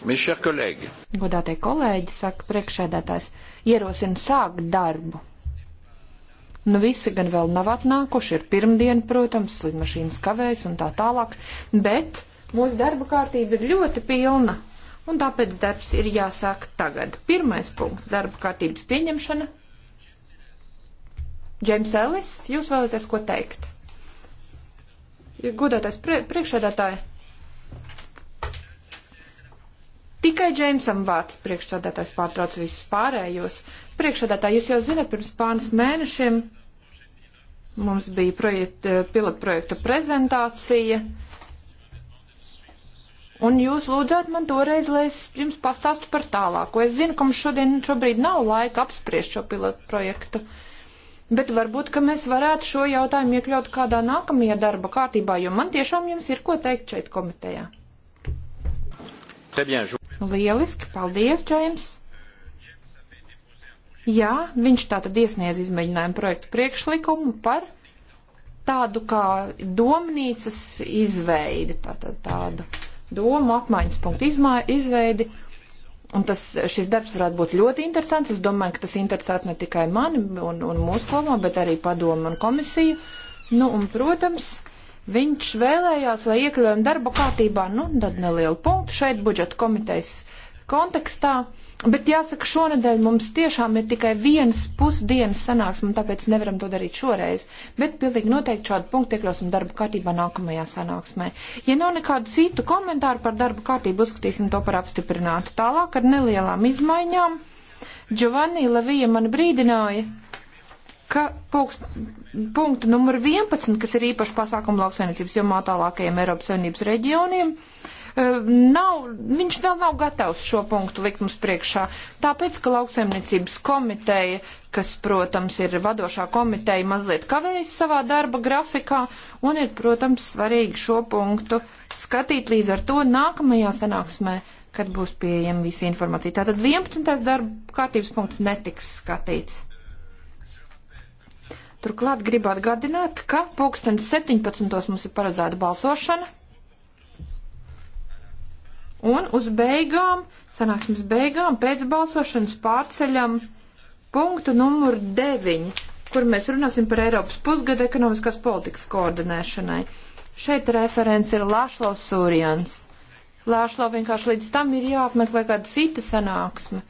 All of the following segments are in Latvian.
Godātie kolēģi, saka priekšēdētājs, ierosina sākt darbu. Nu, visi gan vēl nav atnākuši, ir pirmdiena, protams, lidmašīnas kavēs un tā tālāk, bet mūsu darba kārtība ir ļoti pilna, un tāpēc darbs ir jāsāk tagad. Pirmais punkts - darba kārtības pieņemšana. Džeims Ellis, jūs vēlaties ko teikt? Godātais prie priekšēdētāji. Tikai Džeimsam vārds priekšsādātājs pārtrauc visus pārējos. Priekšsādātāji, jūs jau zinat, pirms pāris mēnešiem mums bija projekta, eh, pilotprojekta prezentācija. Un jūs lūdzāt man toreiz, lai es jums pastāstu par tālāko. Es zinu, ka mums šodien šobrīd nav laika apspriest šo pilotu projektu, bet varbūt, ka mēs varētu šo jautājumu iekļaut kādā nākamajā darba kārtībā, jo man tiešām jums ir ko teikt šeit komitejā. Très bien, Lieliski, paldies, Džaims! Jā, viņš tātad iesniedz izmēģinājumu projektu priekšlikumu par tādu kā domnīcas izveidi, tātad tādu domu apmaiņas punktu izmā, izveidi. Un tas, šis darbs varētu būt ļoti interesants. Es domāju, ka tas interesētu ne tikai mani un, un mūsu komā, bet arī padomu un komisiju. Nu, un, protams, Viņš vēlējās, lai iekļaujam darba kārtībā, nu, tad nelielu punktu šeit budžeta komitejas kontekstā. Bet jāsaka, šonadēļ mums tiešām ir tikai viens pusdienas sanāksme, un tāpēc nevaram to darīt šoreiz. Bet pilnīgi noteikti šādu punktu iekļausim darba kārtībā nākamajā sanāksmē. Ja nav nekādu citu komentāru par darba kārtību, uzskatīsim to par apstiprinātu. Tālāk ar nelielām izmaiņām. Giovanni Levija man brīdināja, ka punkts, punktu numur 11, kas ir īpaši pasākumu lauksainicības jomā tālākajiem Eiropas Savienības reģioniem, e, nav, viņš vēl nav gatavs šo punktu likt mums priekšā, tāpēc, ka lauksaimniecības komiteja, kas, protams, ir vadošā komiteja, mazliet kavējas savā darba grafikā, un ir, protams, svarīgi šo punktu skatīt līdz ar to nākamajā sanāksmē, kad būs pieejama visa informācija. Tātad 11. darba kārtības punkts netiks skatīts. Turklāt gribu atgādināt, ka pulkstens 17. mums ir paredzēta balsošana. Un uz beigām, sanāksmes beigām, pēc balsošanas pārceļam punktu numuru 9, kur mēs runāsim par Eiropas pusgada ekonomiskās politikas koordinēšanai. Šeit referents ir Lāšlaus Sūrians. Lāšlau vienkārši līdz tam ir jāapmeklē kāda cita sanāksme,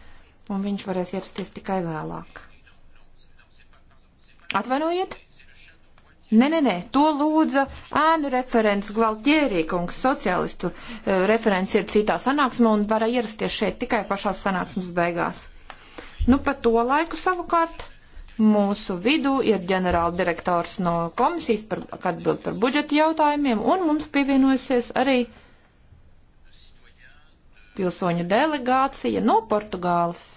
un viņš varēs ierasties tikai vēlāk. Atvainojiet? Nē, nē, nē, to lūdza ēnu referents Gvaltjērī, kungs, socialistu uh, e, referents ir citā sanāksmē un var ierasties šeit tikai pašās sanāksmes beigās. Nu, pa to laiku savukārt mūsu vidū ir ģenerāla direktors no komisijas, par, atbild par budžeta jautājumiem, un mums pievienosies arī pilsoņu delegācija no Portugāles.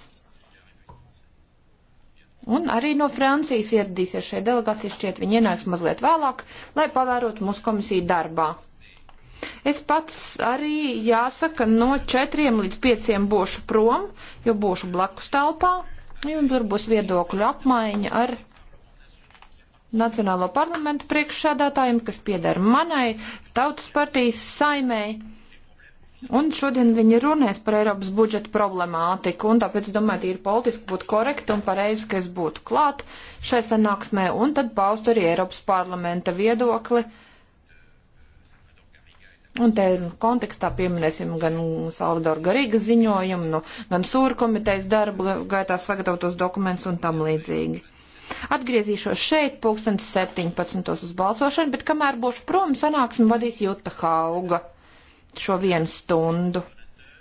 Un arī no Francijas ieradīsies šie delegācija, šķiet, viņi ienāks mazliet vēlāk, lai pavērotu mūsu komisiju darbā. Es pats arī, jāsaka, no četriem līdz pieciem būšu prom, jo būšu blakus telpā, un tur būs viedokļu apmaiņa ar Nacionālo parlamentu priekšsādātājiem, kas piedara manai tautas partijas saimēji. Un šodien viņi runēs par Eiropas budžeta problemātiku, un tāpēc, domāju, tīri politiski būtu korekti un pareizi, ka es būtu klāt šai sanāksmē, un tad paust arī Eiropas parlamenta viedokli. Un te kontekstā pieminēsim gan Salvador Garīga ziņojumu, nu, gan Sūra komitejas darba gaitā sagatavotos dokumentus un tam līdzīgi. Atgriezīšos šeit pulkstens 17. uz balsošanu, bet kamēr būšu prom, sanāksmi vadīs Juta Hauga šo vienu stundu.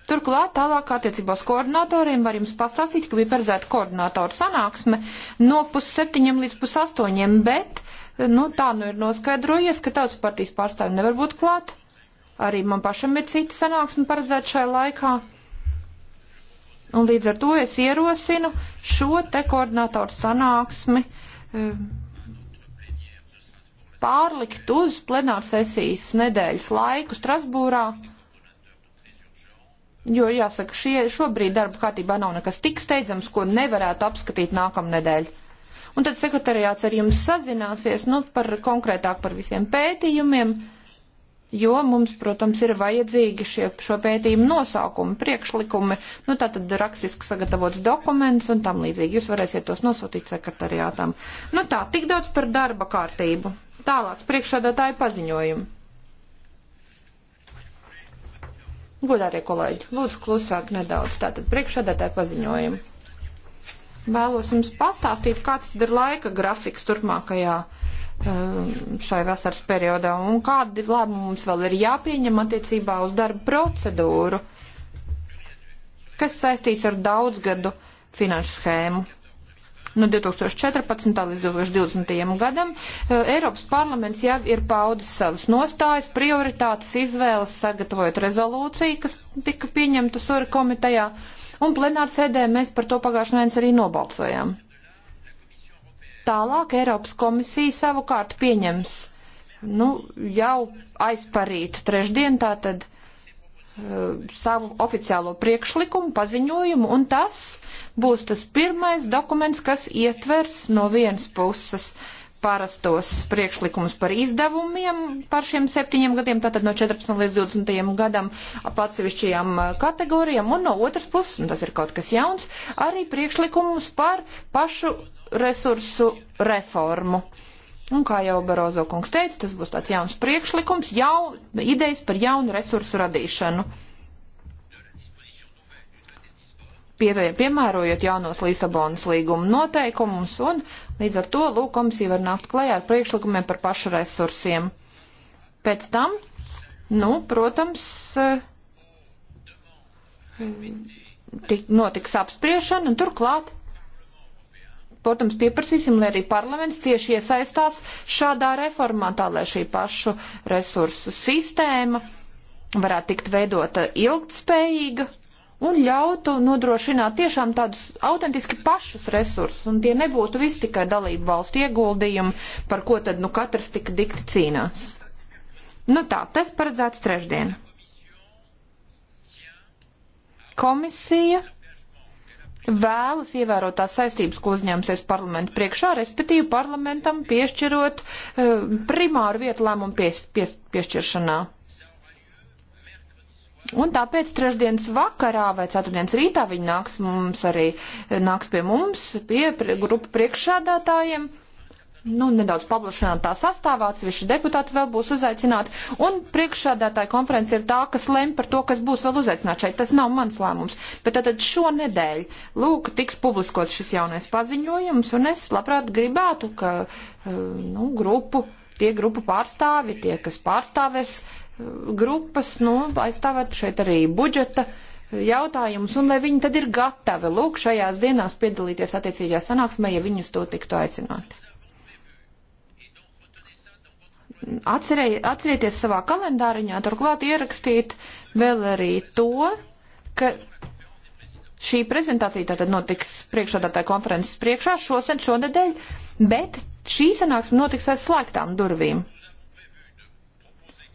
Turklāt tālāk attiecībā uz koordinatoriem var jums pastāstīt, ka bija paredzēta koordinatoru sanāksme no pusseptiņiem līdz pusaustoņiem, bet, nu, tā nu ir noskaidrojies, ka tautas partijas pārstāvi nevar būt klāt. Arī man pašam ir cita sanāksme paredzēta šajā laikā. Un līdz ar to es ierosinu šo te koordinatoru sanāksmi. Um, pārlikt uz plenārsesijas nedēļas laiku Strasbūrā, jo, jāsaka, šie, šobrīd darba kārtībā nav nekas tik steidzams, ko nevarētu apskatīt nākamnedēļ. Un tad sekretariāts ar jums sazināsies, nu, par konkrētāk par visiem pētījumiem, jo mums, protams, ir vajadzīgi šie, šo pētījumu nosaukumi, priekšlikumi, nu, tātad rakstiski sagatavots dokuments un tam līdzīgi. Jūs varēsiet tos nosūtīt sekretariātam. Nu tā, tik daudz par darba kārtību. Tālāk, priekšādātāja paziņojumu. Godātie kolēģi, lūdzu klusāk nedaudz. Tātad priekšādātāja paziņojumu. Vēlos jums pastāstīt, kāds tad ir laika grafiks turpmākajā um, šai vasaras periodā un kādi lēmumi mums vēl ir jāpieņem attiecībā uz darba procedūru, kas saistīts ar daudzgadu finanšu schēmu no 2014. līdz 2020. gadam, e, Eiropas parlaments jau ir paudis savas nostājas, prioritātes, izvēles, sagatavojot rezolūciju, kas tika pieņemta Sora komitejā, un plenārsēdē mēs par to pagājušajā mēnesī arī nobalsojām. Tālāk Eiropas komisija savukārt pieņems, nu, jau aizparīt trešdien tātad. tad Eh, savu oficiālo priekšlikumu, paziņojumu, un tas būs tas pirmais dokuments, kas ietvers no vienas puses parastos priekšlikumus par izdevumiem par šiem septiņiem gadiem, tātad no 14 līdz 20 gadam atsevišķajām eh, kategorijām, un no otras puses, un tas ir kaut kas jauns, arī priekšlikumus par pašu resursu reformu. Uh, Un kā jau Barozo kungs teica, tas būs tāds jauns priekšlikums, jau idejas par jaunu resursu radīšanu. Pievē, piemērojot jaunos Lisabonas līguma noteikumus, un līdz ar to lūk komisija var nākt klajā ar priekšlikumiem par pašu resursiem. Pēc tam, nu, protams, eh, tik, notiks apspriešana, un turklāt protams, pieprasīsim, lai arī parlaments cieši iesaistās šādā reformā, tā lai šī pašu resursu sistēma varētu tikt veidota ilgtspējīga un ļautu nodrošināt tiešām tādus autentiski pašus resursus, un tie nebūtu visi tikai dalību valstu ieguldījumi, par ko tad nu katrs tik dikti cīnās. Nu tā, tas paredzēts trešdien. Komisija vēlas ievērot tās saistības, ko uzņēmusies parlamentu priekšā, respektīvi parlamentam piešķirot uh, primāru vietu lēmumu pies, pies, piešķiršanā. Un tāpēc trešdienas vakarā vai ceturtdienas rītā viņi nāks mums arī, eh, nāks pie mums, pie grupu priekšsādātājiem. Uh, nu, nedaudz paplašināt tā sastāvā, atsevišķi deputāti vēl būs uzaicināti, un priekšsādātāja konference ir tā, kas lem par to, kas būs vēl uzaicināts šeit. Tas nav mans lēmums. Bet tātad šonedēļ, lūk, tiks publiskots šis jaunais paziņojums, un es labprāt gribētu, ka, eh, nu, grupu, tie grupu pārstāvi, tie, kas pārstāvēs eh, grupas, nu, aizstāvēt šeit arī budžeta eh, jautājumus, un lai viņi tad ir gatavi, lūk, šajās dienās piedalīties attiecīgajā sanāksmē, ja viņus to tiktu aicināti. Atcerēj, atcerieties savā kalendāriņā, turklāt ierakstīt vēl arī to, ka šī prezentācija tātad notiks priekšādātāja konferences priekšā šosien šonedēļ, bet šī sanāksme notiks aiz slēgtām durvīm.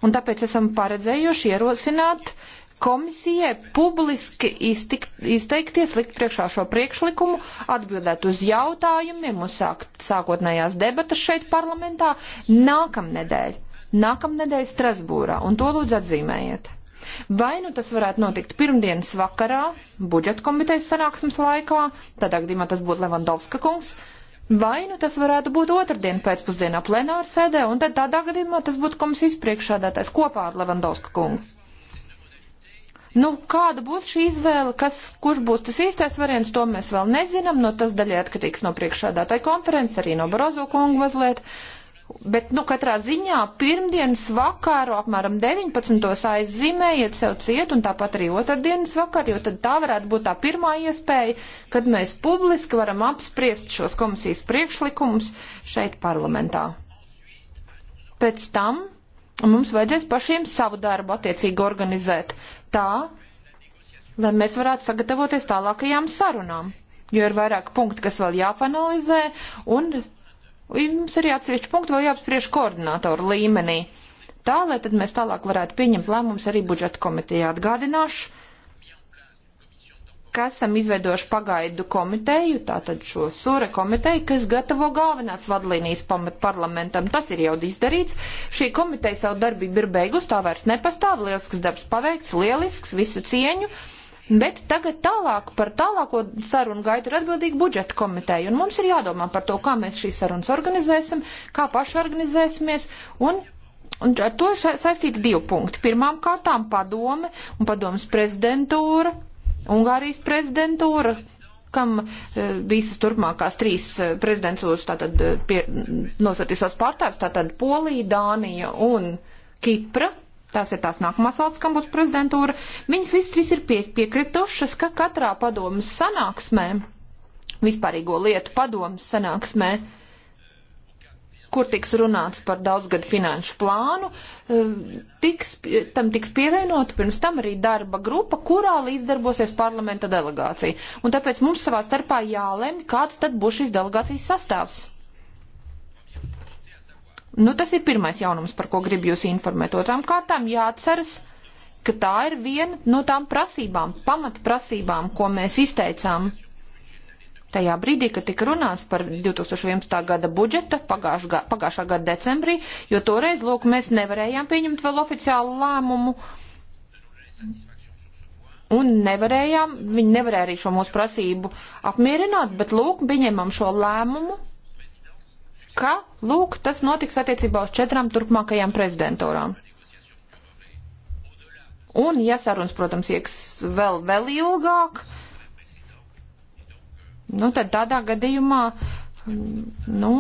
Un tāpēc esam paredzējuši ierosināt uh, komisijai publiski iztikt, izteikties, likt priekšā šo priekšlikumu, atbildēt uz jautājumiem, uzsākt sākotnējās debatas šeit parlamentā nākamnedēļ, nākamnedēļ Strasbūrā, un to lūdzu atzīmējiet. Vai nu tas varētu notikt pirmdienas vakarā, budžeta komitejas sanāksmes laikā, tādā gadījumā tas būtu Levandovska kungs, vai nu tas varētu būt otrdien pēcpusdienā plenāra sēdē, un tad tādā gadījumā tas būtu komisijas priekšādātais kopā ar Levandovska kungu. Nu, kāda būs šī izvēle, kas, kurš būs tas īstais variants, to mēs vēl nezinām, no tas daļai atkarīgs no priekšādātāja konferences, arī no Barozo kungu mazliet. Bet, nu, katrā ziņā pirmdienas vakaru apmēram 19. aizzīmējiet sev ciet un tāpat arī otrdienas vakar, jo tad tā varētu būt tā pirmā iespēja, kad mēs publiski varam apspriest šos komisijas priekšlikumus šeit parlamentā. Pēc tam mums vajadzēs pašiem savu darbu attiecīgi organizēt tā, lai mēs varētu sagatavoties tālākajām sarunām, jo ir vairāk punkti, kas vēl jāfanalizē, un, un mums arī atsevišķi punkti vēl jāapspriež koordinātoru līmenī. Tā, lai tad mēs tālāk varētu pieņemt lēmumus arī budžeta komitejā atgādināšu, esam izveidojuši pagaidu komiteju, tātad šo sure komiteju, kas gatavo galvenās vadlīnijas parlamentam. Tas ir jau izdarīts. Šī komiteja savu darbību ir beigus, tā vairs nepastāv. Lielisks darbs paveikts, lielisks, visu cieņu. Bet tagad tālāk par tālāko sarunu gaitu ir atbildīga budžeta komiteja, un mums ir jādomā par to, kā mēs šīs sarunas organizēsim, kā paši organizēsimies, un, un ar to ir saistīti divi punkti. Pirmām kārtām padome un padomas prezidentūra Ungārijas prezidentūra, kam e, visas turpmākās trīs e, prezidentūras tātad e, pie, nosatīs savus pārstāvus, tātad Polija, Dānija un Kipra. Tās ir tās nākamās valsts, kam būs prezidentūra. Viņas visas trīs ir pie, piekritušas, ka katrā padomas sanāksmē, vispārīgo lietu padomas sanāksmē, uh, kur tiks runāts par daudzgadu finanšu plānu, eh, tiks, tam tiks pievienota pirms tam arī darba grupa, kurā līdzdarbosies parlamenta delegācija. Un tāpēc mums savā starpā jālemj, kāds tad būs šis delegācijas sastāvs. Nu, tas ir pirmais jaunums, par ko gribu jūs informēt. Otrām kārtām jāatceras, ka tā ir viena no tām prasībām, pamatprasībām, ko mēs izteicām Tajā brīdī, kad tika runāts par 2011. gada budžetu pagājušā, pagājušā gada decembrī, jo toreiz, lūk, mēs nevarējām pieņemt vēl oficiālu lēmumu un nevarējām, viņi nevarēja arī šo mūsu prasību apmierināt, bet, lūk, pieņemam šo lēmumu, ka, lūk, tas notiks attiecībā uz četrām turpmākajām prezidentūrām. Un, ja sarunas, protams, ieks vēl, vēl ilgāk, Nu, tad tādā gadījumā, nu,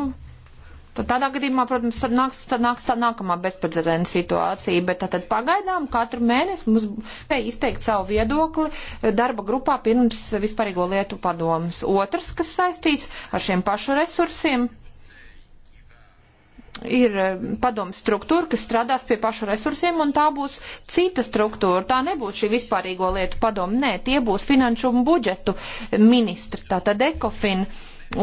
tad tādā gadījumā, protams, tad nāks, tad nāks tā nākamā bezprecedenta situācija, bet tad, tad pagaidām katru mēnesi mums spēja izteikt savu viedokli darba grupā pirms vispārīgo lietu padomas. Otrs, kas saistīts ar šiem pašu resursiem, ir eh, padomu struktūra, kas strādās pie pašu resursiem, un tā būs cita struktūra. Tā nebūs šī vispārīgo lietu padomu, nē, tie būs finanšu un budžetu ministri, tātad ekofin.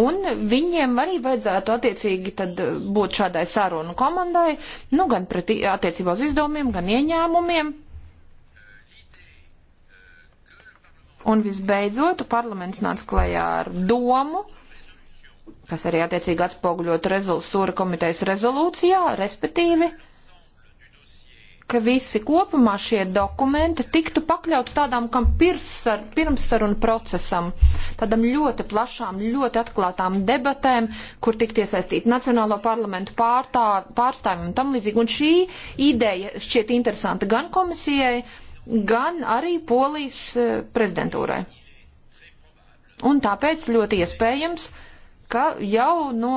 Un viņiem arī vajadzētu attiecīgi tad būt šādai sarunu komandai, nu gan pret attiecībā uz izdevumiem, gan ieņēmumiem. Un visbeidzot, parlaments nāca klajā ar domu, uh, kas arī attiecīgi atspoguļot rezol, Sūra komitejas rezolūcijā, respektīvi, ka visi kopumā šie dokumenti tiktu pakļauti tādām, kam pirmsar, pirmsarunu procesam, tādam ļoti plašām, ļoti atklātām debatēm, kur tikt iesaistīt Nacionālo parlamentu pārtā, pārstāvjiem un tam līdzīgi. Un šī ideja šķiet interesanta gan komisijai, gan arī polijas eh, prezidentūrai. Un tāpēc ļoti iespējams, ka jau no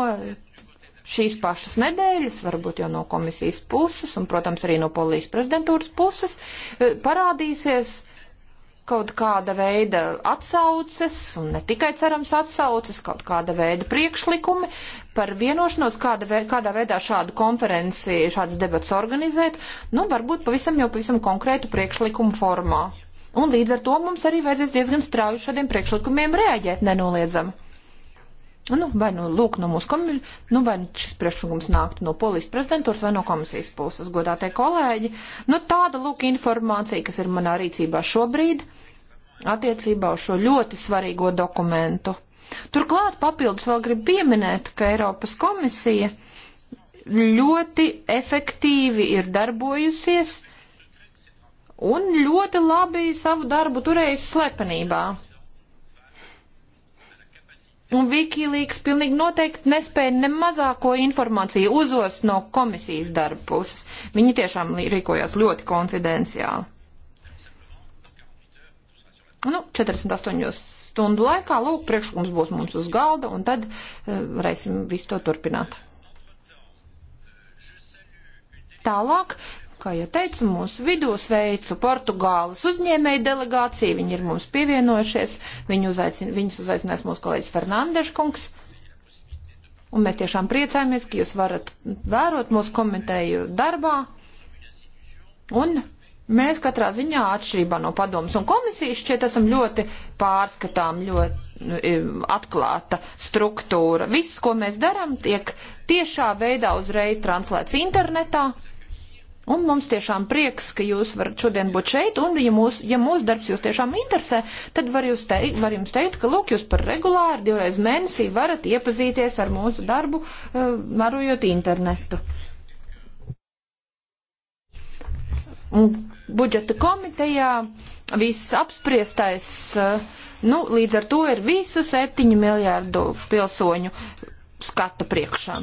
šīs pašas nedēļas, varbūt jau no komisijas puses un, protams, arī no polijas prezidentūras puses, eh, parādīsies kaut kāda veida atsauces, un ne tikai cerams atsauces, kaut kāda veida priekšlikumi par vienošanos, kāda ve kādā veidā šādu konferenci, šādas debats organizēt, nu, varbūt pavisam jau pavisam konkrētu priekšlikumu formā. Un līdz ar to mums arī vajadzēs diezgan strauji šādiem priekšlikumiem rēģēt nenoliedzami. Nu, vai nu lūk no mūsu komisijas, nu, vai nu šis priekšlikums nāktu no polijas prezidentūras vai no komisijas puses, godātie kolēģi. Nu, tāda lūk informācija, kas ir manā rīcībā šobrīd attiecībā uz šo ļoti svarīgo dokumentu. Turklāt papildus vēl gribu pieminēt, ka Eiropas komisija ļoti efektīvi ir darbojusies un ļoti labi savu darbu turējusi slepenībā Un Wikileaks pilnīgi noteikti nespēja ne mazāko informāciju uzost no komisijas darba puses. Viņi tiešām rīkojās ļoti konfidenciāli. Nu, 48 stundu laikā, lūk, priekšlikums būs mums uz galda, un tad eh, varēsim visu to turpināt. Tālāk kā jau teicu, mūsu vidū sveicu Portugāles uzņēmēju delegāciju, viņi ir mums pievienojušies, viņu uzaicin, viņus uzaicinās mūsu kolēģis Fernandeškungs. Un mēs tiešām priecājamies, ka jūs varat vērot mūsu komentēju darbā. Un mēs katrā ziņā atšķirībā no padomas un komisijas šķiet esam ļoti pārskatām, ļoti nu, atklāta struktūra. Viss, ko mēs darām, tiek tiešā veidā uzreiz translēts internetā. Un mums tiešām prieks, ka jūs varat šodien būt šeit, un ja mūsu ja mūs darbs jūs tiešām interesē, tad var, jūs te, var jums teikt, ka lūk, jūs par regulāri divreiz mēnesī varat iepazīties ar mūsu darbu, varojot eh, internetu. Un budžeta komitejā viss apspriestais, eh, nu, līdz ar to ir visu septiņu miljārdu pilsoņu skata priekšā.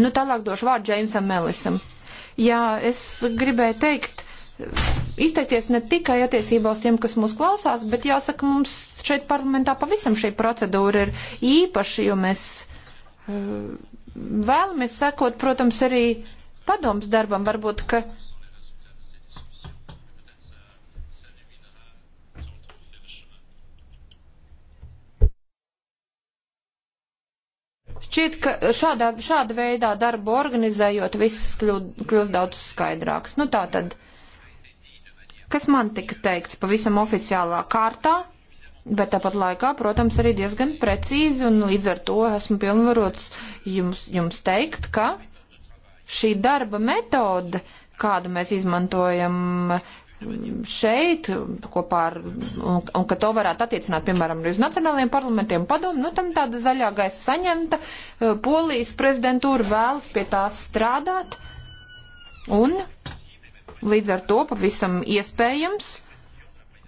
Nu, tālāk došu vārdu Džeimsam Melisam. Jā, es gribēju teikt, izteikties ne tikai attiecībā uz tiem, kas mūs klausās, bet jāsaka, mums šeit parlamentā pavisam šī procedūra ir īpaša, jo mēs eh, vēlamies sekot, protams, arī padoms darbam. Varbūt, ka Šķiet, ka šādā, šāda veidā darbu organizējot viss kļūst daudz skaidrāks. Nu tā tad, kas man tika teikts pavisam oficiālā kārtā, bet tāpat laikā, protams, arī diezgan precīzi un līdz ar to esmu pilnvarots jums, jums teikt, ka šī darba metode, kādu mēs izmantojam šeit kopā ar, un, un ka to varētu attiecināt, piemēram, arī uz nacionālajiem parlamentiem padomu, nu tam tāda zaļā gaisa saņemta, e, polijas prezidentūra vēlas pie tās strādāt, un līdz ar to pavisam iespējams,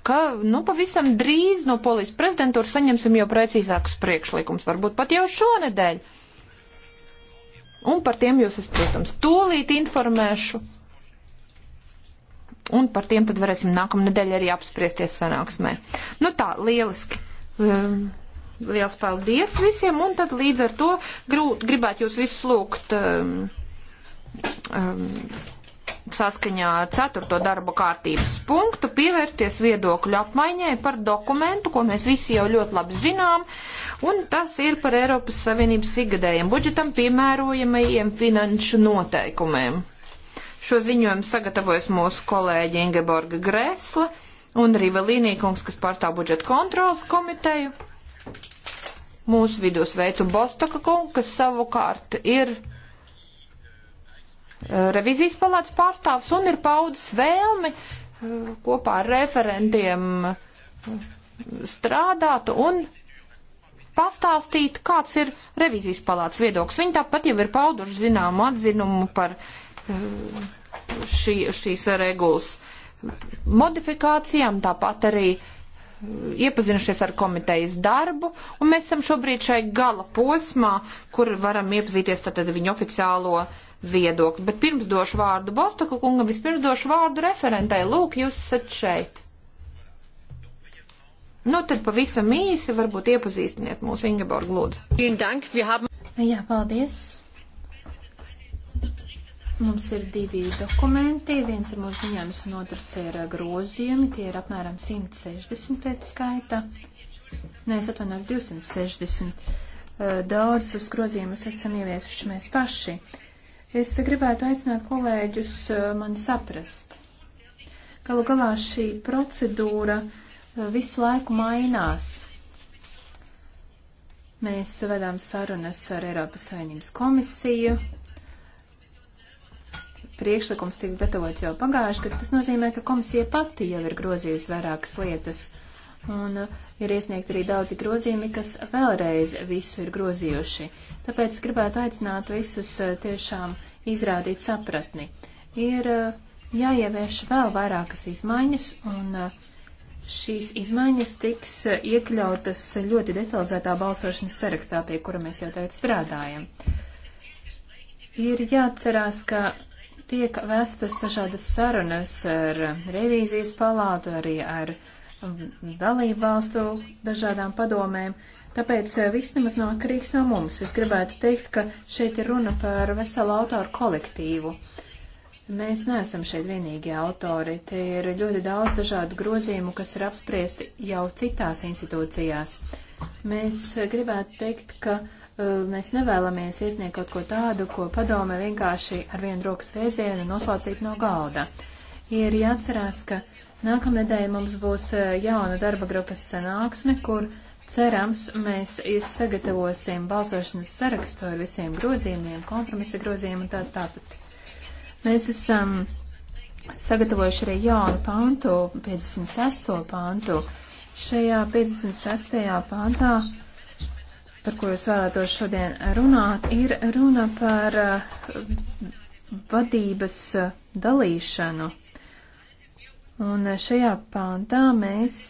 ka, nu, pavisam drīz no polijas prezidentūras saņemsim jau precīzākus priekšlikums, varbūt pat jau šonedēļ. Un par tiem jūs es, protams, tūlīt informēšu un par tiem tad varēsim nākamnedēļ arī apspriesties sanāksmē. Nu tā, lieliski. Um, liels paldies visiem, un tad līdz ar to grūt, gribētu jūs visus lūgt um, um, saskaņā ar 4. darba kārtības punktu pievērties viedokļu apmaiņai par dokumentu, ko mēs visi jau ļoti labi zinām, un tas ir par Eiropas Savienības igadējiem budžetam piemērojamajiem finanšu noteikumiem. Šo ziņojumu sagatavojas mūsu kolēģi Ingeborga Gresla un Rivelīnīkungs, kas pārstāv budžeta kontrolas komiteju. Mūsu vidū sveicu Bostoka kungu, kas savukārt ir eh, revizijas palātas pārstāvs un ir paudis vēlmi eh, kopā ar referentiem eh, strādāt un pastāstīt, kāds ir revizijas palātas viedoklis. Viņi tāpat jau ir pauduši zināmu atzinumu par uh, Um, šī, šīs regulas modifikācijām, tāpat arī um, iepazinušies ar komitejas darbu, un mēs esam šobrīd šai gala posmā, kur varam iepazīties tātad viņu oficiālo viedokli. Bet pirms došu vārdu Bostoka kungam, vispirms došu vārdu referentai. Lūk, jūs esat šeit. Nu, tad pavisam īsi varbūt iepazīstiniet mūs Ingeborg lūdzu. Jā, paldies. Mums ir divi dokumenti, viens ir mūsu ziņojums un otrs ir eh, grozījumi, tie ir apmēram 160 pēc skaita. Nē, es atvainojos 260. Eh, daudzus grozījumus esam ieviesuši mēs paši. Es gribētu aicināt kolēģus eh, mani saprast. Galu galā šī procedūra visu laiku mainās. Mēs vedām sarunas ar Eiropas Savienības komisiju, priekšlikums tika gatavots jau pagājuši, ka tas nozīmē, ka komisija pati jau ir grozījusi vairākas lietas. Un uh, ir iesniegt arī daudzi grozījumi, kas vēlreiz visu ir grozījuši. Tāpēc gribētu aicināt visus uh, tiešām izrādīt sapratni. Ir uh, jāievieš vēl vairākas izmaiņas, un šīs izmaiņas tiks iekļautas ļoti detalizētā balsošanas sarakstā, pie kura mēs jau tagad strādājam ir jāatcerās, ka tiek vestas dažādas sarunas ar revīzijas palātu, arī ar um, dalību valstu dažādām padomēm. Tāpēc eh, viss nemaz nav atkarīgs no mums. Es gribētu teikt, ka šeit ir runa par veselu autoru kolektīvu. Mēs neesam šeit vienīgie autori. Te ir ļoti daudz dažādu grozījumu, kas ir apspriesti jau citās institūcijās. Mēs eh, gribētu teikt, ka uh, Eh, mēs nevēlamies iesniegt kaut ko tādu, ko padome vienkārši ar vienu rokas vēzienu noslaucīt no galda. Ir jāatcerās, ka nākamnedēļ mums būs eh, jauna darba grupas sanāksme, kur cerams mēs sagatavosim balsošanas sarakstu ar visiem grozījumiem, kompromisa grozījumiem un tā tāpat. Mēs esam sagatavojuši arī jaunu pantu, 56. pantu. Šajā 56. pantā par ko es vēlētos šodien runāt, ir runa par eh, vadības eh, dalīšanu. Un eh, šajā pāntā mēs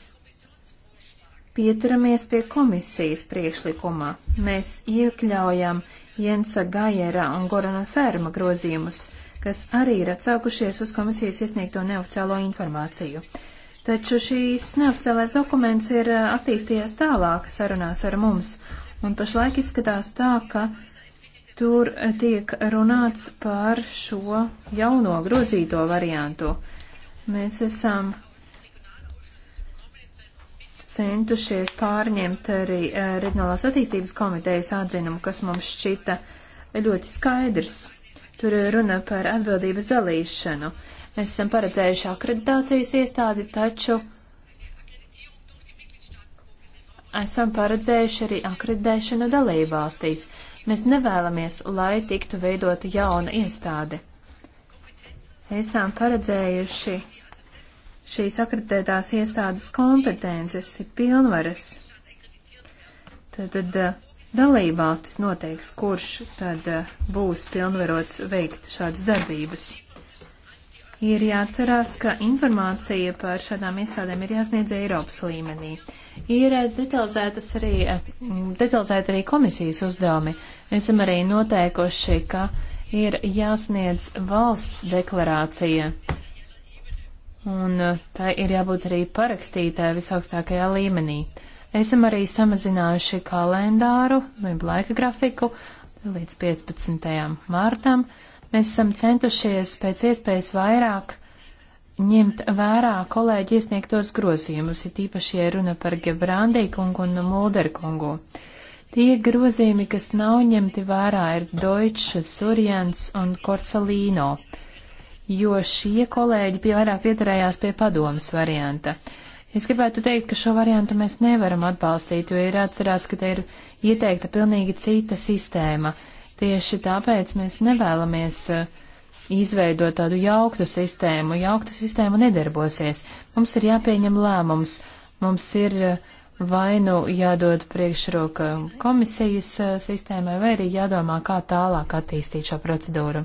pieturamies pie komisijas priekšlikumā. Mēs iekļaujam Jensa Gajera un Gorana Ferma grozījumus, kas arī ir atsaukušies uz komisijas iesniegto neoficiālo informāciju. Taču šīs neoficiālais dokuments ir attīstījies tālāk sarunās ar mums, Un pašlaik izskatās tā, ka tur tiek runāts par šo jauno grozīto variantu. Mēs esam centušies pārņemt arī eh, Reģionālās attīstības komitejas atzinumu, kas mums šķita ļoti skaidrs. Tur runa par atbildības dalīšanu. Mēs esam paredzējuši akreditācijas iestādi, taču uh, esam paredzējuši arī akreditēšanu dalībvalstīs. Mēs nevēlamies, lai tiktu veidota jauna iestāde. Esam paredzējuši šīs akreditētās iestādes kompetences, pilnvaras. Tad, tad eh, dalībvalstis noteiks, kurš tad eh, būs pilnvarots veikt šādas darbības ir jāatcerās, ka informācija par šādām iestādēm ir jāsniedz Eiropas līmenī. Ir detalizētas arī, detalizēta arī komisijas uzdevumi. Esam arī noteikuši, ka ir jāsniedz valsts deklarācija. Un uh, tā ir jābūt arī parakstītē visaugstākajā līmenī. Esam arī samazinājuši kalendāru, laika grafiku līdz 15. mārtam Mēs esam centušies pēc iespējas vairāk ņemt vērā kolēģi iesniegtos grozījumus, ir tīpaši, ja runa par Gebrandī kungu un Mulder kungu. Tie grozījumi, kas nav ņemti vērā, ir Deutsche, Surjans un Korcelīno, jo šie kolēģi pie vairāk pieturējās pie padomas varianta. Es gribētu teikt, ka šo variantu mēs nevaram atbalstīt, jo ir atcerās, ka te ir ieteikta pilnīgi cita sistēma. Uh, Tieši tāpēc mēs nevēlamies eh, izveidot tādu jauktu sistēmu. Jaukta sistēma nedarbosies. Mums ir jāpieņem lēmums. Mums ir eh, vai nu jādod priekšroka komisijas eh, sistēmai, vai arī jādomā, kā tālāk attīstīt šo procedūru.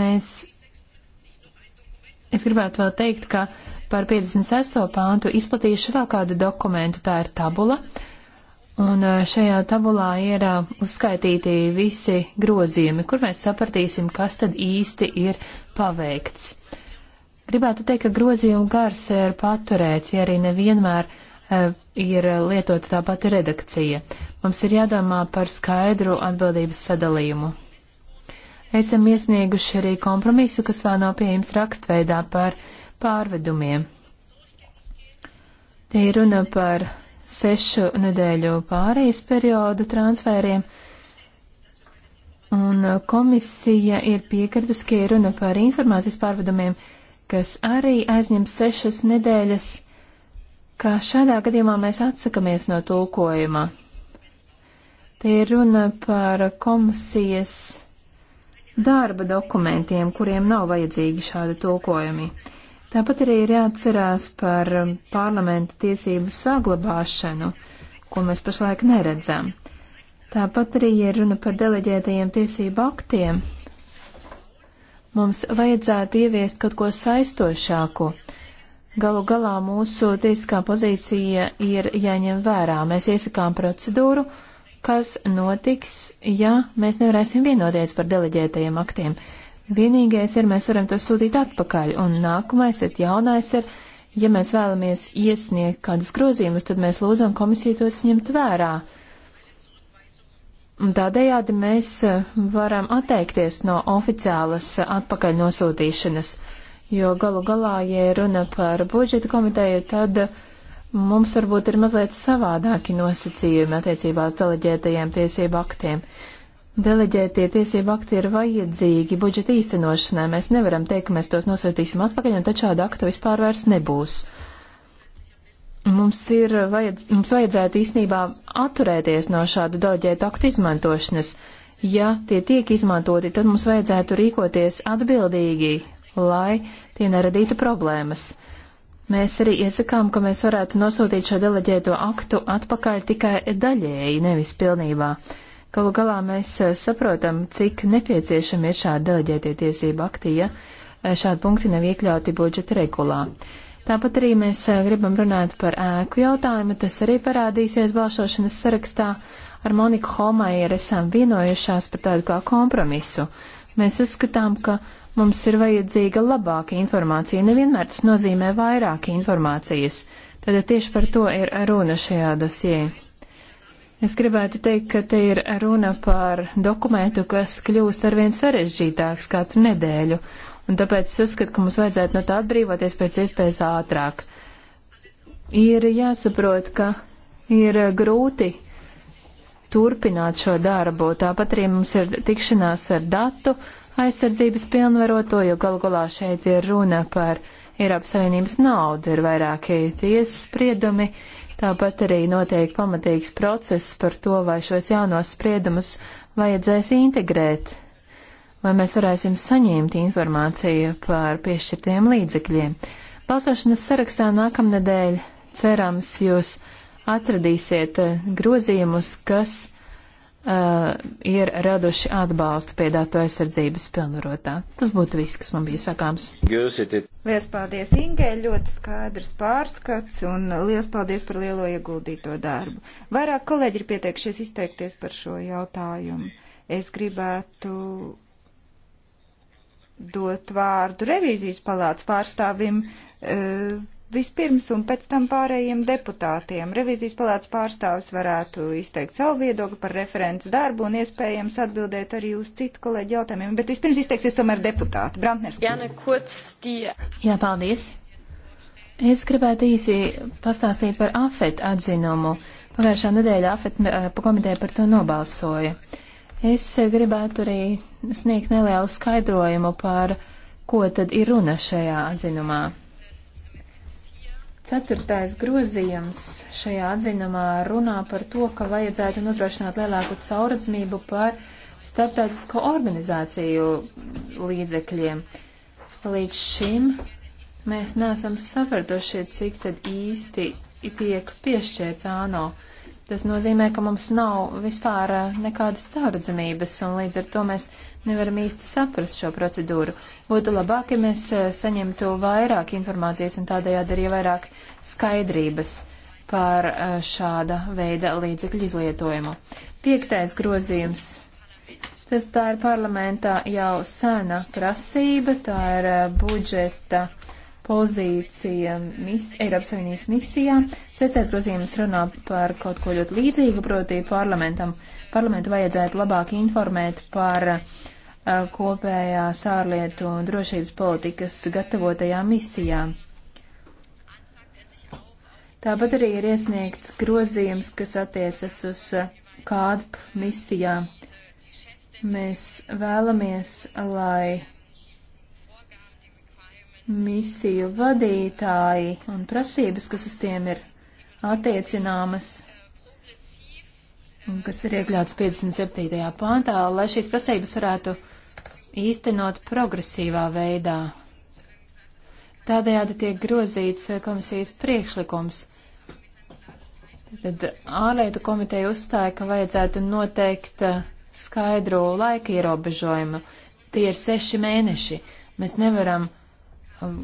Mēs. Es gribētu vēl teikt, ka par 56. pāntu izplatīšu vēl kādu dokumentu. Tā ir tabula, uh, Un eh, šajā tabulā ir eh, uzskaitīti visi grozījumi, kur mēs sapratīsim, kas tad īsti ir paveikts. Gribētu teikt, ka grozījumu gars ir paturēts, ja arī nevienmēr eh, ir lietota tā pati redakcija. Mums ir jādomā par skaidru atbildības sadalījumu. Esam iesnieguši arī kompromisu, kas vēl nav pieejams rakstveidā par pārvedumiem. Te ir runa par sešu nedēļu pārejas periodu transfēriem, un komisija ir piekritusi, ka ir runa par informācijas pārvadumiem, kas arī aizņem sešas nedēļas, kā šādā gadījumā mēs atsakamies no tulkojuma. Te ir runa par komisijas darba dokumentiem, kuriem nav vajadzīgi šādi tulkojumi. Tāpat arī ir jāatcerās par um, parlamenta tiesību saglabāšanu, ko mēs pašlaik neredzam. Tāpat arī, ja runa par deleģētajiem tiesību aktiem, mums vajadzētu ieviest kaut ko saistošāku. Galu galā mūsu tiesiskā pozīcija ir jāņem vērā. Mēs iesakām procedūru, kas notiks, ja mēs nevarēsim vienoties par deleģētajiem aktiem. Vienīgais ir, mēs varam to sūtīt atpakaļ, un nākamais ir jaunais ir, ja mēs vēlamies iesniegt kādus grozījumus, tad mēs lūdzam komisiju tos ņemt vērā. Un tādējādi mēs eh, varam atteikties no oficiālas eh, atpakaļ nosūtīšanas, jo galu galā, ja runa par budžeta komiteju, tad eh, mums varbūt ir mazliet savādāki nosacījumi attiecībās deleģētajiem tiesību aktiem. Deleģētie tiesību akti ir vajadzīgi budžeta īstenošanai. Mēs nevaram teikt, ka mēs tos nosūtīsim atpakaļ, un tad šāda akta vispār vairs nebūs. Mums, ir, vajadz, mums vajadzētu īstenībā atturēties no šāda deleģēta aktu izmantošanas. Ja tie tiek izmantoti, tad mums vajadzētu rīkoties atbildīgi, lai tie neradītu problēmas. Mēs arī iesakām, ka mēs varētu nosūtīt šo deleģēto aktu atpakaļ tikai daļēji, nevis pilnībā. Galu galā mēs eh, saprotam, cik nepieciešami ir šādi deleģētie tiesību akti, ja eh, šādi punkti nav iekļauti budžeta regulā. Tāpat arī mēs eh, gribam runāt par ēku jautājumu, tas arī parādīsies balsošanas sarakstā. Ar Moniku Holmajeru esam vienojušās par tādu kā kompromisu. Mēs uzskatām, ka mums ir vajadzīga labāka informācija, nevienmēr tas nozīmē vairāk informācijas. Tad tieši par to ir runa šajā dosijā. Es gribētu teikt, ka te ir runa par dokumentu, kas kļūst arvien sarežģītāks katru nedēļu, un tāpēc es uzskatu, ka mums vajadzētu no tā atbrīvoties pēc iespējas ātrāk. Ir jāsaprot, ka ir grūti turpināt šo darbu, tāpat arī mums ir tikšanās ar datu aizsardzības pilnvaroto, jo galu galā šeit ir runa par Eiropas Savienības naudu, ir vairāki tiesas spriedumi. Uh, Tāpat arī notiek pamatīgs process par to, vai šos jaunos spriedumus vajadzēs integrēt, vai mēs varēsim saņemt informāciju par piešķirtiem līdzekļiem. Balsošanas sarakstā nākamnedēļ cerams jūs atradīsiet eh, grozījumus, kas uh, ir raduši atbalstu pie datu aizsardzības pilnvarotā. Tas būtu viss, kas man bija sakāms. Lielas paldies, Ingai, ļoti skaidrs pārskats un liels paldies par lielo ieguldīto darbu. Vairāk kolēģi ir pieteikšies izteikties par šo jautājumu. Es gribētu dot vārdu revīzijas palāts pārstāvim. Uh, Vispirms un pēc tam pārējiem deputātiem. Revizijas palātas pārstāvis varētu izteikt savu viedokli par referents darbu un iespējams atbildēt arī uz citu kolēģu jautājumiem, bet vispirms izteiksies tomēr deputāti. Brantners. Jā, paldies. Es gribētu īsi pastāstīt par AFET atzinumu. Pagājušā nedēļa AFET eh, komiteja par to nobalsoja. Es gribētu arī sniegt nelielu skaidrojumu par, ko tad ir runa šajā atzinumā. Ceturtais grozījums šajā atzinumā runā par to, ka vajadzētu nodrošināt lielāku caurredzamību par starptautisko organizāciju līdzekļiem. Līdz šim mēs neesam sapratuši, cik tad īsti tiek piešķirts āno. Tas nozīmē, ka mums nav vispār eh, nekādas caurredzamības, un līdz ar to mēs nevaram īsti saprast šo procedūru. Būtu labāk, ja mēs eh, saņemtu vairāk informācijas un tādējādi arī vairāk skaidrības par eh, šāda veida līdzekļu izlietojumu. Piektais grozījums. Tas tā ir parlamentā jau sena prasība, tā ir eh, budžeta pozīcija mis, Eiropas Savienības misijā. Sestais grozījums runā par kaut ko ļoti līdzīgu, proti parlamentam. Parlamentu vajadzētu labāk informēt par uh, kopējās ārlietu un drošības politikas gatavotajām misijām. Tāpat arī ir iesniegts grozījums, kas attiecas uz KADP misijām. Mēs vēlamies, lai misiju vadītāji un prasības, kas uz tiem ir attiecināmas, un kas ir iekļauts 57. pāntā, lai šīs prasības varētu uh, īstenot progresīvā veidā. Tādējādi tiek grozīts eh, komisijas priekšlikums. Tad ārlietu komiteja uzstāja, ka vajadzētu noteikt eh, skaidru laika ierobežojumu. Tie ir seši mēneši. Mēs nevaram um,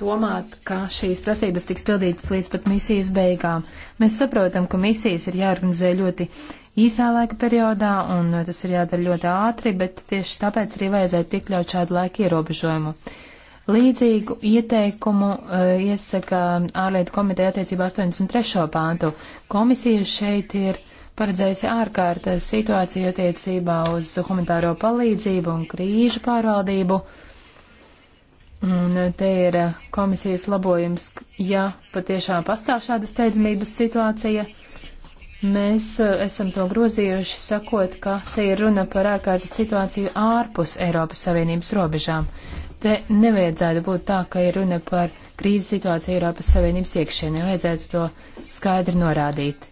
domāt, ka šīs prasības tiks pildītas līdz pat misijas beigām. Mēs saprotam, ka misijas ir jāorganizē ļoti īsā laika periodā, un tas ir jādara ļoti ātri, bet tieši tāpēc arī vajadzētu iekļaut šādu laika ierobežojumu. Līdzīgu ieteikumu uh, iesaka ārlietu komiteja attiecībā 83. pāntu. Komisija šeit ir paredzējusi ārkārtas situāciju attiecībā uz humanitāro palīdzību un krīžu pārvaldību. Un te ir komisijas labojums, ja patiešām pastāv šāda steidzamības situācija. Uh, Mēs e, esam to grozījuši, sakot, ka te ir runa par ārkārtas situāciju ārpus Eiropas Savienības robežām. Te nevajadzētu būt tā, ka ir runa par krīzes situāciju Eiropas Savienības iekšienē. Vajadzētu to skaidri norādīt.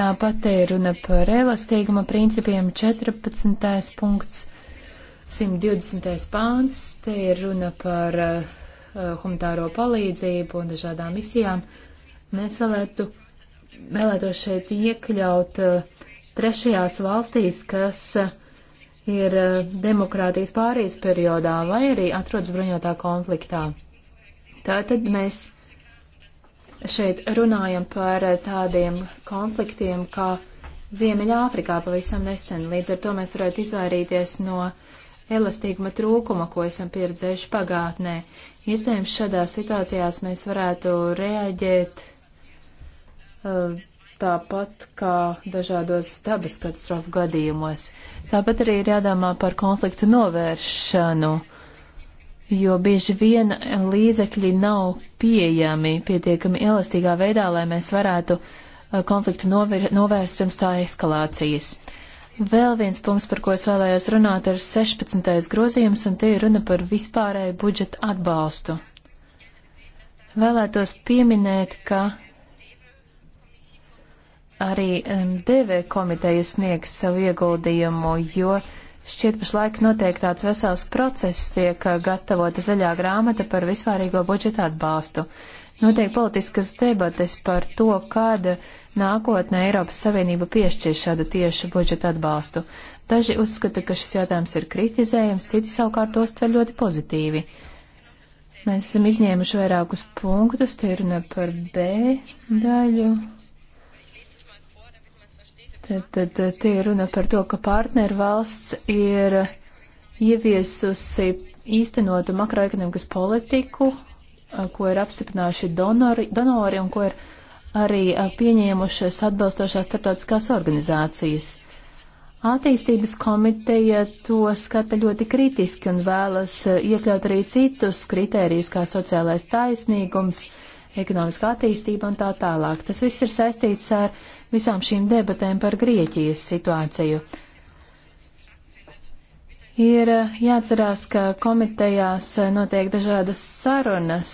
Tāpat te ir runa par elastīguma principiem 14. punkts, 120. pāns, te ir runa par uh, humanitāro palīdzību un dažādām misijām. Mēs vēlētu vēlētos šeit iekļaut eh, trešajās valstīs, kas eh, ir eh, demokrātijas pārējais periodā vai arī atrodas bruņotā konfliktā. Tātad mēs šeit runājam par tādiem konfliktiem, kā Ziemeļāfrikā pavisam nesen. Līdz ar to mēs varētu izvairīties no elastīguma trūkuma, ko esam pieredzējuši pagātnē. Iespējams, šādās situācijās mēs varētu reaģēt Eh, tāpat kā dažādos dabas katastrofu gadījumos. Tāpat arī ir jādomā par konfliktu novēršanu, jo bieži vien līdzekļi nav pieejami pietiekami elastīgā veidā, lai mēs varētu eh, konfliktu novērst pirms tā eskalācijas. Vēl viens punkts, par ko es vēlējos runāt, ir 16. grozījums, un te ir runa par vispārēju budžeta atbalstu. Vēlētos pieminēt, ka arī DV komiteja sniegs savu ieguldījumu, jo šķiet pašlaik notiek tāds vesels process, tiek eh, gatavota zaļā grāmata par vispārīgo budžeta atbalstu. Notiek politiskas debates par to, kāda nākotnē Eiropas Savienība piešķir šādu tiešu budžeta atbalstu. Daži uzskata, ka šis jautājums ir kritizējams, citi savukārt to stver ļoti pozitīvi. Mēs esam izņēmuši vairākus punktus, te ir runa par B daļu, Tad eh, te ir runa par to, ka partneru valsts ir ieviesusi īstenotu makroekonomikas politiku, eh, ko ir apstiprinājuši donori, donori un ko ir arī eh, pieņēmušas atbalstošās starptautiskās organizācijas. Attīstības komiteja to skata ļoti kritiski un vēlas iekļaut arī citus kritērijus, kā sociālais taisnīgums, ekonomiskā attīstība un tā tālāk. Tas viss ir saistīts ar visām šīm debatēm par Grieķijas situāciju. Ir eh, jāatcerās, ka komitejās eh, notiek dažādas sarunas,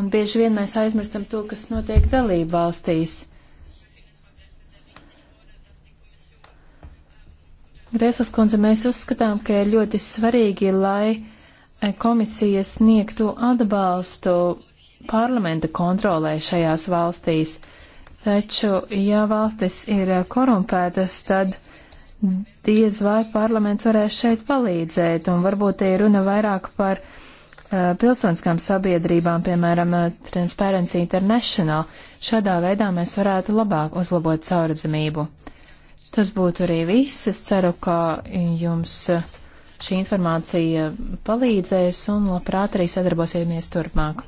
un bieži vien mēs aizmirstam to, kas notiek dalību valstīs. Grēslas kundze, mēs uzskatām, ka ir ļoti svarīgi, lai eh, komisija sniegtu atbalstu parlamenta kontrolē šajās valstīs. Taču, ja valstis ir korumpētas, tad diez vai parlaments varēs šeit palīdzēt, un varbūt te ir runa vairāk par uh, pilsoniskām sabiedrībām, piemēram, eh, Transparency International. Šādā veidā mēs varētu labāk uzlabot caurredzamību. Tas būtu arī viss. Es ceru, ka jums eh, šī informācija palīdzēs un labprāt arī sadarbosimies turpmāk.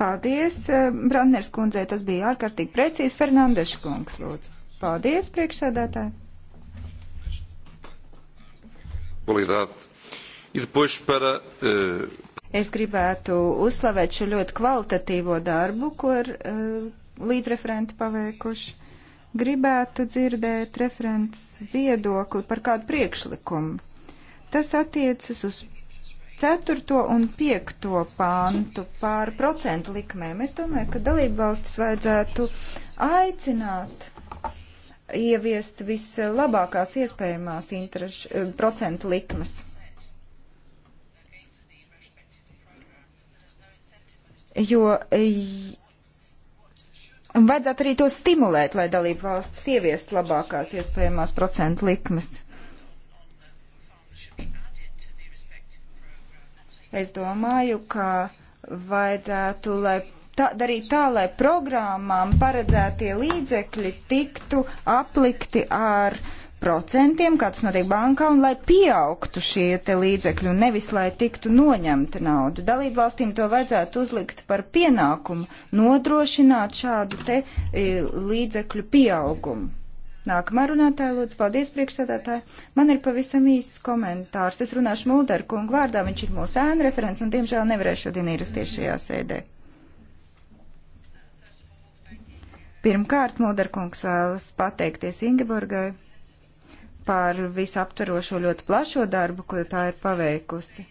Paldies, eh, Brandners kundzei, tas bija ārkārtīgi precīzi. Fernandeša kungs, lūdzu. Paldies, priekšsēdētāji. Eh, es gribētu uzslavēt šo ļoti kvalitatīvo darbu, ko ir eh, līdzreferenti paveikuši. Gribētu dzirdēt referents viedokli par kādu priekšlikumu. Tas attiecas uz 4. un 5. pāntu par procentu likmēm. Es domāju, ka dalību valstis vajadzētu aicināt ieviest vislabākās iespējamās interešu, eh, procentu likmes. Jo eh, vajadzētu arī to stimulēt, lai dalību valstis ieviestu labākās iespējamās procentu likmes. Es domāju, ka vajadzētu, lai tā, darīt tā, lai programmām paredzētie līdzekļi tiktu aplikti ar procentiem, kā tas notiek bankā, un lai pieaugtu šie te līdzekļi, un nevis lai tiktu noņemta nauda. Dalību valstīm to vajadzētu uzlikt par pienākumu, nodrošināt šādu te e, līdzekļu pieaugumu. Nākamā runātāja, lūdzu, paldies priekšsēdētāji. Man ir pavisam īsts komentārs. Es runāšu Mulder kungu vārdā, viņš ir mūsu ēnu referents un, diemžēl, nevarēšu šodien ierasties šajā sēdē. Pirmkārt, Mulder kungs vēlas pateikties Ingeborgai par visaptverošo ļoti plašo darbu, ko tā ir paveikusi.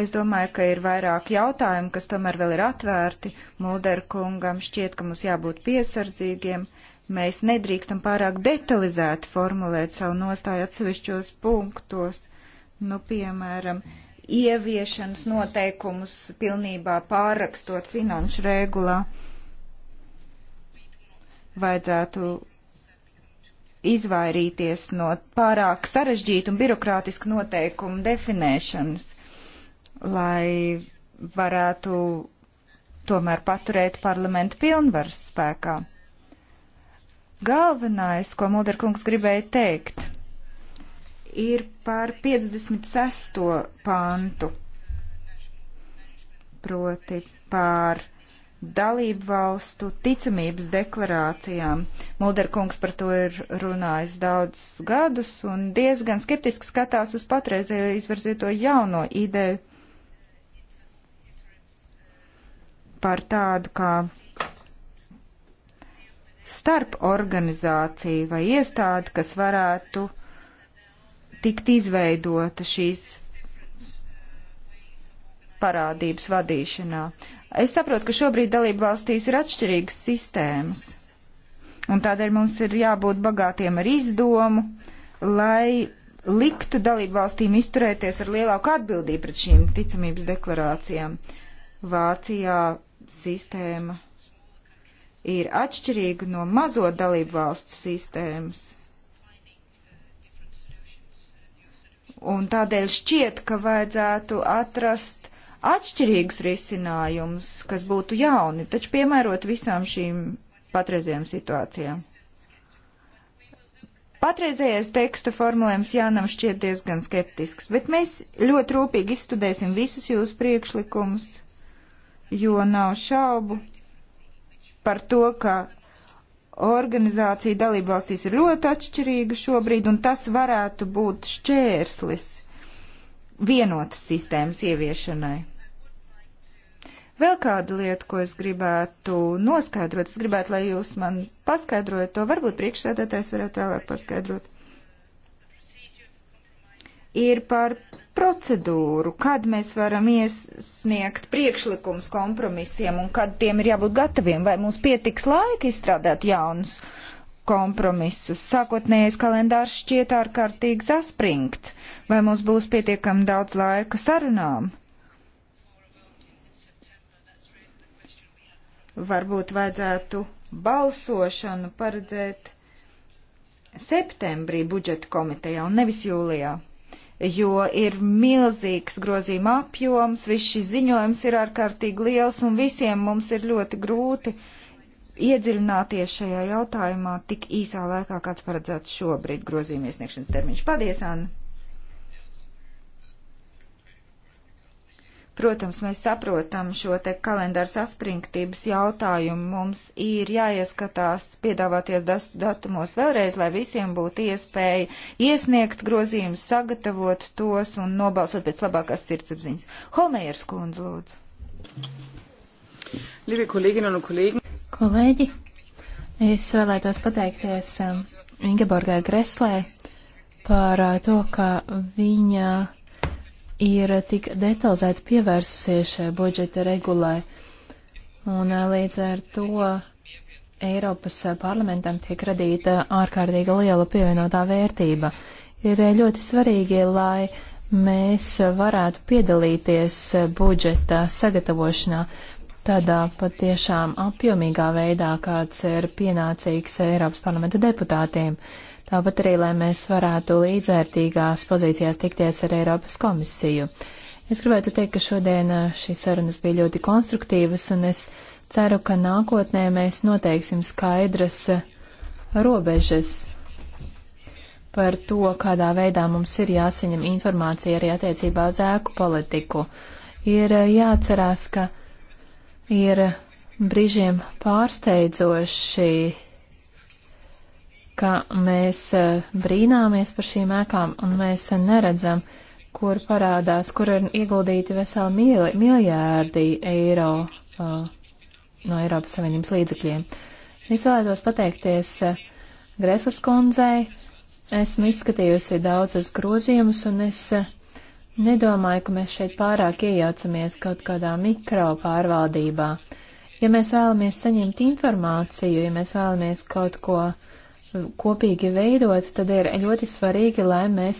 Es domāju, ka ir vairāk jautājumu, kas tomēr vēl ir atvērti. Mulderkungam šķiet, ka mums jābūt piesardzīgiem. Mēs nedrīkstam pārāk detalizēti formulēt savu nostāju atsevišķos punktos. Nu, piemēram, ieviešanas noteikumus pilnībā pārrakstot finanšu regulā. Vajadzētu izvairīties no pārāk sarežģītu un birokrātisku noteikumu definēšanas lai varētu tomēr paturēt parlamentu pilnvaras spēkā. Galvenais, ko Mūderkungs gribēja teikt, ir par 56. pāntu, proti par dalību valstu ticamības deklarācijām. Mūderkungs par to ir runājis daudzus gadus un diezgan skeptiski skatās uz patreizējo izvirzīto jauno ideju par tādu kā starp organizāciju vai iestādi, kas varētu tikt izveidota šīs parādības vadīšanā. Es saprotu, ka šobrīd dalību valstīs ir atšķirīgas sistēmas, un tādēļ mums ir jābūt bagātiem ar izdomu, lai liktu dalību valstīm izturēties ar lielāku atbildību pret šīm ticamības deklarācijām. Vācijā sistēma ir atšķirīga no mazo dalību valstu sistēmas. Un tādēļ šķiet, ka vajadzētu atrast atšķirīgus risinājumus, kas būtu jauni, taču piemērot visām šīm patreizējām situācijām. Patreizējais teksta formulējums Jānam šķiet diezgan skeptisks, bet mēs ļoti rūpīgi izstudēsim visus jūsu priekšlikumus jo nav šaubu par to, ka organizācija dalībvalstīs ir ļoti atšķirīga šobrīd, un tas varētu būt šķērslis vienotas sistēmas ieviešanai. Vēl kāda lieta, ko es gribētu noskaidrot, es gribētu, lai jūs man paskaidrojat to, varbūt priekšsēdētājs varētu vēlāk paskaidrot, ir par procedūru, kad mēs varam iesniegt priekšlikums kompromisiem un kad tiem ir jābūt gataviem, vai mums pietiks laika izstrādāt jaunus kompromisus. Sākotnējais kalendārs šķiet ārkārtīgi saspringts, vai mums būs pietiekami daudz laika sarunām. Varbūt vajadzētu balsošanu paredzēt septembrī budžeta komitejā un nevis jūlijā jo ir milzīgs grozījuma apjoms, viss šis ziņojums ir ārkārtīgi liels un visiem mums ir ļoti grūti iedziļināties šajā jautājumā tik īsā laikā, kāds paredzēts šobrīd grozījuma iesniegšanas termiņš. Paldies, Anna! Protams, mēs saprotam šo te kalendāra saspringtības jautājumu. Mums ir jāieskatās piedāvāties datumos vēlreiz, lai visiem būtu iespēja iesniegt grozījumus, sagatavot tos un nobalsot pēc labākās sirdsapziņas. Holmējers kundze, lūdzu. Liebe Kolleginnen un Kollegen. Kolēģi, es vēlētos pateikties um, Ingeborgai Greslē par uh, to, ka viņa ir tik detalizēti pievērsusies šai budžeta regulai, un līdz ar to Eiropas parlamentam tiek radīta ārkārtīga liela pievienotā vērtība. Ir ļoti svarīgi, lai mēs varētu piedalīties budžeta sagatavošanā tādā patiešām apjomīgā veidā, kāds ir pienācīgs Eiropas parlamenta deputātiem. Uh, tāpat arī, lai mēs varētu līdzvērtīgās pozīcijās tikties ar Eiropas komisiju. Es gribētu teikt, ka šodien uh, šīs sarunas bija ļoti konstruktīvas, un es ceru, ka nākotnē mēs noteiksim skaidras uh, robežas par to, kādā veidā mums ir jāsaņem informācija arī attiecībā uz ēku politiku. Ir uh, jāatcerās, ka ir brīžiem pārsteidzoši ka mēs e, brīnāmies par šīm ēkām un mēs neredzam, kur parādās, kur ir ieguldīti veseli miljārdi eiro uh, no Eiropas Savienības līdzekļiem. Es vēlētos pateikties uh, Greslas kundzei. Esmu izskatījusi daudzas grozījumus un es uh, nedomāju, ka mēs šeit pārāk iejaucamies kaut kādā mikro pārvaldībā. Ja mēs vēlamies saņemt informāciju, ja mēs vēlamies kaut ko uh, kopīgi veidot, tad ir ļoti svarīgi, lai mēs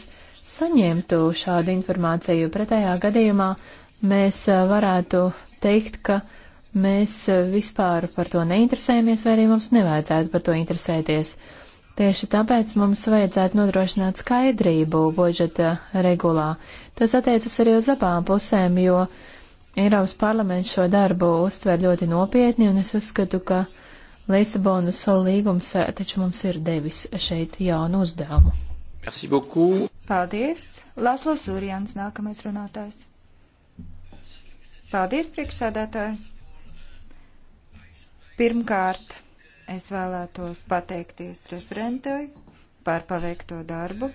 saņemtu šādu informāciju. Pretējā gadījumā mēs eh, varētu teikt, ka mēs eh, vispār par to neinteresējamies, vai arī mums nevajadzētu par to interesēties. Tieši tāpēc mums vajadzētu nodrošināt skaidrību budžeta regulā. Tas attiecas arī uz abām pusēm, jo Eiropas parlaments šo darbu uztver ļoti nopietni, un es uzskatu, ka uh, Lisabonas līgums eh, taču mums ir devis šeit jaunu uzdevumu. Merci beaucoup. Paldies. Laslo Surjans, nākamais runātājs. Paldies, priekšsādātāji. Pirmkārt, es vēlētos pateikties referentei par paveikto darbu.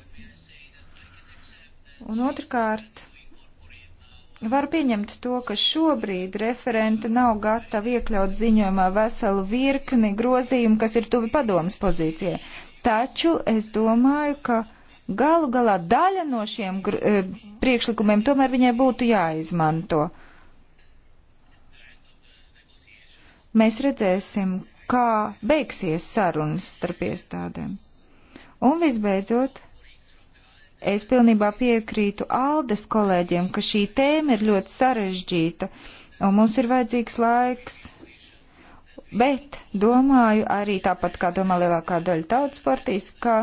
Un otrkārt, Var pieņemt to, ka šobrīd referente nav gatava iekļaut ziņojumā veselu virkni grozījumu, kas ir tuvi padomas pozīcijai. Taču es domāju, ka galu galā daļa no šiem e, priekšlikumiem tomēr viņai būtu jāizmanto. Mēs redzēsim, kā beigsies sarunas starp iestādēm. Un visbeidzot, Es pilnībā piekrītu Aldes kolēģiem, ka šī tēma ir ļoti sarežģīta un mums ir vajadzīgs laiks. Bet domāju arī tāpat, kā domā lielākā daļa tautas partijas, ka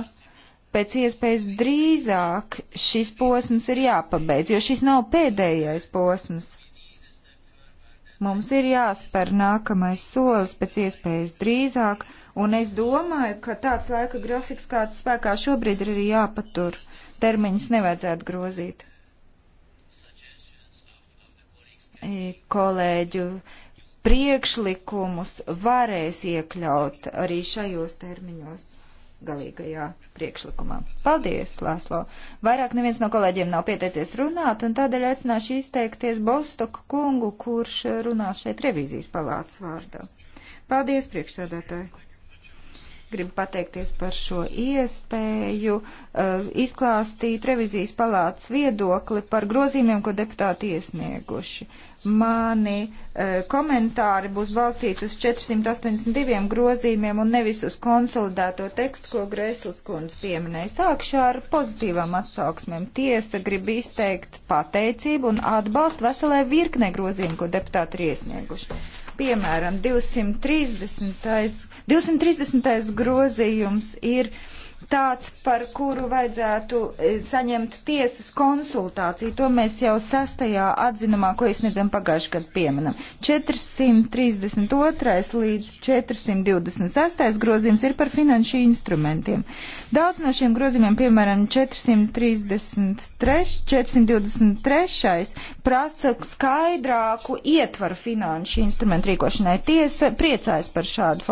pēc iespējas drīzāk šis posms ir jāpabeidz, jo šis nav pēdējais posms. Mums ir jāspēr nākamais solis pēc iespējas drīzāk, Un es domāju, ka tāds laika grafiks, kāds spēkā šobrīd ir arī jāpatur, termiņus nevajadzētu grozīt. Kolēģu priekšlikumus varēs iekļaut arī šajos termiņos galīgajā priekšlikumā. Paldies, Lāslo! Vairāk neviens no kolēģiem nav pieteicies runāt, un tādēļ aicināšu izteikties Bostoku kungu, kurš runās šeit revīzijas palātas vārdā. Paldies, priekšsēdētāji! Gribu pateikties par šo iespēju uh, izklāstīt revizijas palātas viedokli par grozījumiem, ko deputāti iesnieguši. Mani uh, komentāri būs balstīti uz 482 grozījumiem un nevis uz konsolidēto tekstu, ko Grēslis kundze pieminēja. Sākšu ar pozitīvām atsauksmēm. Tiesa grib izteikt pateicību un atbalstu veselē virknē grozījumu, ko deputāti ir iesnieguši piemēram, 230. 230. grozījums ir uh, tāds, par kuru vajadzētu e, saņemt tiesas konsultāciju. To mēs jau sastajā atzinumā, ko iesniedzam pagājušajā gadā, pieminam. 432. līdz 426. grozījums ir par finanšu instrumentiem. Daudz no šiem grozījumiem, piemēram, 433, 423. prasa skaidrāku ietvaru finanšu instrumentu rīkošanai. Tiesa priecājas par šādu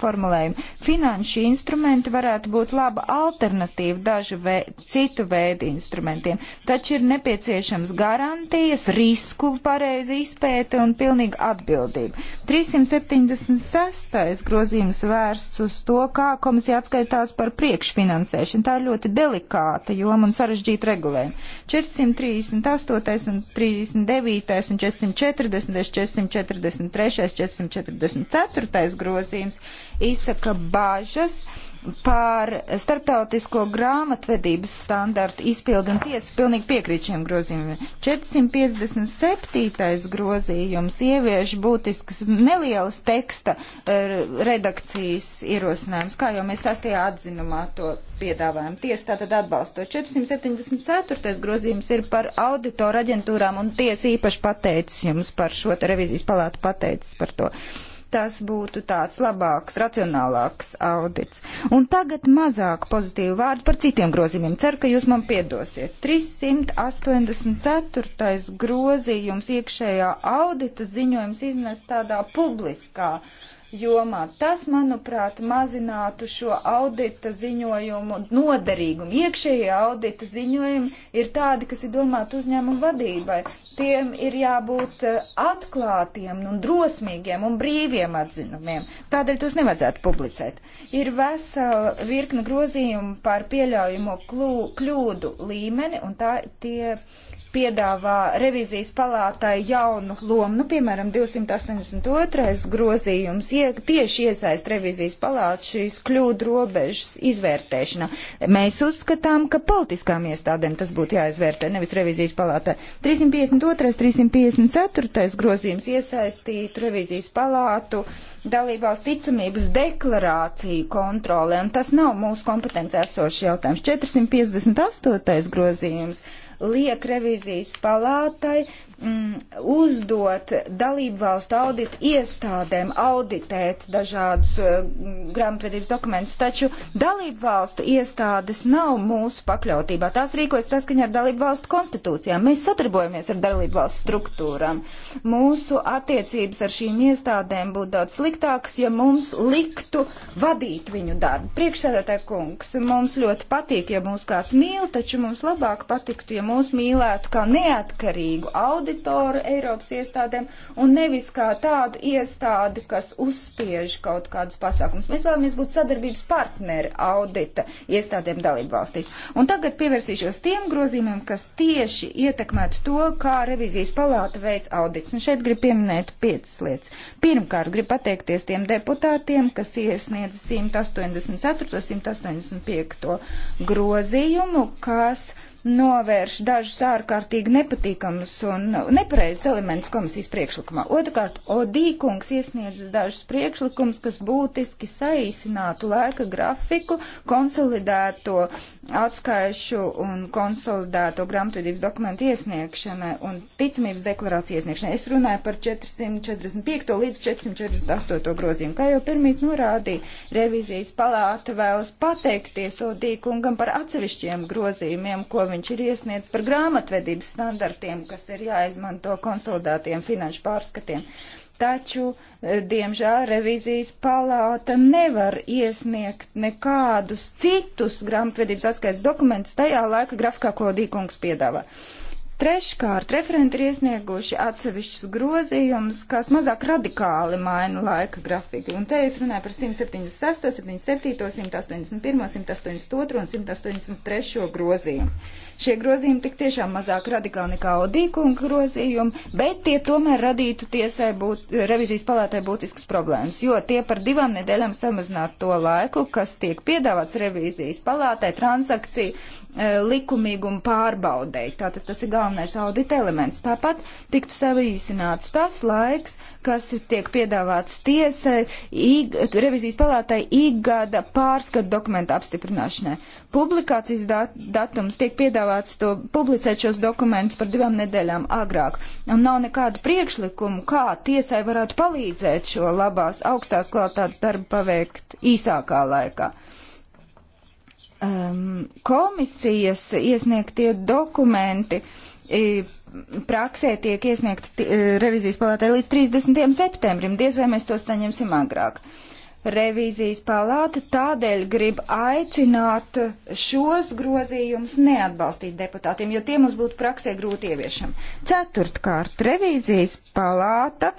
formulējumu. Finanšu instrumenti varētu būt labi laba alternatīva dažu vei, citu veidu instrumentiem, taču ir nepieciešams garantijas, risku pareizi izpēte un pilnīga atbildība. 376. grozījums vērsts uz to, kā komisija atskaitās par priekšfinansēšanu. Tā ir ļoti delikāta joma un sarežģīta regulējuma. 438. un 39. un 440. 443. 444. grozījums izsaka bāžas par starptautisko grāmatvedības standartu izpildu un tiesa pilnīgi piekrīt šiem grozījumiem. 457. grozījums ievieš būtiskas nelielas teksta eh, redakcijas ierosinājums, kā jau mēs sastajā atzinumā to piedāvājam. Tiesa tātad atbalsto. 474. grozījums ir par auditoru aģentūrām un tiesa īpaši pateicis jums par šo te revizijas palātu pateicis par to. Uh, tas būtu tāds labāks, racionālāks audits. Un tagad mazāk pozitīvu vārdu par citiem grozījumiem. Ceru, ka jūs man piedosiet. 384. grozījums iekšējā audita ziņojums iznes tādā publiskā jomā. Tas, manuprāt, mazinātu šo audita ziņojumu noderīgumu. Iekšējie audita ziņojumi ir tādi, kas ir domāti uzņēmumu vadībai. Tiem ir jābūt eh, atklātiem un drosmīgiem un brīviem atzinumiem. Tādēļ tos nevajadzētu publicēt. Ir vesela virkna grozījumu par pieļaujamo kļūdu līmeni, un tā tie piedāvā revizijas palātai jaunu lomu, nu, piemēram, 282. grozījums ie, tieši iesaist revizijas palātu šīs kļūdu robežas izvērtēšanā. Mēs uzskatām, ka politiskām iestādēm tas būtu jāizvērtē, nevis revizijas palātai. 352. 354. grozījums iesaistīt revizijas palātu dalībās ticamības deklarāciju kontrolē, un tas nav mūsu kompetenci esošs jautājums. 458. grozījums liek revizijas palātai mm, uzdot dalību valstu audit iestādēm auditēt dažādus mm, grāmatvedības dokumentus, taču dalību valstu iestādes nav mūsu pakļautībā. Tās rīkojas saskaņā ar dalību valstu konstitūcijām. Mēs sadarbojamies ar dalību valstu struktūram. Mūsu attiecības ar šīm iestādēm būtu daudz sliktākas, ja mums liktu vadīt viņu darbu. Priekšsēdētāji kungs, mums ļoti patīk, ja mūs kāds mīl, taču mums labāk patiktu, ja mūs mīlētu kā neatkarīgu audit auditoru Eiropas iestādēm un nevis kā tādu iestādi, kas uzspiež kaut kādus pasākumus. Mēs vēlamies būt sadarbības partneri audita iestādēm dalību valstīs. Un tagad pievērsīšos tiem grozījumiem, kas tieši ietekmētu to, kā revizijas palāta veids audits. Un šeit gribu pieminēt piecas lietas. Pirmkārt, gribu pateikties tiem deputātiem, kas iesniedz 184. 185. grozījumu, kas novērš dažus ārkārtīgi nepatīkamus un nepareizes elementus komisijas priekšlikumā. Otrakārt, Odīkungs iesniedzis dažus priekšlikumus, kas būtiski saīsinātu laika grafiku, konsolidēto atskaišu un konsolidēto grāmatvedības dokumentu iesniegšanai un ticamības deklarāciju iesniegšanai. Es runāju par 445. līdz 448. grozījumu. Kā jau pirmīt norādīja, revizijas palāta vēlas pateikties Odīkungam par atsevišķiem grozījumiem, ko viņš viņš ir iesniedzis par grāmatvedības standartiem, kas ir jāizmanto konsolidētiem finanšu pārskatiem. Taču, e, diemžēl, revizijas palāta nevar iesniegt nekādus citus grāmatvedības atskaites dokumentus tajā laika grafikā, ko Dīkungs piedāvā. Uh, Treškārt, referenti ir iesnieguši atsevišķus grozījumus, kas mazāk radikāli maina laika grafiku. Un te es runāju par 176, 177, 181, 182 un 183 grozījumu. Šie grozījumi tik tiešām mazāk radikāli nekā Odīkunga grozījumi, bet tie tomēr radītu tiesai būt, revizijas palātai būtiskas problēmas, jo tie par divām nedēļām samazinātu to laiku, kas tiek piedāvāts revizijas palātai transakciju E, likumīgumu pārbaudēji. Tātad tas ir galvenais audita elements. Tāpat tiktu savīsināts tas laiks, kas tiek piedāvāts tiesai, ig, revizijas palātai ikgada pārskatu dokumentu apstiprināšanai. Publikācijas dat, datums tiek piedāvāts to publicēt šos dokumentus par divām nedēļām agrāk. Un nav nekādu priekšlikumu, kā tiesai varētu palīdzēt šo labās augstās kvalitātes darbu paveikt īsākā laikā. Uh, um, komisijas iesniegtie dokumenti i, praksē tiek iesniegti e, revizijas palātē līdz 30. septembrim. Diez vai mēs tos saņemsim agrāk. Uh, Revīzijas palāta tādēļ grib aicināt šos grozījumus neatbalstīt deputātiem, jo tie mums būtu praksē grūti ieviešam. Ceturtkārt, revīzijas palāta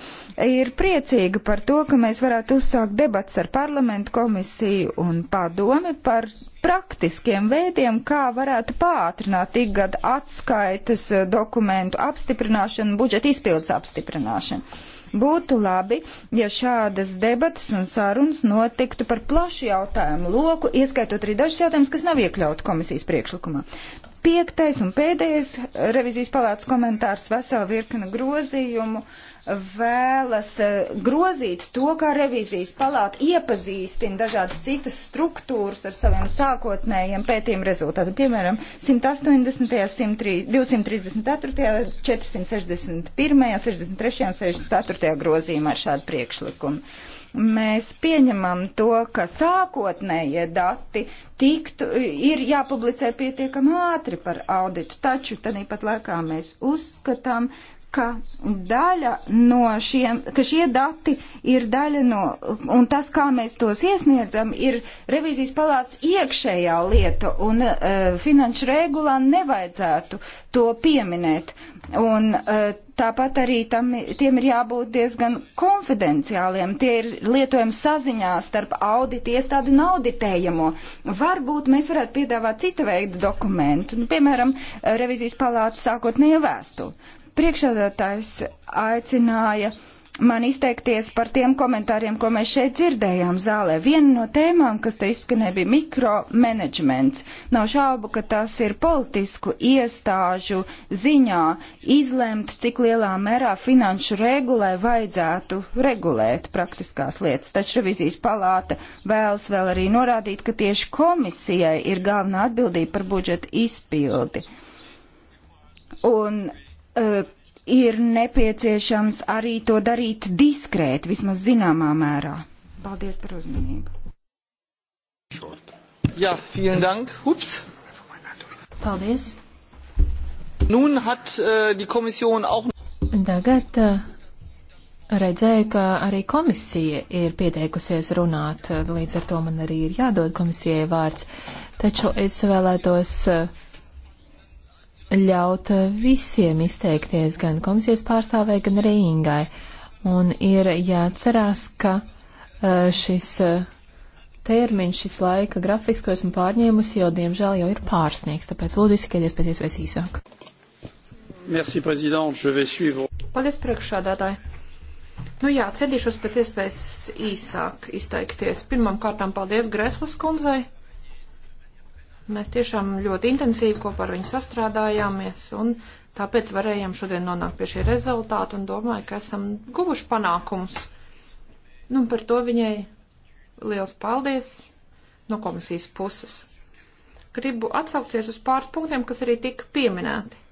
ir priecīga par to, ka mēs varētu uzsākt debats ar parlamentu komisiju un padomi par praktiskiem veidiem, kā varētu pātrināt ikgada atskaitas dokumentu apstiprināšanu, budžeta izpildes apstiprināšanu Būtu labi, ja šādas debatas un sarunas notiktu par plašu jautājumu loku, ieskaitot arī dažus jautājumus, kas nav iekļauti komisijas priekšlikumā. Piektais un pēdējais revizijas palātas komentārs vesela virkna grozījumu uh, vēlas eh, grozīt to, kā revizijas palāta iepazīstina dažādas citas struktūras ar saviem sākotnējiem pētījumu rezultātiem. Piemēram, 180., 234., 461., 63. un 64. grozījumā ar šādu priekšlikumu. Mēs pieņemam to, ka sākotnējie dati tiktu, ir jāpublicē pietiekami ātri par auditu, taču tādīpat laikā mēs uzskatām, ka daļa no šiem, ka šie dati ir daļa no, un tas, kā mēs tos iesniedzam, ir revizijas palāts iekšējā lieta, un uh, finanšu regulā nevajadzētu to pieminēt. Un, uh, Tāpat arī tam, tiem ir jābūt diezgan konfidenciāliem. Tie ir lietojami saziņā starp audita iestādi un auditējamo. Varbūt mēs varētu piedāvāt cita veida dokumentu, nu, piemēram, revizijas palātas sākotnējo vēstuli. Priekšsēdētājs aicināja man izteikties par tiem komentāriem, ko mēs šeit dzirdējām zālē. Viena no tēmām, kas te izskanēja, bija mikromanagements. Nav šaubu, ka tas ir politisku iestāžu ziņā izlemt, cik lielā mērā finanšu regulē vajadzētu regulēt praktiskās lietas. Taču revizijas palāta vēlas vēl arī norādīt, ka tieši komisijai ir galvenā atbildība par budžeta izpildi. Un Eh, ir nepieciešams arī to darīt diskrēt, vismaz zināmā mērā. Paldies par uzmanību. Šort. Jā, vielen dank. Ups. Paldies. Nun hat uh, die Kommission auch. Tagad uh, redzēju, ka arī komisija ir pieteikusies runāt, līdz ar to man arī ir jādod komisijai vārds. Taču es vēlētos uh, ļaut eh, visiem izteikties, gan komisijas pārstāvē, gan arī Ingai. Un ir jāatcerās, ka eh, šis eh, termiņš, šis laika grafiks, ko esmu pārņēmusi, jau diemžēl jau ir pārsniegts, tāpēc lūdzu izskaties pēc iespējas īsāk. Merci, prezident, je vais suivre. Paldies, priekšādātāji. Nu jā, cedīšos pēc iespējas īsāk izteikties. Pirmam kārtām paldies Greslas kundzei Mēs tiešām ļoti intensīvi kopā ar viņu sastrādājāmies, un tāpēc varējām šodien nonākt pie šī rezultāta, un domāju, ka esam guvuši panākumus. Nu, par to viņai liels paldies no komisijas puses. Gribu atsaukties uz pāris punktiem, kas arī tika pieminēti.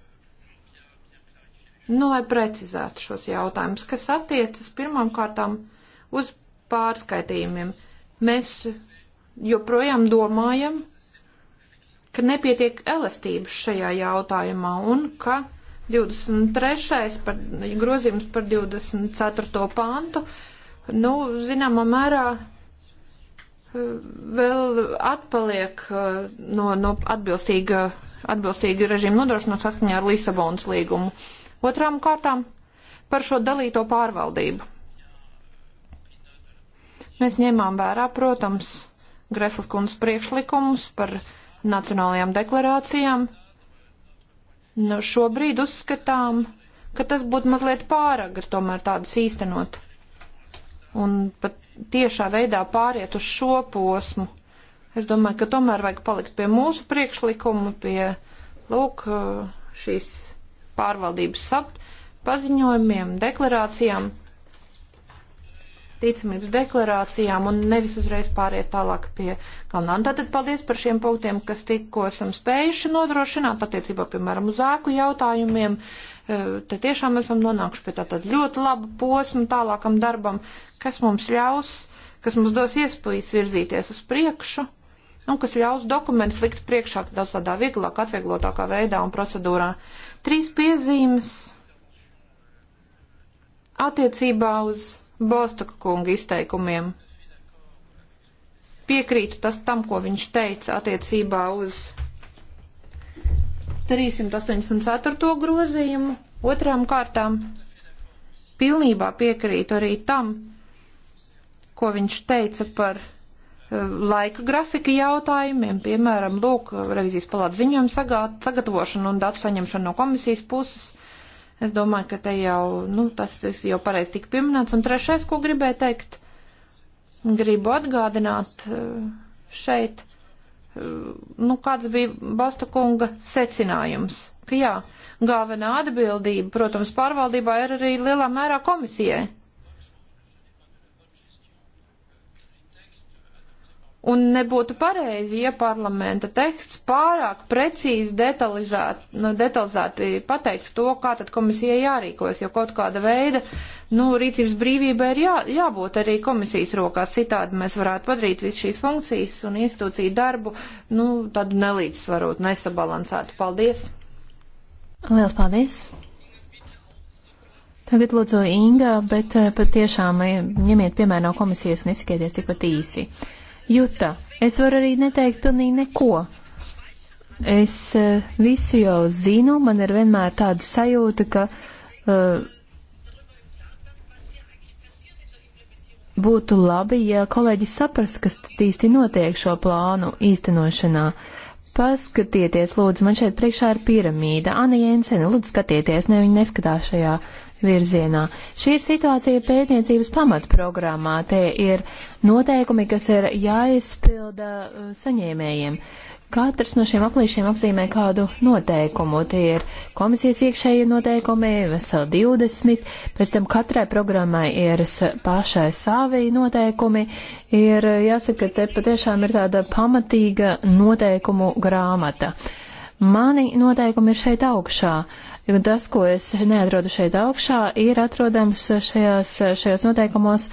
Nu, lai precizētu šos jautājumus, kas attiecas pirmām kārtām uz pārskaitījumiem. Mēs joprojām domājam, ka nepietiek elastības šajā jautājumā un ka 23. Par, grozījums par 24. pantu, nu, zināmā mērā eh, vēl atpaliek eh, no, no atbilstīga, atbilstīga režīma nodrošinot saskaņā ar Lisabonas līgumu. Otrām kārtām par šo dalīto pārvaldību. Mēs ņēmām vērā, protams, Greslas kundas priekšlikumus par uh, nacionālajām deklarācijām. Nu, šobrīd uzskatām, ka tas būtu mazliet pāragri tomēr tādas īstenot. Un pat tiešā veidā pāriet uz šo posmu. Es domāju, ka tomēr vajag palikt pie mūsu priekšlikuma, pie, lūk, šīs pārvaldības sapt paziņojumiem, deklarācijām ticamības deklarācijām un nevis uzreiz pāriet tālāk pie kalnām. Tātad paldies par šiem punktiem, kas tikko esam spējuši nodrošināt attiecībā, piemēram, uz ēku jautājumiem. Eh, te tiešām esam nonākuši pie tātad ļoti laba posma tālākam darbam, kas mums ļaus, kas mums dos iespējas virzīties uz priekšu. Nu, kas ļaus dokumentus likt priekšā daudz tādā vieglāk, atvieglotākā veidā un procedūrā. Trīs piezīmes attiecībā uz Bostaka kunga izteikumiem. Piekrītu tas tam, ko viņš teica attiecībā uz 384. grozījumu. Otrām kārtām pilnībā piekrītu arī tam, ko viņš teica par eh, laika grafika jautājumiem, piemēram, lūk, revizijas palātas ziņojumu sagāt, sagatavošanu un datu saņemšanu no komisijas puses. Es domāju, ka te jau, nu, tas jau pareizi tika pieminēts. Un trešais, ko gribēju teikt, gribu atgādināt eh, šeit, eh, nu, kāds bija Basta kunga secinājums, ka jā, galvenā atbildība, protams, pārvaldībā ir arī lielā mērā komisijai. Un nebūtu pareizi, ja parlamenta teksts pārāk precīzi detalizēt, nu, detalizēti pateiktu to, kā tad komisijai jārīkojas, jo kaut kāda veida, nu, rīcības brīvībai ir jā, jābūt arī komisijas rokās, citādi mēs varētu padarīt visu šīs funkcijas un institūciju darbu, nu, tādu nelīdzsvarotu, nesabalansētu. Paldies! Liels paldies! Tagad lūdzu Inga, bet eh, patiešām eh, ņemiet piemēru no komisijas un izskieties tikpat īsi. Juta, es varu arī neteikt pilnīgi neko. Es uh, visu jau zinu, man ir vienmēr tāda sajūta, ka uh, būtu labi, ja kolēģi saprastu, kas īsti notiek šo plānu īstenošanā. Paskatieties, lūdzu, man šeit priekšā ir piramīda. Ana Jensena, lūdzu, skatieties, ne viņa neskatās šajā uh, virzienā. Šī ir situācija pētniecības pamatprogrammā. Te ir noteikumi, kas ir jāizpilda uh, saņēmējiem. Katrs no šiem aplīšiem apzīmē kādu noteikumu. Tie ir komisijas iekšējie noteikumi, veseli 20, pēc tam katrai programmai ir pašai savi noteikumi. Ir uh, jāsaka, ka te patiešām ir tāda pamatīga noteikumu grāmata. Mani noteikumi ir šeit augšā. Uh, jo tas, ko es neatrodu šeit augšā, ir atrodams šajās, šajos noteikumos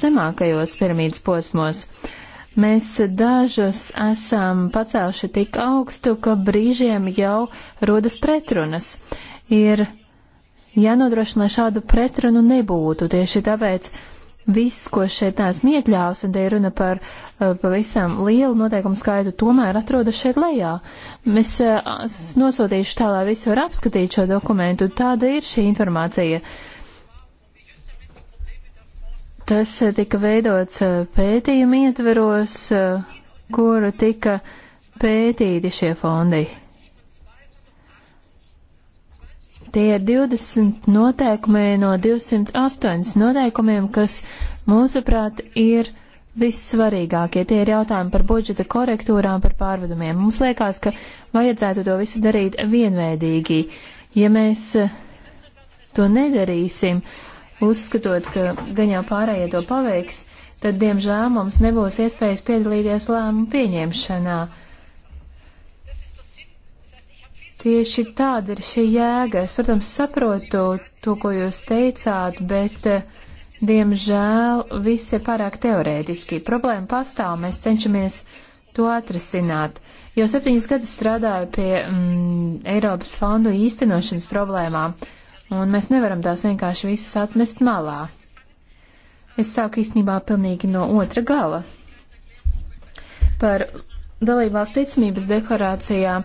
zemākajos piramīdas posmos. Mēs dažus esam pacēluši tik augstu, ka brīžiem jau rodas pretrunas. Ir jānodrošina, lai šādu pretrunu nebūtu. Tieši tāpēc viss, ko šeit esmu iekļāvis, un te ir runa par uh, pavisam lielu noteikumu skaitu, tomēr atrodas šeit lejā. Mēs uh, eh, nosūtīšu tā, lai visi var apskatīt šo dokumentu. Tāda ir šī informācija. Tas uh, tika veidots pētījuma ietveros, kuru tika pētīti šie fondi. Tie ir 20 noteikumi no 208 noteikumiem, kas, mūsuprāt, ir vissvarīgākie. Tie ir jautājumi par budžeta korektūrām, par pārvedumiem. Mums liekas, ka vajadzētu to visu darīt vienveidīgi. Ja mēs eh, to nedarīsim, uzskatot, ka gan jau pārējie to paveiks, tad, diemžēl, mums nebūs iespējas piedalīties lēmumu pieņemšanā. Tieši tāda ir šī jēga. Es, protams, saprotu to, ko jūs teicāt, bet, diemžēl, viss ir pārāk teorētiski. Problēma pastāv, mēs cenšamies to atrisināt. Jau septiņus gadus strādāju pie mm, Eiropas fondu īstenošanas problēmām, un mēs nevaram tās vienkārši visas atmest malā. Es sāku īstenībā pilnīgi no otra gala. Par dalībās ticamības deklarācijām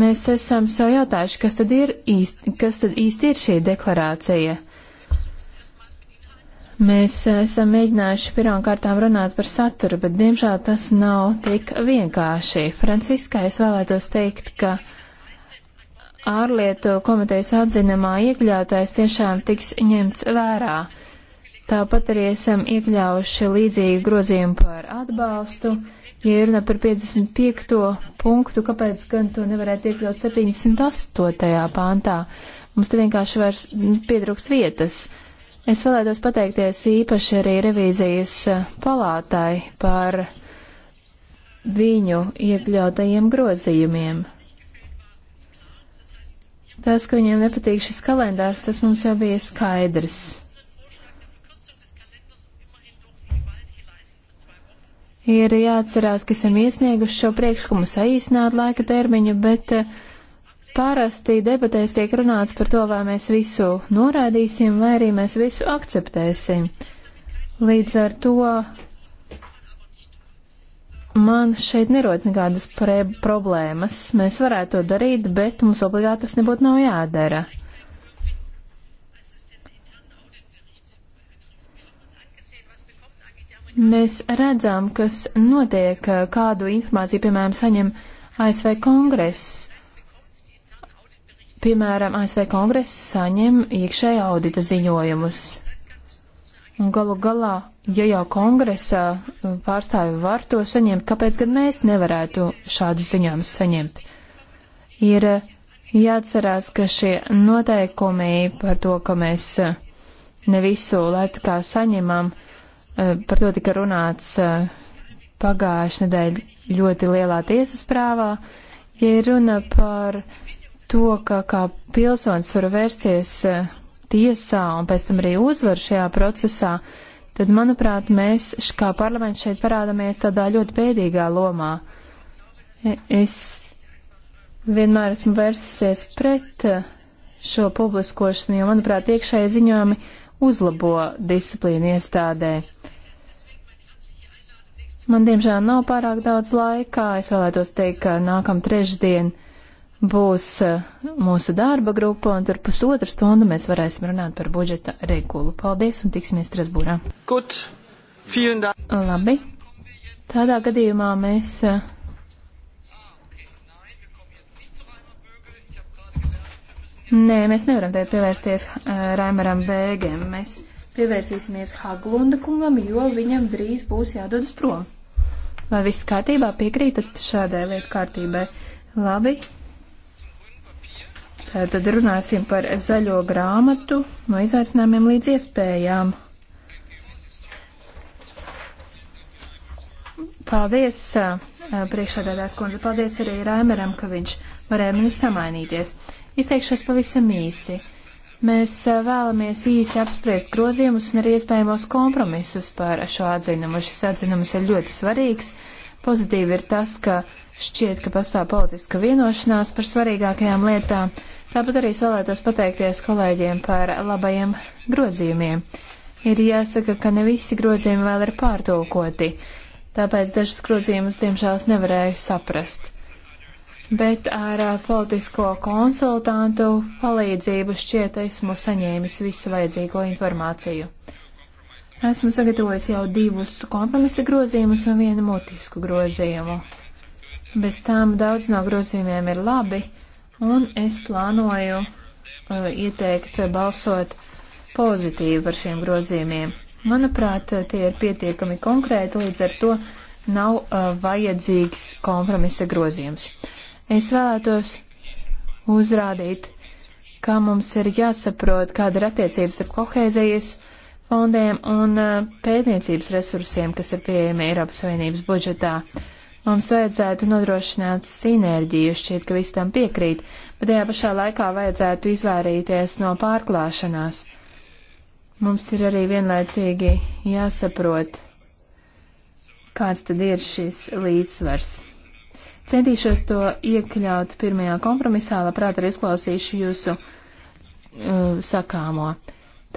Mēs esam sev jautājuši, kas tad, ir īsti, kas tad īsti ir šī deklarācija. Mēs esam mēģinājuši pirmām kārtām runāt par saturu, bet diemžēl tas nav tik vienkārši. Franciska, es vēlētos teikt, ka ārlietu komitejas atzinumā iekļautais tiešām tiks ņemts vērā. Tāpat arī esam iekļaujuši līdzīgu grozījumu par atbalstu. Ja runa par 55. punktu, kāpēc gan to nevarētu iekļaut 78. pāntā? Mums te vienkārši vairs pietrūks vietas. Es vēlētos pateikties īpaši arī revīzijas eh, palātai par viņu iekļautajiem grozījumiem. Tas, ka viņiem nepatīk šis kalendārs, tas mums jau bija skaidrs. Ir jāatcerās, ka esam iesnieguši šo priekšlikumu saīsināt laika termiņu, bet eh, parasti debatēs tiek runāts par to, vai mēs visu norādīsim, vai arī mēs visu akceptēsim. Līdz ar to man šeit nerodas nekādas problēmas. Mēs varētu to darīt, bet mums obligāti tas nebūtu nav jādara. Mēs redzam, kas notiek, kādu informāciju, piemēram, saņem ASV kongress. Piemēram, ASV kongress saņem iekšēja audita ziņojumus. Un galu galā, ja jau kongresā pārstāvi var to saņemt, kāpēc gan mēs nevarētu šādu ziņojumus saņemt? Ir jāatcerās, ka šie noteikumi par to, ka mēs ne visu lētu kā saņemam, uh, Eh, par to tika runāts eh, pagājušajā nedēļā ļoti lielā tiesas prāvā. Ja runa par to, ka kā pilsonis var vērsties eh, tiesā un pēc tam arī uzvar šajā procesā, tad, manuprāt, mēs kā parlaments šeit parādāmies tādā ļoti bēdīgā lomā. E, es vienmēr esmu vērsusies pret šo publiskošanu, jo, manuprāt, iekšēji ziņojumi uzlabo disciplīnu iestādē. Man, diemžēl, nav pārāk daudz laikā. Es vēlētos teikt, ka nākam trešdien būs eh, mūsu darba grupa, un tur pusotru stundu mēs varēsim runāt par budžeta regulu. Paldies un tiksimies Strasbūrā. Labi. Tādā gadījumā mēs. Uh, Nē, mēs nevaram te pievērsties uh, Raimaram Bēgiem. Mēs pievērsīsimies Haglunda kungam, jo viņam drīz būs jādodas prom. Vai viss kārtībā piekrītat šādai lietu kārtībai? Labi. Tad runāsim par zaļo grāmatu no izaicinājumiem līdz iespējām. Paldies, priekšādādās kundze, paldies arī Raimeram, ka viņš varēja mani samainīties. Izteikšos pavisam īsi. Mēs eh, vēlamies īsi apspriest grozījumus un arī iespējamos kompromisus par šo atzinumu. Šis atzinums ir ļoti svarīgs. Pozitīvi ir tas, ka šķiet, ka pastāv politiska vienošanās par svarīgākajām lietām. Tāpat arī es vēlētos pateikties kolēģiem par labajiem grozījumiem. Ir jāsaka, ka ne visi grozījumi vēl ir pārtulkoti, tāpēc dažus grozījumus, diemžēl, nevarēju saprast bet ar politisko konsultantu palīdzību šķiet esmu saņēmis visu vajadzīgo informāciju. Esmu sagatavojis jau divus kompromisa grozījumus un vienu mutisku grozījumu. Bez tām daudz no grozījumiem ir labi, un es plānoju uh, ieteikt balsot pozitīvi par šiem grozījumiem. Manuprāt, tie ir pietiekami konkrēti, līdz ar to nav uh, vajadzīgs kompromisa grozījums. Es vēlētos uzrādīt, kā mums ir jāsaprot, kāda ir attiecības ar kohēzijas fondiem un uh, pētniecības resursiem, kas ir pieejami Eiropas Savienības budžetā. Mums vajadzētu nodrošināt sinerģiju, šķiet, ka viss tam piekrīt, bet tajā pašā laikā vajadzētu izvairīties no pārklāšanās. Mums ir arī vienlaicīgi jāsaprot, kāds tad ir šis līdzsvars. Centīšos to iekļaut pirmajā kompromisā, labprāt arī izklausīšu jūsu uh, sakāmo.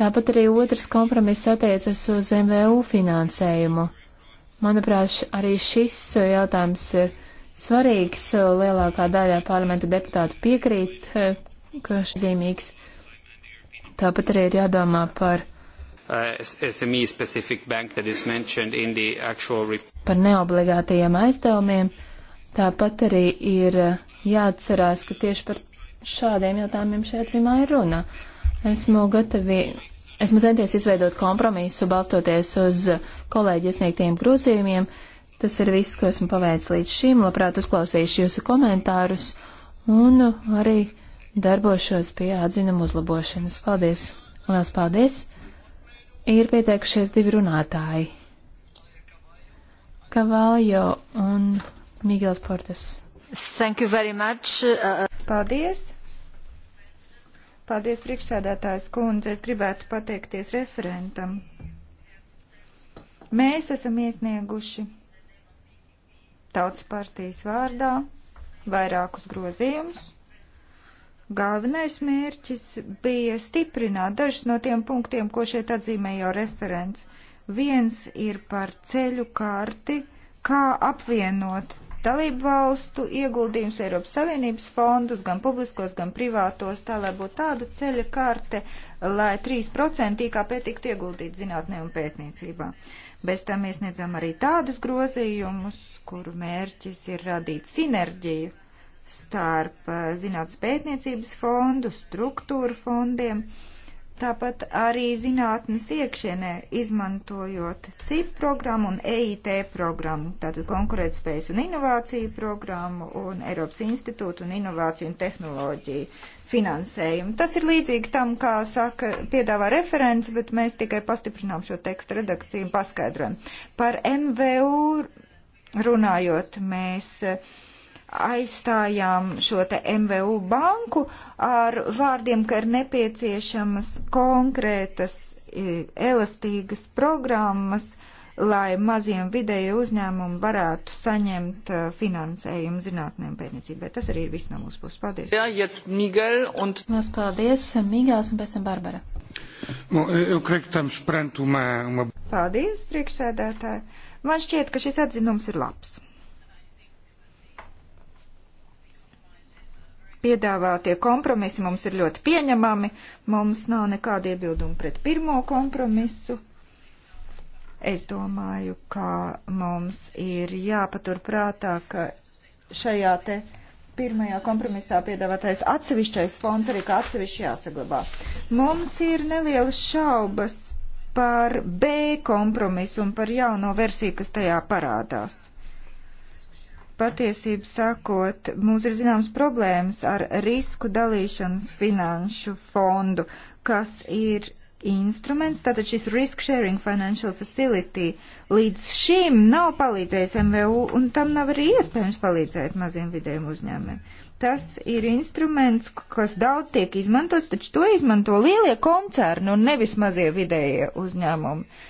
Tāpat arī otrs kompromiss attiecas uz MVU finansējumu. Manuprāt, arī šis jautājums ir svarīgs. Lielākā daļa parlamenta deputātu piekrīt, uh, ka šis zīmīgs. Tāpat arī ir jādomā par Uh, SME specific bank that is mentioned in the actual report. Par neobligātajiem aizdevumiem, uh, Tāpat arī ir jāatcerās, ka tieši par šādiem jautājumiem šajā cīmā ir runa. Esmu gatavi, esmu centies izveidot kompromisu, balstoties uz kolēģi iesniegtiem grozījumiem. Tas ir viss, ko esmu paveicis līdz šim. Labprāt uzklausīšu jūsu komentārus un arī darbošos pie atzinuma uzlabošanas. Paldies! Lielas paldies! Ir pieteikušies divi runātāji. Kavaljo un Mīgels Portes. Thank you very much. Uh... Paldies. Paldies, priekšsēdētājs kundze. Es gribētu pateikties referentam. Mēs esam iesnieguši tautas partijas vārdā vairākus grozījumus. Galvenais mērķis bija stiprināt dažus no tiem punktiem, ko šeit atzīmē jau referents. Viens ir par ceļu karti, kā apvienot dalību valstu ieguldījums Eiropas Savienības fondus, gan publiskos, gan privātos, tā lai būtu tāda ceļa karte, lai 3% IKP tiktu ieguldīt zinātnē un pētniecībā. Bez tam iesniedzam arī tādus grozījumus, kuru mērķis ir radīt sinerģiju starp eh, zinātnes pētniecības fondu, struktūru fondiem. Uh, Tāpat arī zinātnes iekšienē, izmantojot CIP programmu un EIT programmu, tātad konkurētspējas un inovāciju programmu un Eiropas institūtu un inovāciju un tehnoloģiju finansējumu. Tas ir līdzīgi tam, kā saka, piedāvā referents, bet mēs tikai pastiprinām šo tekstu redakciju un paskaidrojam. Par MVU runājot, mēs. Uh, aizstājām šo te MVU banku ar vārdiem, ka ir nepieciešamas konkrētas elastīgas programmas, lai maziem vidēju uzņēmumu varētu saņemt finansējumu zinātnēm pētniecībai. Tas arī ir viss no mūsu puses. Paldies. Jā, ja, jetzt Miguel un... Mēs paldies, Migels un pēc tam Barbara. Nu, eu cred că am sprent uma... Paldies, priekšsēdētāji. Man šķiet, ka šis atzinums ir labs. piedāvātie kompromisi mums ir ļoti pieņemami. Mums nav nekāda iebilduma pret pirmo kompromisu. Es domāju, ka mums ir jāpaturprātā, ka šajā te pirmajā kompromisā piedāvātais atsevišķais fonds arī kā atsevišķi jāsaglabā. Mums ir nelielas šaubas par B kompromisu un par jauno versiju, kas tajā parādās patiesību sakot, mums ir zināmas problēmas ar risku dalīšanas finanšu fondu, kas ir instruments, tātad šis Risk Sharing Financial Facility līdz šim nav palīdzējis MVU un tam nav arī iespējams palīdzēt maziem vidējiem uzņēmumiem. Tas ir instruments, kas daudz tiek izmantots, taču to izmanto lielie koncerni un nevis mazie vidējie uzņēmumi. Uh,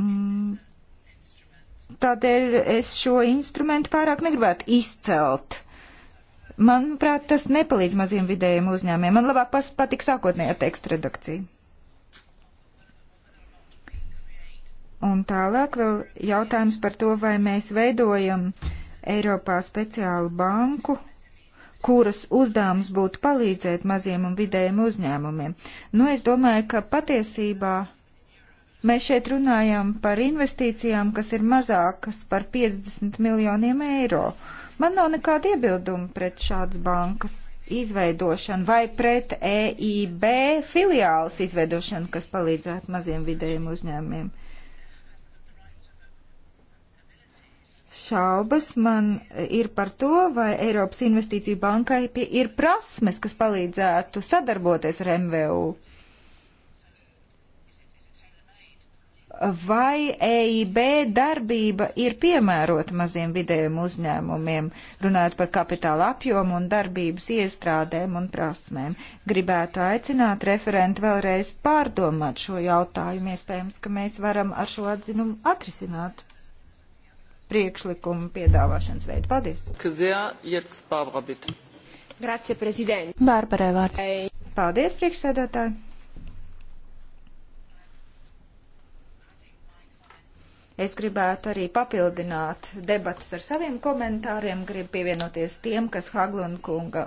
Mm, tādēļ es šo instrumentu pārāk negribētu izcelt. Manuprāt, tas nepalīdz maziem vidējiem uzņēmiem. Man labāk patīk sākotnējā teksta redakcija. Un tālāk vēl jautājums par to, vai mēs veidojam Eiropā speciālu banku, kuras uzdevums būtu palīdzēt maziem un vidējiem uzņēmumiem. Nu, es domāju, ka patiesībā Mēs šeit runājam par investīcijām, kas ir mazākas par 50 miljoniem eiro. Man nav nekāda iebilduma pret šādas bankas izveidošanu vai pret EIB filiālas izveidošanu, kas palīdzētu maziem vidējiem uzņēmumiem. Šaubas man ir par to, vai Eiropas Investīcija bankai ir prasmes, kas palīdzētu sadarboties ar MVU. vai EIB darbība ir piemērota maziem vidējiem uzņēmumiem, runājot par kapitāla apjomu un darbības iestrādēm un prasmēm. Gribētu aicināt referentu vēlreiz pārdomāt šo jautājumu. Iespējams, ka mēs varam ar šo atzinumu atrisināt priekšlikumu piedāvāšanas veidu. Paldies! Grazie, prezident! Bārbarai vārds. Paldies, priekšsēdētāji! Es gribētu arī papildināt debatas ar saviem komentāriem, gribu pievienoties tiem, kas Haglund kunga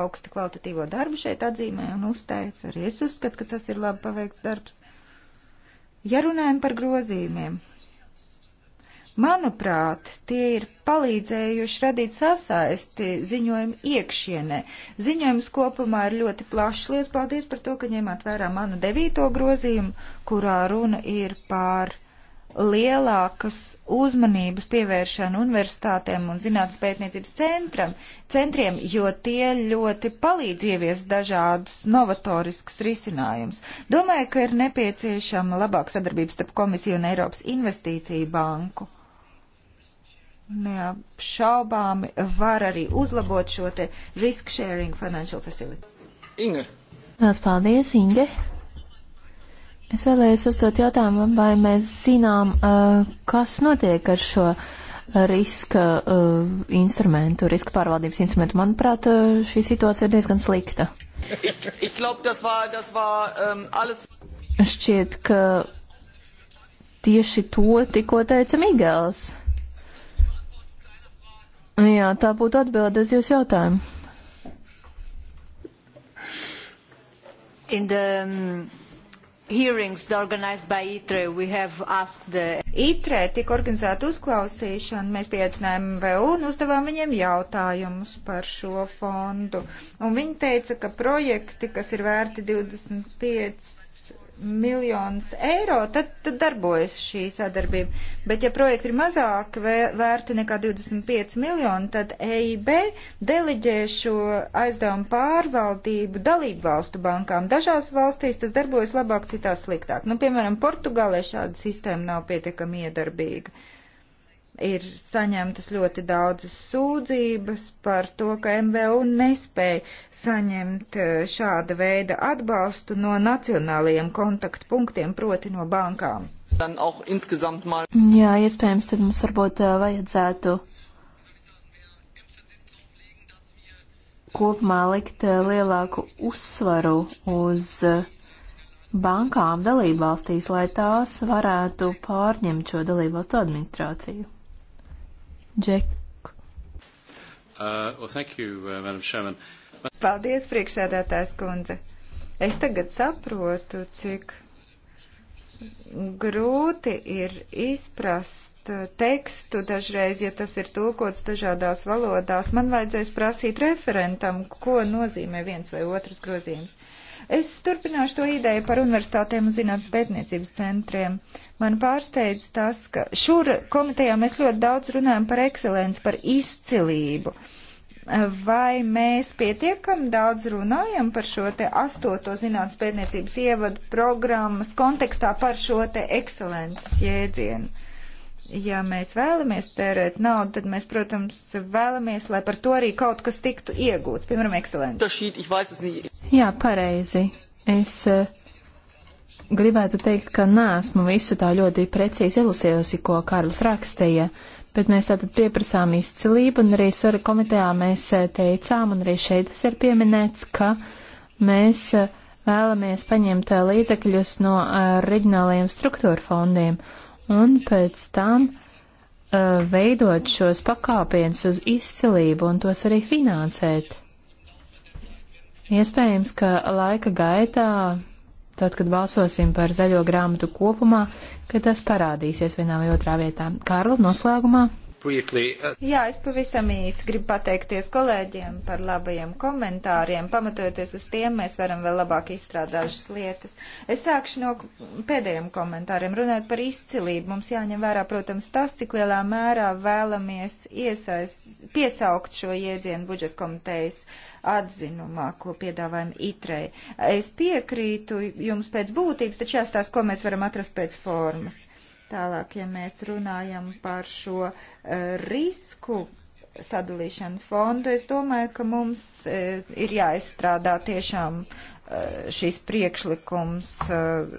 augstu kvalitatīvo darbu šeit atzīmē un uzteica. Arī es uzskatu, ka tas ir labi paveikts darbs. Ja runājam par grozījumiem, Manuprāt, tie ir palīdzējuši radīt sasaisti ziņojumu iekšienē. Ziņojums kopumā ir ļoti plašs. Lies paldies par to, ka ņēmāt vērā manu devīto grozījumu, kurā runa ir par lielākas uzmanības pievēršanu universitātēm un zinātnes pētniecības centram, centriem, jo tie ļoti palīdz ievies dažādus novatoriskus risinājumus. Domāju, ka ir nepieciešama labāka sadarbība starp komisiju un Eiropas investīciju banku. Neapšaubāmi var arī uzlabot šo te risk sharing financial facility. Inga. Paldies, Inge. Es vēlējos uzdot jautājumu, vai mēs zinām, eh, kas notiek ar šo eh, riska eh, instrumentu, riska pārvaldības instrumentu. Manuprāt, šī situācija ir diezgan slikta. Ich, ich glaub, das war, das war, um, alles... Šķiet, ka tieši to tikko teica Migels. Jā, tā būtu atbilde uz jūsu jautājumu. In the, um hearings organized by ITRE. We have asked the... ITRE tika organizēta uzklausīšana, mēs piecinājām VU un uzdevām viņiem jautājumus par šo fondu. Un viņi teica, ka projekti, kas ir vērti 25 miljonus eiro, tad, tad darbojas šī sadarbība. Bet ja projekti ir mazāk vērti nekā 25 miljoni, tad EIB deliģē šo aizdevumu pārvaldību dalību valstu bankām. Dažās valstīs tas darbojas labāk, citās sliktāk. Nu, piemēram, Portugālē šāda sistēma nav pietiekami iedarbīga. Uh, ir saņemtas ļoti daudzas sūdzības par to, ka MVU nespēja saņemt e, šāda veida atbalstu no nacionālajiem kontaktpunktiem, proti no bankām. Jā, iespējams, tad mums varbūt e, vajadzētu kopumā likt e, lielāku uzsvaru uz bankām dalībvalstīs, lai tās varētu pārņemt šo dalībvalstu administrāciju. Džek. Uh, well, thank you, uh, Madam Chairman. Paldies, priekšsēdētājs kundze. Es tagad saprotu, cik grūti ir izprast tekstu dažreiz, ja tas ir tulkots dažādās valodās. Man vajadzēs prasīt referentam, ko nozīmē viens vai otrs grozījums. Uh, Es turpināšu to ideju par universitātēm un zinātnes pētniecības centriem. Man pārsteidz tas, ka šur komitejā mēs ļoti daudz runājam par ekscelenci, par izcilību. Vai mēs pietiekam daudz runājam par šo te astoto zinātnes pētniecības ievadu programmas kontekstā par šo te ekscelences jēdzienu? ja mēs vēlamies tērēt naudu, tad mēs, protams, vēlamies, lai par to arī kaut kas tiktu iegūts, piemēram, ekscelenci. Jā, pareizi. Es eh, gribētu teikt, ka nāsmu visu tā ļoti precīzi ilusējusi, ko Kārlis rakstīja, bet mēs tātad pieprasām izcilību, un arī Sora komitejā mēs eh, teicām, un arī šeit tas ir pieminēts, ka mēs eh, vēlamies paņemt līdzekļus no reģionālajiem struktūra fondiem un pēc tam uh, veidot šos pakāpienus uz izcilību un tos arī finansēt. Iespējams, ka laika gaitā, tad, kad balsosim par zaļo grāmatu kopumā, ka tas parādīsies vienā vai otrā vietā. Kārli, noslēgumā briefly. Uh... Jā, es pavisam īsi gribu pateikties kolēģiem par labajiem komentāriem. Pamatojoties uz tiem, mēs varam vēl labāk izstrādāt dažas lietas. Es sākšu no pēdējiem komentāriem. Runājot par izcilību, mums jāņem vērā, protams, tas, cik lielā mērā vēlamies iesaist, piesaukt šo iedzienu budžeta komitejas atzinumā, ko piedāvājam itrei. Es piekrītu jums pēc būtības, taču jāstāsta, ko mēs varam atrast pēc formas. Uh, Tālāk, ja mēs runājam par šo uh, risku sadalīšanas fondu, es domāju, ka mums uh, ir jāizstrādā tiešām uh, eh, šīs priekšlikums. Uh,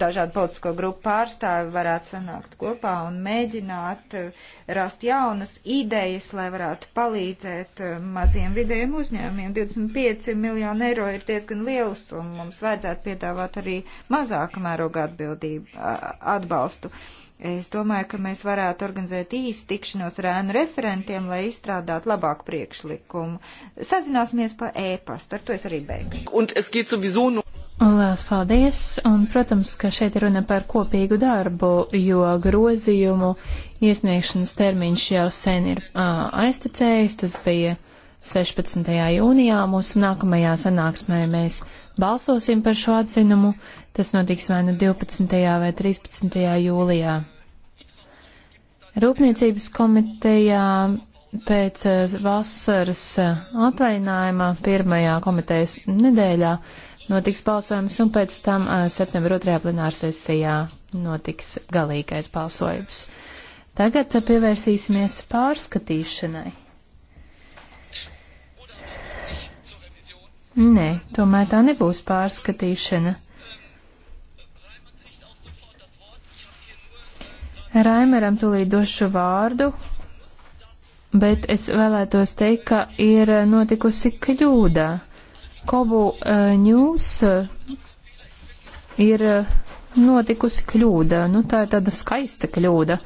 dažādu politisko grupu pārstāvi varētu sanākt kopā un mēģināt eh, rast jaunas idejas, lai varētu palīdzēt eh, maziem vidējiem uzņēmumiem. 25 miljoni eiro ir diezgan liels, un mums vajadzētu piedāvāt arī mazāka mēroga atbildību atbalstu. Es domāju, ka mēs varētu organizēt īsu tikšanos ar ēnu referentiem, lai izstrādātu labāku priekšlikumu. Sazināsimies pa ēpastu, e ar to es arī beigšu. Lielas paldies! Un, protams, ka šeit ir runa par kopīgu darbu, jo grozījumu iesniegšanas termiņš jau sen ir uh, aiztecējis. Tas bija 16. jūnijā. Mūsu nākamajā sanāksmē mēs balsosim par šo atzinumu. Tas notiks vai nu 12. vai 13. jūlijā. Rūpniecības komitejā pēc vasaras atvainājuma pirmajā komitejas nedēļā notiks balsojums, un pēc tam eh, septembra otrajā plenāra sesijā notiks galīgais balsojums. Tagad eh, pievērsīsimies pārskatīšanai. Nē, tomēr tā nebūs pārskatīšana. Raimeram tūlīt došu vārdu, bet es vēlētos teikt, ka ir notikusi kļūda. Kobu uh, News eh, ir eh, notikusi kļūda. Nu, tā ir tāda skaista kļūda.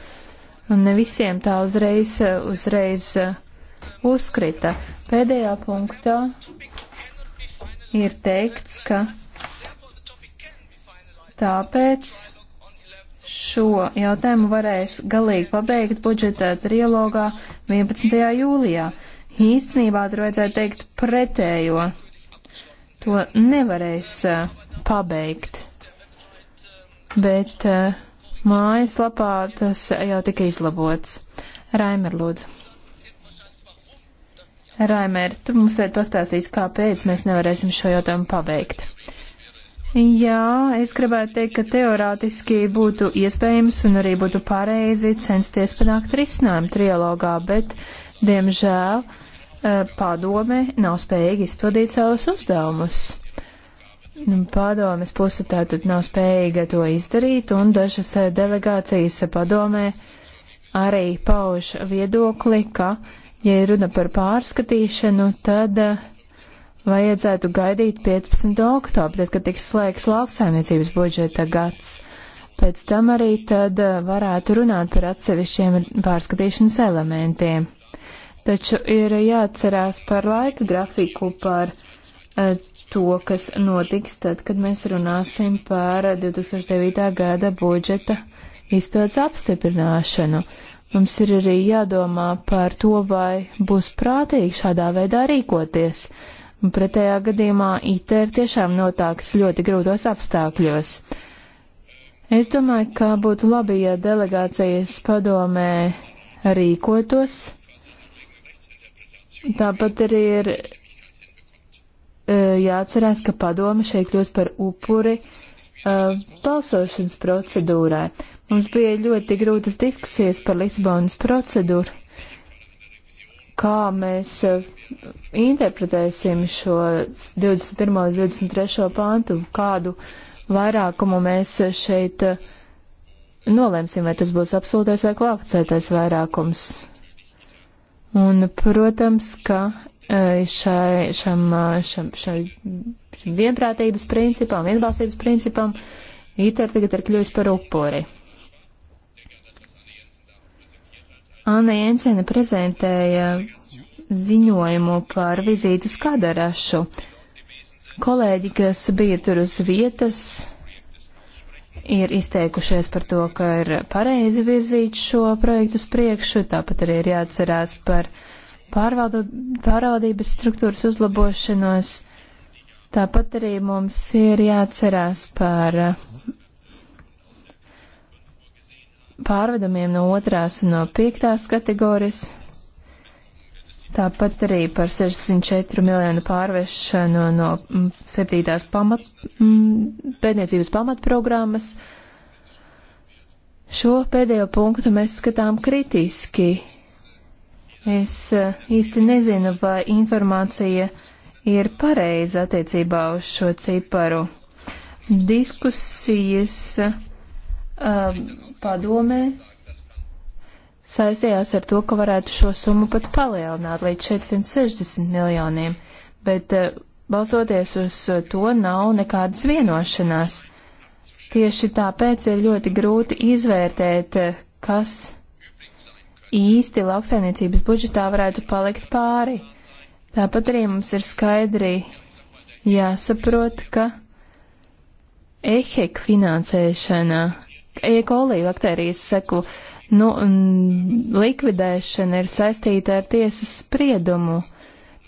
Un ne visiem tā uzreiz, uzreiz uzkrita. Pēdējā punktā ir teikts, ka tāpēc šo jautājumu varēs galīgi pabeigt budžeta trilogā 11. jūlijā. Īstenībā tur vajadzētu teikt pretējo to nevarēs eh, pabeigt. Bet eh, mājaslapā tas jau tika izlabots. Raimer, lūdzu. Raimer, tu mums vēl pastāstīsi, kāpēc mēs nevarēsim šo jautājumu pabeigt. Jā, es gribētu teikt, ka teorētiski būtu iespējams un arī būtu pareizi censties panākt risinājumu trialogā, bet, diemžēl, uh, Eh, padome nav spējīga izpildīt savus uzdevumus. Nu, padomes puse tātad nav spējīga to izdarīt, un dažas eh, delegācijas padomē arī pauž viedokli, ka, ja runa par pārskatīšanu, tad eh, vajadzētu gaidīt 15. oktobru, tad, kad tiks slēgts lauksaimniecības budžeta gads. Pēc tam arī tad varētu runāt par atsevišķiem pārskatīšanas elementiem taču ir jāatcerās par laika grafiku, par e, to, kas notiks tad, kad mēs runāsim par 2009. gada budžeta izpildes apstiprināšanu. Mums ir arī jādomā par to, vai būs prātīgi šādā veidā rīkoties. Un pretējā gadījumā IT ir tiešām notāks ļoti grūtos apstākļos. Es domāju, ka būtu labi, ja delegācijas padomē rīkotos Tāpat arī ir e, jāatcerās, ka padome šeit kļūst par upuri uh, balsošanas procedūrai. Mums bija ļoti grūtas diskusijas par Lisabonas procedūru, kā mēs uh, interpretēsim šo 21. līdz 23. pantu, kādu vairākumu mēs šeit uh, nolēmsim, vai tas būs absolūtais vai kvalificētais vairākums. Un, protams, ka e, šai, šam, e, šam, šai vienprātības principam, vienbalsības principam ITER tagad ir kļuvis par upuri. Anna Jensena prezentēja ziņojumu par vizītu uz Kadarašu. Kolēģi, kas bija tur uz vietas, ir izteikušies par to, ka ir pareizi virzīt šo projektu uz priekšu, tāpat arī ir jāatcerās par pārvaldu, pārvaldības struktūras uzlabošanos, tāpat arī mums ir jāatcerās par eh, pārvedumiem no otrās un no piektās kategorijas. Tāpat arī par 64 miljonu pārvešanu no 7. Mm, pamat, mm, pētniecības pamatprogrammas. Šo pēdējo punktu mēs skatām kritiski. Es eh, īsti nezinu, vai informācija ir pareiza attiecībā uz šo ciparu. Diskusijas um, eh, padomē saistījās ar to, ka varētu šo summu pat palielināt līdz 460 miljoniem, bet eh, balstoties uz eh, to nav nekādas vienošanās. Tieši tāpēc ir ļoti grūti izvērtēt, eh, kas īsti lauksainiecības budžetā varētu palikt pāri. Tāpat arī mums ir skaidri jāsaprot, ka ehek finansēšana, ekolī baktērijas seku, uh, nu, likvidēšana ir saistīta ar tiesas spriedumu.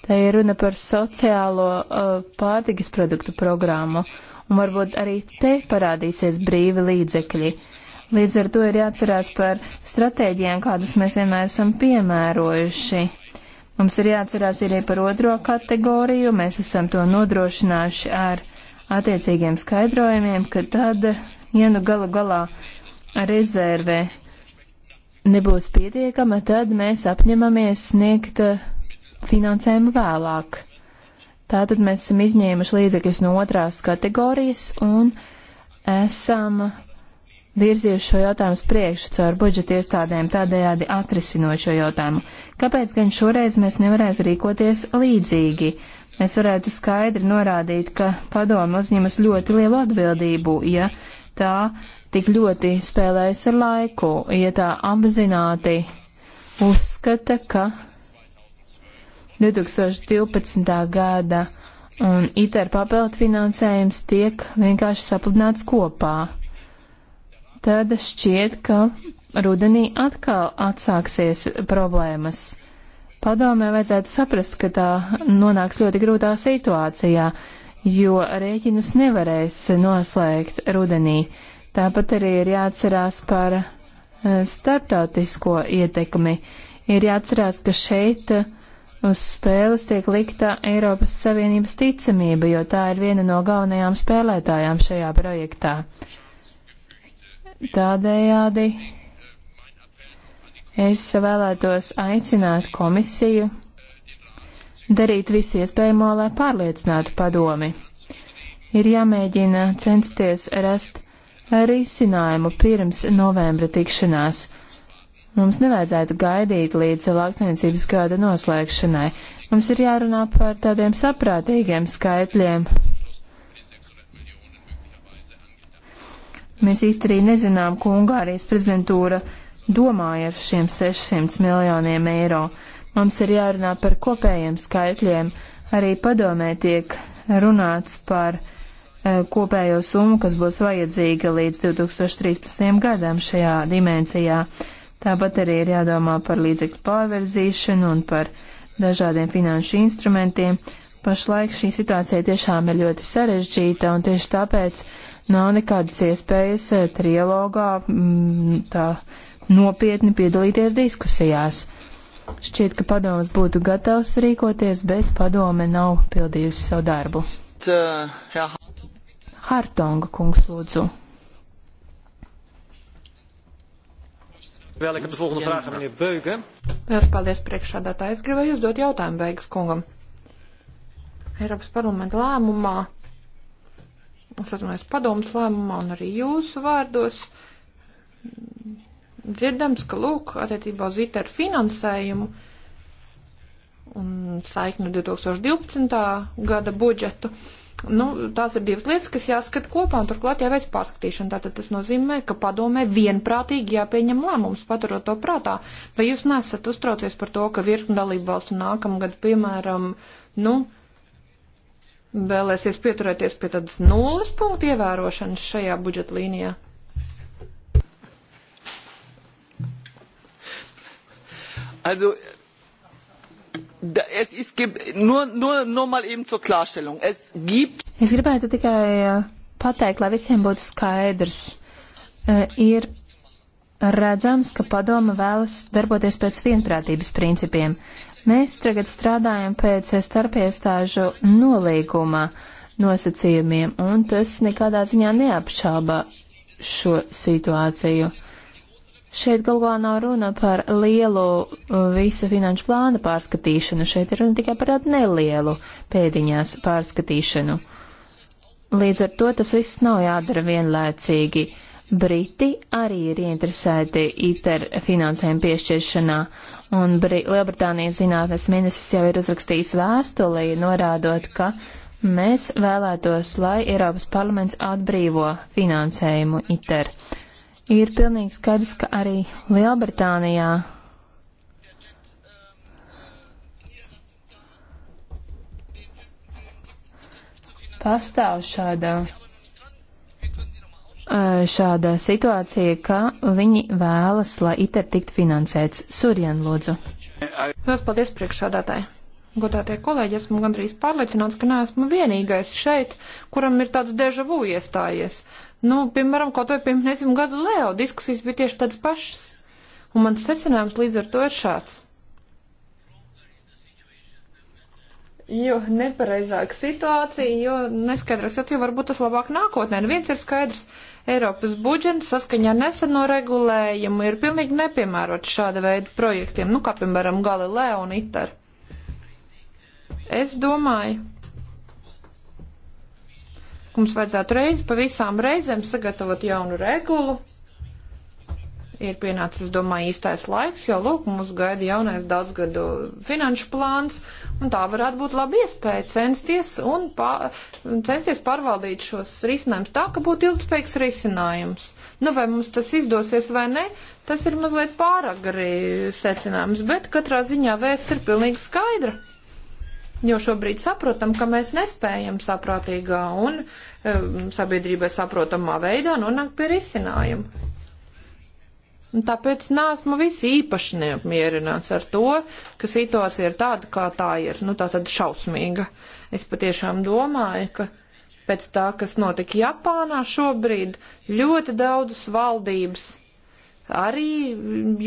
Te ir runa par sociālo uh, pārtikas produktu programmu, un varbūt arī te parādīsies brīvi līdzekļi. Līdz ar to ir jāatcerās par stratēģijām, kādas mēs vienmēr esam piemērojuši. Mums ir jāatcerās arī par otro kategoriju, mēs esam to nodrošinājuši ar attiecīgiem skaidrojumiem, ka tad, ja nu galu galā rezervē nebūs pietiekama, tad mēs apņemamies sniegt eh, finansējumu vēlāk. Tātad mēs esam izņēmuši līdzekļus no otrās kategorijas un esam virzījuši šo jautājumu priekšu caur budžeta iestādēm, tādējādi atrisinot šo jautājumu. Kāpēc gan šoreiz mēs nevarētu rīkoties līdzīgi? Mēs varētu skaidri norādīt, ka padomu uzņemas ļoti lielu atbildību, ja tā uh, tik ļoti spēlējas ar laiku, ja tā apzināti uzskata, ka 2012. gada un ITER papildu finansējums tiek vienkārši sapludināts kopā. Tad šķiet, ka rudenī atkal atsāksies problēmas. Padomē vajadzētu saprast, ka tā nonāks ļoti grūtā situācijā, jo rēķinus nevarēs noslēgt rudenī. Tāpat arī ir jāatcerās par eh, starptautisko ietekmi. Ir jāatcerās, ka šeit eh, uz spēles tiek likta Eiropas Savienības ticamība, jo tā ir viena no galvenajām spēlētājām šajā projektā. Tādējādi es vēlētos aicināt komisiju darīt visu iespējamo, lai pārliecinātu padomi. Ir jāmēģina censties rast risinājumu pirms novembra tikšanās. Mums nevajadzētu gaidīt līdz lauksainicības gada noslēgšanai. Mums ir jārunā par tādiem saprātīgiem skaitļiem. Mēs īsti arī nezinām, ko Ungārijas prezidentūra domāja ar šiem 600 miljoniem eiro. Mums ir jārunā par kopējiem skaitļiem. Arī padomē tiek runāts par uh, Eh, kopējo summu, kas būs vajadzīga līdz 2013. gadam šajā dimensijā. Tāpat arī ir jādomā par līdzekļu pārverzīšanu un par dažādiem finanšu instrumentiem. Pašlaik šī situācija tiešām ir ļoti sarežģīta un tieši tāpēc nav nekādas iespējas eh, trilogā mm, tā nopietni piedalīties diskusijās. Šķiet, ka padomas būtu gatavs rīkoties, bet padome nav pildījusi savu darbu. Uh, Hartonga kungs lūdzu. Vēl ik ap volgende vraag, meneer Beuge. Liels paldies priekšādātā. Es gribēju uzdot jautājumu Beigas kungam. Eiropas parlamenta lēmumā, es atvainojos padomas lēmumā un arī jūsu vārdos, dzirdams, ka lūk, attiecībā uz ITER finansējumu un saikni 2012. gada budžetu. Uh, Nu, tās ir divas lietas, kas jāskata kopā, un turklāt jāveic pārskatīšana. Tātad tas nozīmē, ka padomē vienprātīgi jāpieņem lēmums, paturot to prātā. Vai jūs nesat uztraucies par to, ka virkni dalību valstu nākamgad, piemēram, nu, vēlēsies pieturēties pie tādas nulles punktu ievērošanas šajā budžeta līnijā? Also, Es, es gibt, nur, nur, nur mal eben zur Klarstellung. Es gibt. Es gribētu tikai eh, pateikt, lai visiem būtu skaidrs. Eh, ir redzams, ka padoma vēlas darboties pēc vienprātības principiem. Mēs tagad strādājam pēc starpiestāžu nolīguma nosacījumiem, un tas nekādā ziņā neapšāba šo situāciju. Uh, Šeit galvā nav runa par lielu uh, visa finanšu plāna pārskatīšanu, šeit ir runa tikai par tādu nelielu pēdiņās pārskatīšanu. Līdz ar to tas viss nav jādara vienlaicīgi. Briti arī ir ieinteresēti ITER finansējumu piešķiršanā, un Bri Lielbritānijas zinātnes ministrs jau ir uzrakstījis vēstulī, norādot, ka mēs vēlētos, lai Eiropas parlaments atbrīvo finansējumu ITER. Ir pilnīgi skaidrs, ka arī Lielbritānijā pastāv šāda, šāda situācija, ka viņi vēlas, lai ITER tikt finansēts. Surjan, lūdzu. Lielas paldies priekšādātāji. Godātie kolēģi, esmu gandrīz pārliecināts, ka neesmu vienīgais šeit, kuram ir tāds deja vu iestājies. Uh, Nu, piemēram, kaut vai pirms nezinu gadu Leo diskusijas bija tieši tādas pašas. Un mans secinājums līdz ar to ir šāds. Jo nepareizāka situācija, jo neskaidrāks, jo varbūt tas labāk nākotnē. Un viens ir skaidrs, Eiropas budžets saskaņā neseno regulējumu ir pilnīgi nepiemērots šāda veida projektiem, nu kā piemēram Galileo un ITER. Es domāju, Mums vajadzētu reizi pa visām reizēm sagatavot jaunu regulu. Ir pienācis, es domāju, īstais laiks, jo, lūk, mums gaida jaunais daudzgadu finanšu plāns, un tā varētu būt laba iespēja censties un pā, censties pārvaldīt šos risinājumus tā, ka būtu ilgspējīgs risinājums. Nu, vai mums tas izdosies vai ne, tas ir mazliet pārāk arī secinājums, bet katrā ziņā vēsts ir pilnīgi skaidra. Jo šobrīd saprotam, ka mēs nespējam saprātīgā un Um, sabiedrībai saprotamā veidā nonāk pie risinājuma. Un tāpēc nāsmu visi īpaši neapmierināts ar to, ka situācija ir tāda, kā tā ir, nu tā tad šausmīga. Es patiešām domāju, ka pēc tā, kas notika Japānā šobrīd, ļoti daudzas valdības arī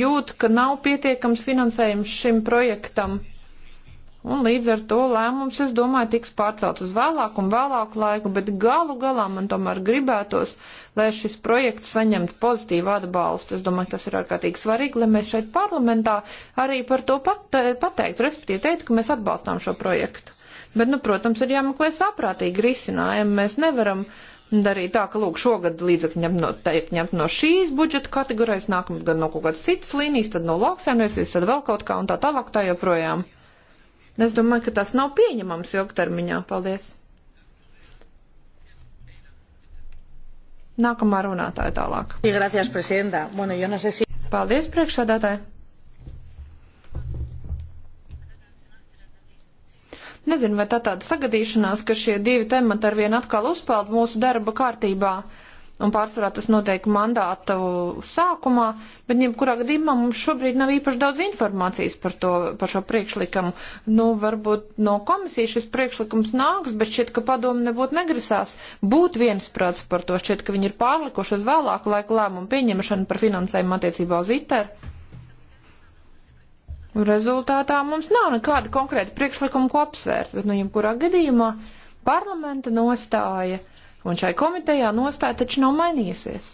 jūt, ka nav pietiekams finansējums šim projektam Un līdz ar to lēmums, es domāju, tiks pārcelt uz vēlāku un vēlāku laiku, bet galu galā man tomēr gribētos, lai šis projekts saņemtu pozitīvu atbalstu. Es domāju, tas ir ārkārtīgi svarīgi, lai mēs šeit parlamentā arī par to pat, pateiktu, respektīvi teikt, ka mēs atbalstām šo projektu. Bet, nu, protams, ir jāmeklē saprātīgi risinājumi. Mēs nevaram darīt tā, ka, lūk, šogad līdzekļi ņemt no, tiek ņemt no šīs budžeta kategorijas, nākamgad no kaut kādas citas līnijas, tad no lauksēmniecības, tad vēl kaut kā un tā tālāk tā joprojām. Tā Es domāju, ka tas nav pieņemams ilgtermiņā. Paldies! Nākamā runātāja tālāk. Paldies, priekšsādātāji! Nezinu, vai tā tāda sagadīšanās, ka šie divi temati ar vienu atkal uzpeld mūsu darba kārtībā un pārsvarā tas notiek mandāta sākumā, bet jebkurā gadījumā mums šobrīd nav īpaši daudz informācijas par, to, par šo priekšlikumu. Nu, varbūt no komisijas šis priekšlikums nāks, bet šķiet, ka padomu nebūtu negrasās būt viensprāts par to. Šķiet, ka viņi ir pārlikuši uz vēlāku laiku lēmumu pieņemšanu par finansējumu attiecībā uz ITER. Rezultātā mums nav nekāda konkrēta priekšlikuma, ko apsvērt, bet, nu, jebkurā gadījumā parlamenta nostāja Un šai komitejā nostāja taču nav mainījusies.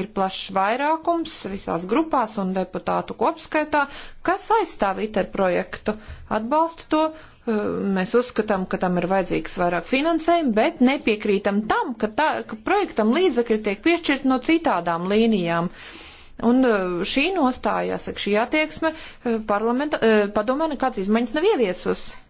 Ir plašs vairākums visās grupās un deputātu kopskaitā, kas aizstāv ITER projektu, atbalsta to. Uh, mēs uzskatām, ka tam ir vajadzīgs vairāk finansējumu, bet nepiekrītam tam, ka, tā, ka projektam līdzekļi tiek piešķirt no citādām līnijām. Un uh, šī nostāja, jāsaka, šī attieksme uh, parlamenta padomē nekāds izmaiņas nav ieviesusi.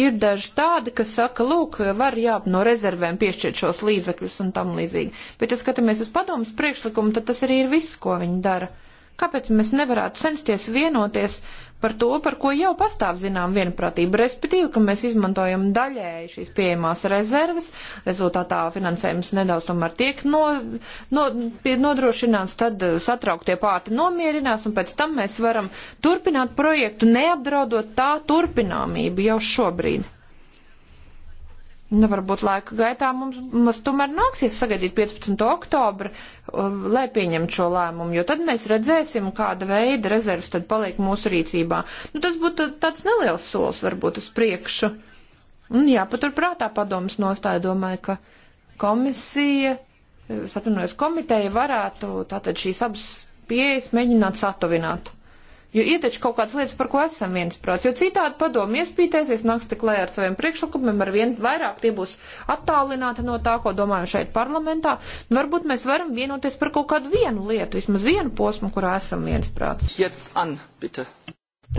Ir daži tādi, kas saka, lūk, var jā, no rezervēm piešķirt šos līdzekļus un tam līdzīgi. Bet, ja skatāmies uz padomus priekšlikumu, tad tas arī ir viss, ko viņi dara. Kāpēc mēs nevarētu censties vienoties par to, par ko jau pastāv zinām vienprātība, respektīvi, ka mēs izmantojam daļēji šīs pieejamās rezerves, rezultātā finansējums nedaudz tomēr tiek no, no, nodrošināts, tad eh, satrauktie pārti nomierinās, un pēc tam mēs varam turpināt projektu, neapdraudot tā turpināmību jau šobrīd. Nu, varbūt laika gaitā mums, mums tomēr nāksies sagaidīt 15. oktobra, um, lai pieņemtu šo lēmumu, jo tad mēs redzēsim, kāda veida rezerves tad paliek mūsu rīcībā. Nu, tas būtu tāds neliels solis varbūt uz priekšu. Un jāpaturprātā padomas nostāja, domāju, ka komisija, es eh, atvainojos, komiteja varētu tātad šīs abas pieejas mēģināt satuvināt. Jo ir taču kaut kādas lietas, par ko esam viensprāts. Jo citādi padomu iespītēsies, nāks tik lē ar saviem priekšlikumiem, ar vien vairāk tie būs attālināti no tā, ko domājam šeit parlamentā. Un nu, varbūt mēs varam vienoties par kaut kādu vienu lietu, vismaz vienu posmu, kurā esam viensprāts. Jetzt an, bitte.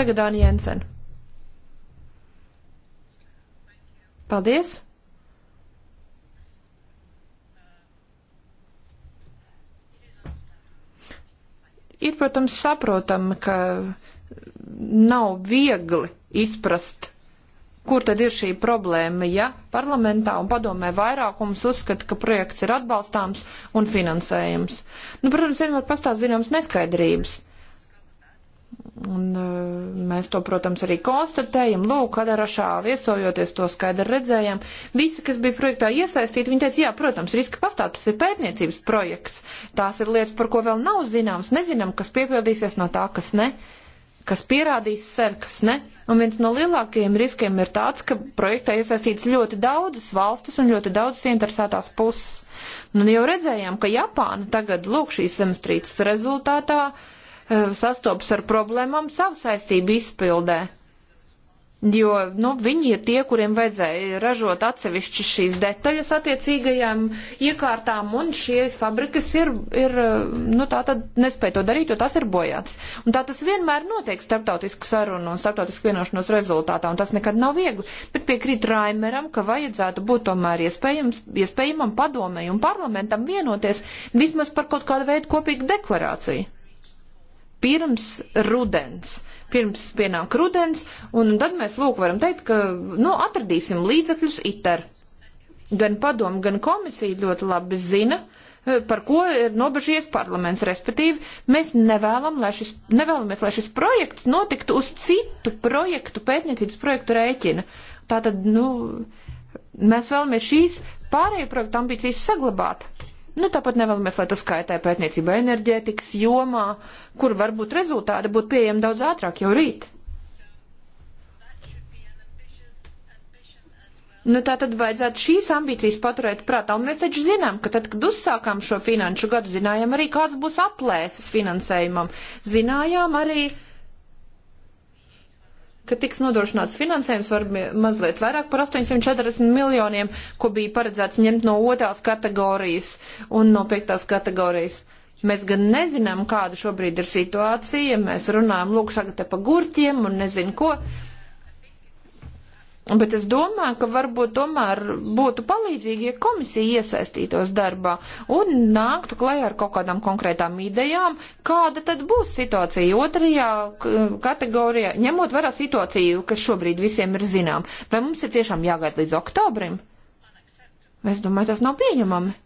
Tagad Dāni Jensen. Paldies! Ir, protams, saprotami, ka nav viegli izprast, kur tad ir šī problēma, ja parlamentā un padomē vairākums uzskata, ka projekts ir atbalstāms un finansējams. Nu, protams, vienmēr pastāv zināms neskaidrības Un e, mēs to, protams, arī konstatējam. Lūk, kad arašā viesojoties to skaidri redzējām. Visi, kas bija projektā iesaistīti, viņi teica, jā, protams, riska pastāv, tas ir pētniecības projekts. Tās ir lietas, par ko vēl nav zināms. Nezinām, kas piepildīsies no tā, kas ne, kas pierādīs sevi, kas ne. Un viens no lielākajiem riskiem ir tāds, ka projektā iesaistīts ļoti daudzas valstis un ļoti daudzas interesētās puses. Nu, jau redzējām, ka Japāna tagad, lūk, šīs semestrītes rezultātā Eh, sastopas ar problēmām savu saistību izpildē. Jo nu, viņi ir tie, kuriem vajadzēja ražot atsevišķi šīs detaļas attiecīgajām iekārtām, un šīs fabrikas ir, ir eh, nu, tā tad nespēja to darīt, jo tas ir bojāts. Un tā tas vienmēr notiek starptautisku sarunu un starptautisku vienošanos rezultātā, un tas nekad nav viegli. Bet piekrīt Raimeram, ka vajadzētu būt tomēr iespējamam padomēju un parlamentam vienoties vismaz par kaut kādu veidu kopīgu deklarāciju pirms rudens. Pirms pienāk rudens, un tad mēs lūk varam teikt, ka, nu, atradīsim līdzekļus ITER. Gan padomu, gan komisija ļoti labi zina, eh, par ko ir nobežies parlaments, respektīvi, mēs nevēlam, lai šis, nevēlamies, lai šis projekts notiktu uz citu projektu, pētniecības projektu rēķina. Tātad, nu, mēs vēlamies šīs pārējo projektu ambīcijas saglabāt. Nu, tāpat nevēlamies, lai tas skaitē pētniecība enerģētikas jomā, uh, kur varbūt rezultāti būtu pieejami daudz ātrāk jau rīt. Nu, tā tad vajadzētu šīs ambīcijas paturēt prātā, un mēs taču zinām, ka tad, kad uzsākām šo finanšu gadu, zinājām arī, kāds būs aplēses finansējumam. Zinājām arī, ka tiks nodrošināts finansējums var mazliet vairāk par 840 miljoniem, ko bija paredzēts ņemt no otrās kategorijas un no piektās kategorijas. Uh, Mēs gan nezinām, kāda šobrīd ir situācija, mēs runājam, lūk, saka te pa gurķiem un nezinu ko. Bet es domāju, ka varbūt tomēr būtu palīdzīgi, ja komisija iesaistītos darbā un nāktu klajā ar kaut kādām konkrētām idejām, kāda tad būs situācija otrajā kategorijā, ņemot vērā situāciju, kas šobrīd visiem ir zinām. Vai mums ir tiešām jāgaida līdz oktobrim? Es domāju, tas nav pieņemami.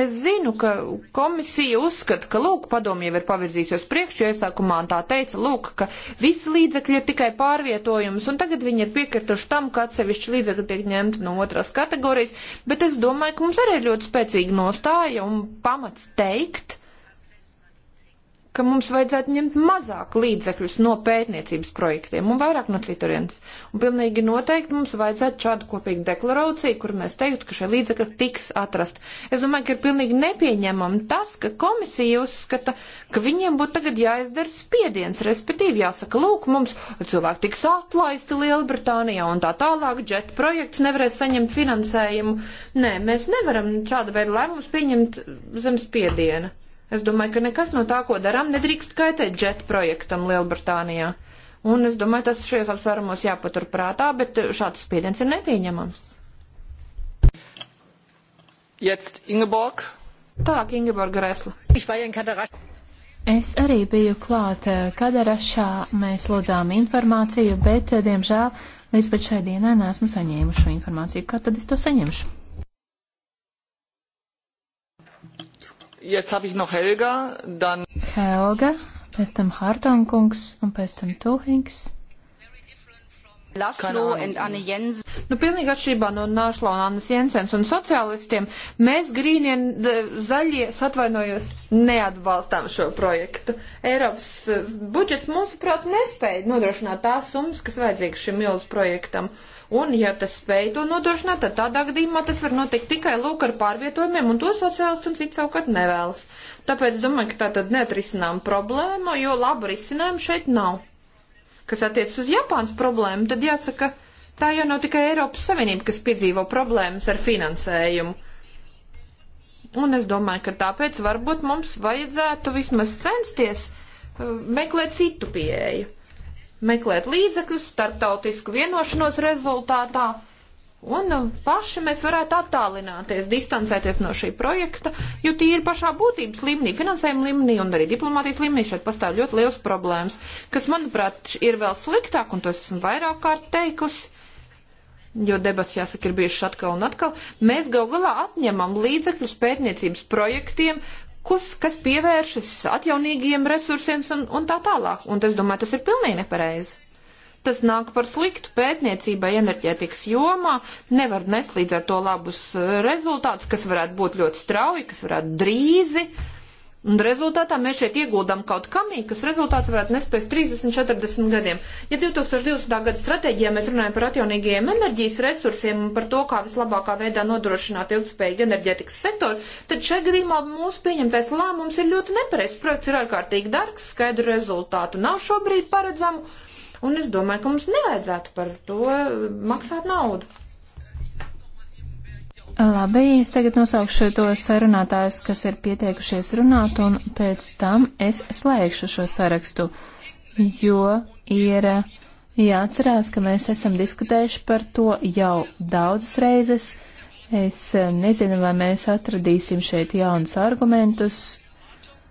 Es zinu, ka komisija uzskata, ka lūk, padomju jau ir pavirzījusies priekš, jo iesākumā tā teica, lūk, ka visi līdzekļi ir tikai pārvietojums, un tagad viņi ir piekrituši tam, ka atsevišķi līdzekļi tiek ņemti no otras kategorijas, bet es domāju, ka mums arī ir ļoti spēcīga nostāja un pamats teikt, ka mums vajadzētu ņemt mazāk līdzekļus no pētniecības projektiem un vairāk no citurienes. Un pilnīgi noteikti mums vajadzētu šādu kopīgu deklarāciju, kur mēs teiktu, ka šie līdzekļi tiks atrast. Es domāju, ka ir pilnīgi nepieņemam tas, ka komisija uzskata, ka viņiem būtu tagad jāizdara spiediens, respektīvi jāsaka, lūk, mums cilvēki tiks atlaisti Lielbritānijā un tā tālāk, džet projekts nevarēs saņemt finansējumu. Nē, mēs nevaram šādu veidu lēmumus pieņemt zem spiediena. Es domāju, ka nekas no tā, ko darām, nedrīkst kaitēt džet projektam Lielbritānijā. Un es domāju, tas šajos apsvērumos jāpatur prātā, bet šāds spiediens ir nepieņemams. Jetzt Ingeborg. Tālāk Ingeborg Gresla. Es arī biju klāt eh, Kadarašā, mēs lūdzām informāciju, bet, eh, diemžēl, līdz pat šai dienai neesmu saņēmuši šo informāciju. Kā tad es to saņemšu? Jetzt habe ich noch Helga, dann. Helga, pēc tam Hartonkungs un pēc tam Tuhings. Laslo un Anne Jens. Nu, pilnīgi atšķirībā no Nāšlo un Annas Jensens un sociālistiem, mēs grīnie zaļie, atvainojos, neatbalstām šo projektu. Eiropas eh, budžets, mūsuprāt, nespēja nodrošināt tās summas, kas vajadzīgas šim milzu projektam. Uh, Un, ja tas spēj to nodrošināt, tad tādā gadījumā tas var notikt tikai lūk ar pārvietojumiem, un to sociālisti un citi savukārt nevēlas. Tāpēc domāju, ka tā tad neatrisinām problēmu, jo labu risinājumu šeit nav. Kas attiecas uz Japānas problēmu, tad jāsaka, tā jau nav tikai Eiropas Savienība, kas piedzīvo problēmas ar finansējumu. Un es domāju, ka tāpēc varbūt mums vajadzētu vismaz censties uh, meklēt citu pieeju meklēt līdzekļus starptautisku vienošanos rezultātā. Un um, paši mēs varētu attālināties, distancēties no šī projekta, jo tie ir pašā būtības līmenī, finansējuma līmenī un arī diplomātijas līmenī šeit pastāv ļoti liels problēmas, kas, manuprāt, ir vēl sliktāk, un to es esmu vairāk kārt teikusi, jo debats, jāsaka, ir bijušas atkal un atkal. Mēs gal galā atņemam līdzekļus pētniecības projektiem, kas, kas pievēršas atjaunīgiem resursiem un, un tā tālāk. Un es domāju, tas ir pilnīgi nepareizi. Tas nāk par sliktu pētniecībai enerģētikas jomā, nevar nest līdz ar to labus eh, rezultātus, kas varētu būt ļoti strauji, kas varētu drīzi uh, Un rezultātā mēs šeit ieguldam kaut kamī, kas rezultāts varētu nespēs 30, 40 gadiem. Ja 2020. gada stratēģijā mēs runājam par atjaunīgajiem enerģijas resursiem un par to, kā vislabākā veidā nodrošināt ilgspējīgu enerģētikas sektoru, tad šajā gadījumā mūsu pieņemtais lēmums ir ļoti nepareizs. Projekts ir ārkārtīgi dārgs, skaidru rezultātu nav šobrīd paredzamu, un es domāju, ka mums nevajadzētu par to maksāt naudu. Labi, es tagad nosaukšu tos runātājus, kas ir pieteikušies runāt, un pēc tam es slēgšu šo sarakstu, jo ir jāatcerās, ka mēs esam diskutējuši par to jau daudzas reizes. Es nezinu, vai mēs atradīsim šeit jaunus argumentus.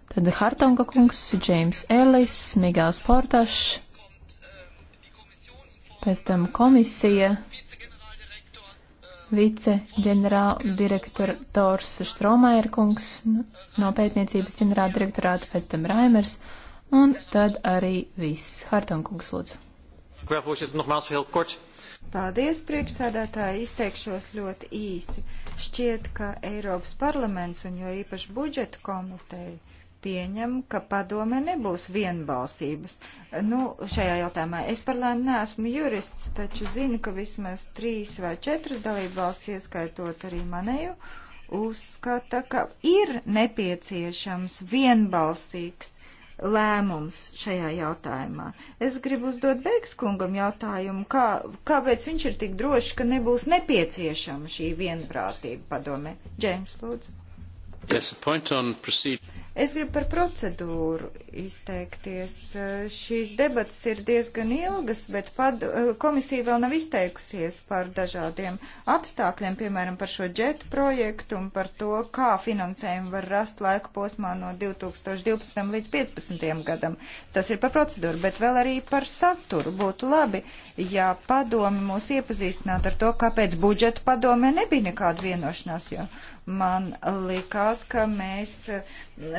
Tad Hartonga kungs, Džeims Ellis, Migāls Portašs, pēc tam komisija vice ģenerāldirektors Štromērkungs no pētniecības ģenerāldirektorāta pēc tam Raimers, un tad arī viss. Hartunkungs, lūdzu. Paldies, priekšsādātāji, izteikšos ļoti īsi. Šķiet, ka Eiropas parlaments un jo īpaši budžeta komiteja pieņem, ka padome nebūs vienbalsības. Nu, šajā jautājumā es par lēmu neesmu jurists, taču zinu, ka vismaz trīs vai četras dalību valsts, ieskaitot arī manēju, uzskata, ka ir nepieciešams vienbalsīgs lēmums šajā jautājumā. Es gribu uzdot Beigskungam jautājumu, kā, kāpēc viņš ir tik drošs, ka nebūs nepieciešama šī vienprātība padome. Džeims, lūdzu. Yes, Es gribu par procedūru izteikties. Šīs debatas ir diezgan ilgas, bet pad, komisija vēl nav izteikusies par dažādiem apstākļiem, piemēram, par šo džetu projektu un par to, kā finansējumu var rast laika posmā no 2012 līdz 2015 gadam. Tas ir par procedūru, bet vēl arī par saturu būtu labi, ja padomi mūs iepazīstinātu ar to, kāpēc budžeta padomē nebija nekāda vienošanās, jo man likās, ka mēs eh,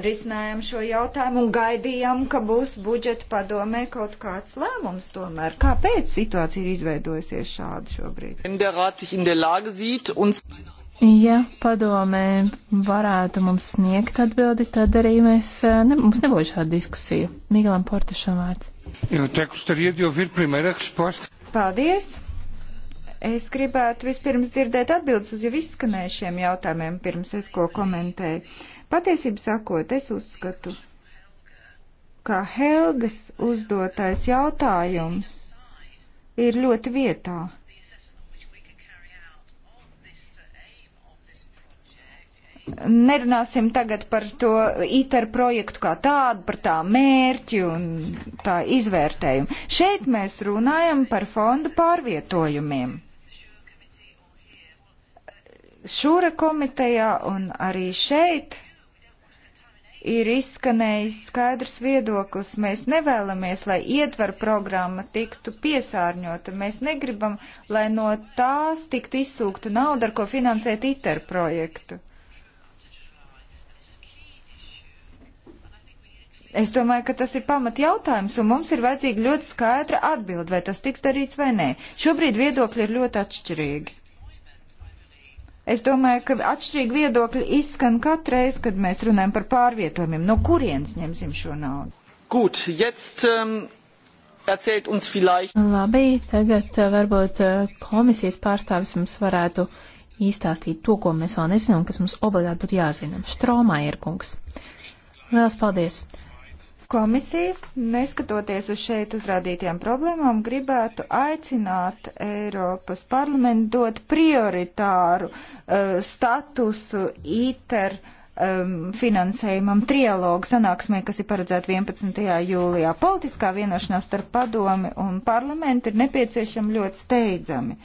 risinājām šo jautājumu un gaidījām, ka būs budžeta padomē kaut kāds lēmums tomēr. Kāpēc situācija ir izveidojusies šādi šobrīd? Ja padomē varētu mums sniegt atbildi, tad arī mēs, eh, ne, mums nebūtu šāda diskusija. Miglam Portašam vārds. Paldies! Es gribētu vispirms dzirdēt atbildes uz jau izskanējušiem jautājumiem, pirms es ko komentēju. Patiesību sakot, es uzskatu, ka Helgas uzdotais jautājums ir ļoti vietā. nerunāsim tagad par to ITER projektu kā tādu, par tā mērķi un tā izvērtējumu. Šeit mēs runājam par fondu pārvietojumiem. Šūra komitejā un arī šeit ir izskanējis skaidrs viedoklis. Mēs nevēlamies, lai ietver programma tiktu piesārņota. Mēs negribam, lai no tās tiktu izsūkta nauda, ar ko finansēt ITER projektu. Es domāju, ka tas ir pamat jautājums, un mums ir vajadzīga ļoti skaidra atbilde, vai tas tiks darīts vai nē. Šobrīd viedokļi ir ļoti atšķirīgi. Es domāju, ka atšķirīgi viedokļi izskan katreiz, kad mēs runājam par pārvietojumiem. No kurienes ņemsim šo naudu? Gut, jetzt, um... Erzählt uns vielleicht. Labi, tagad äh, varbūt äh, komisijas pārstāvis mums varētu īstāstīt to, ko mēs vēl nezinām, kas mums obligāti būtu jāzina. Štromā ir kungs. Lielas paldies! Uh, Komisija, neskatoties uz šeit uzrādītajām problēmām, gribētu aicināt Eiropas parlamentu dot prioritāru uh, statusu ITER um, finansējumam trialogu sanāksmē, kas ir paredzēta 11. jūlijā. Politiskā vienošanās starp padomi un parlamentu ir nepieciešama ļoti steidzami.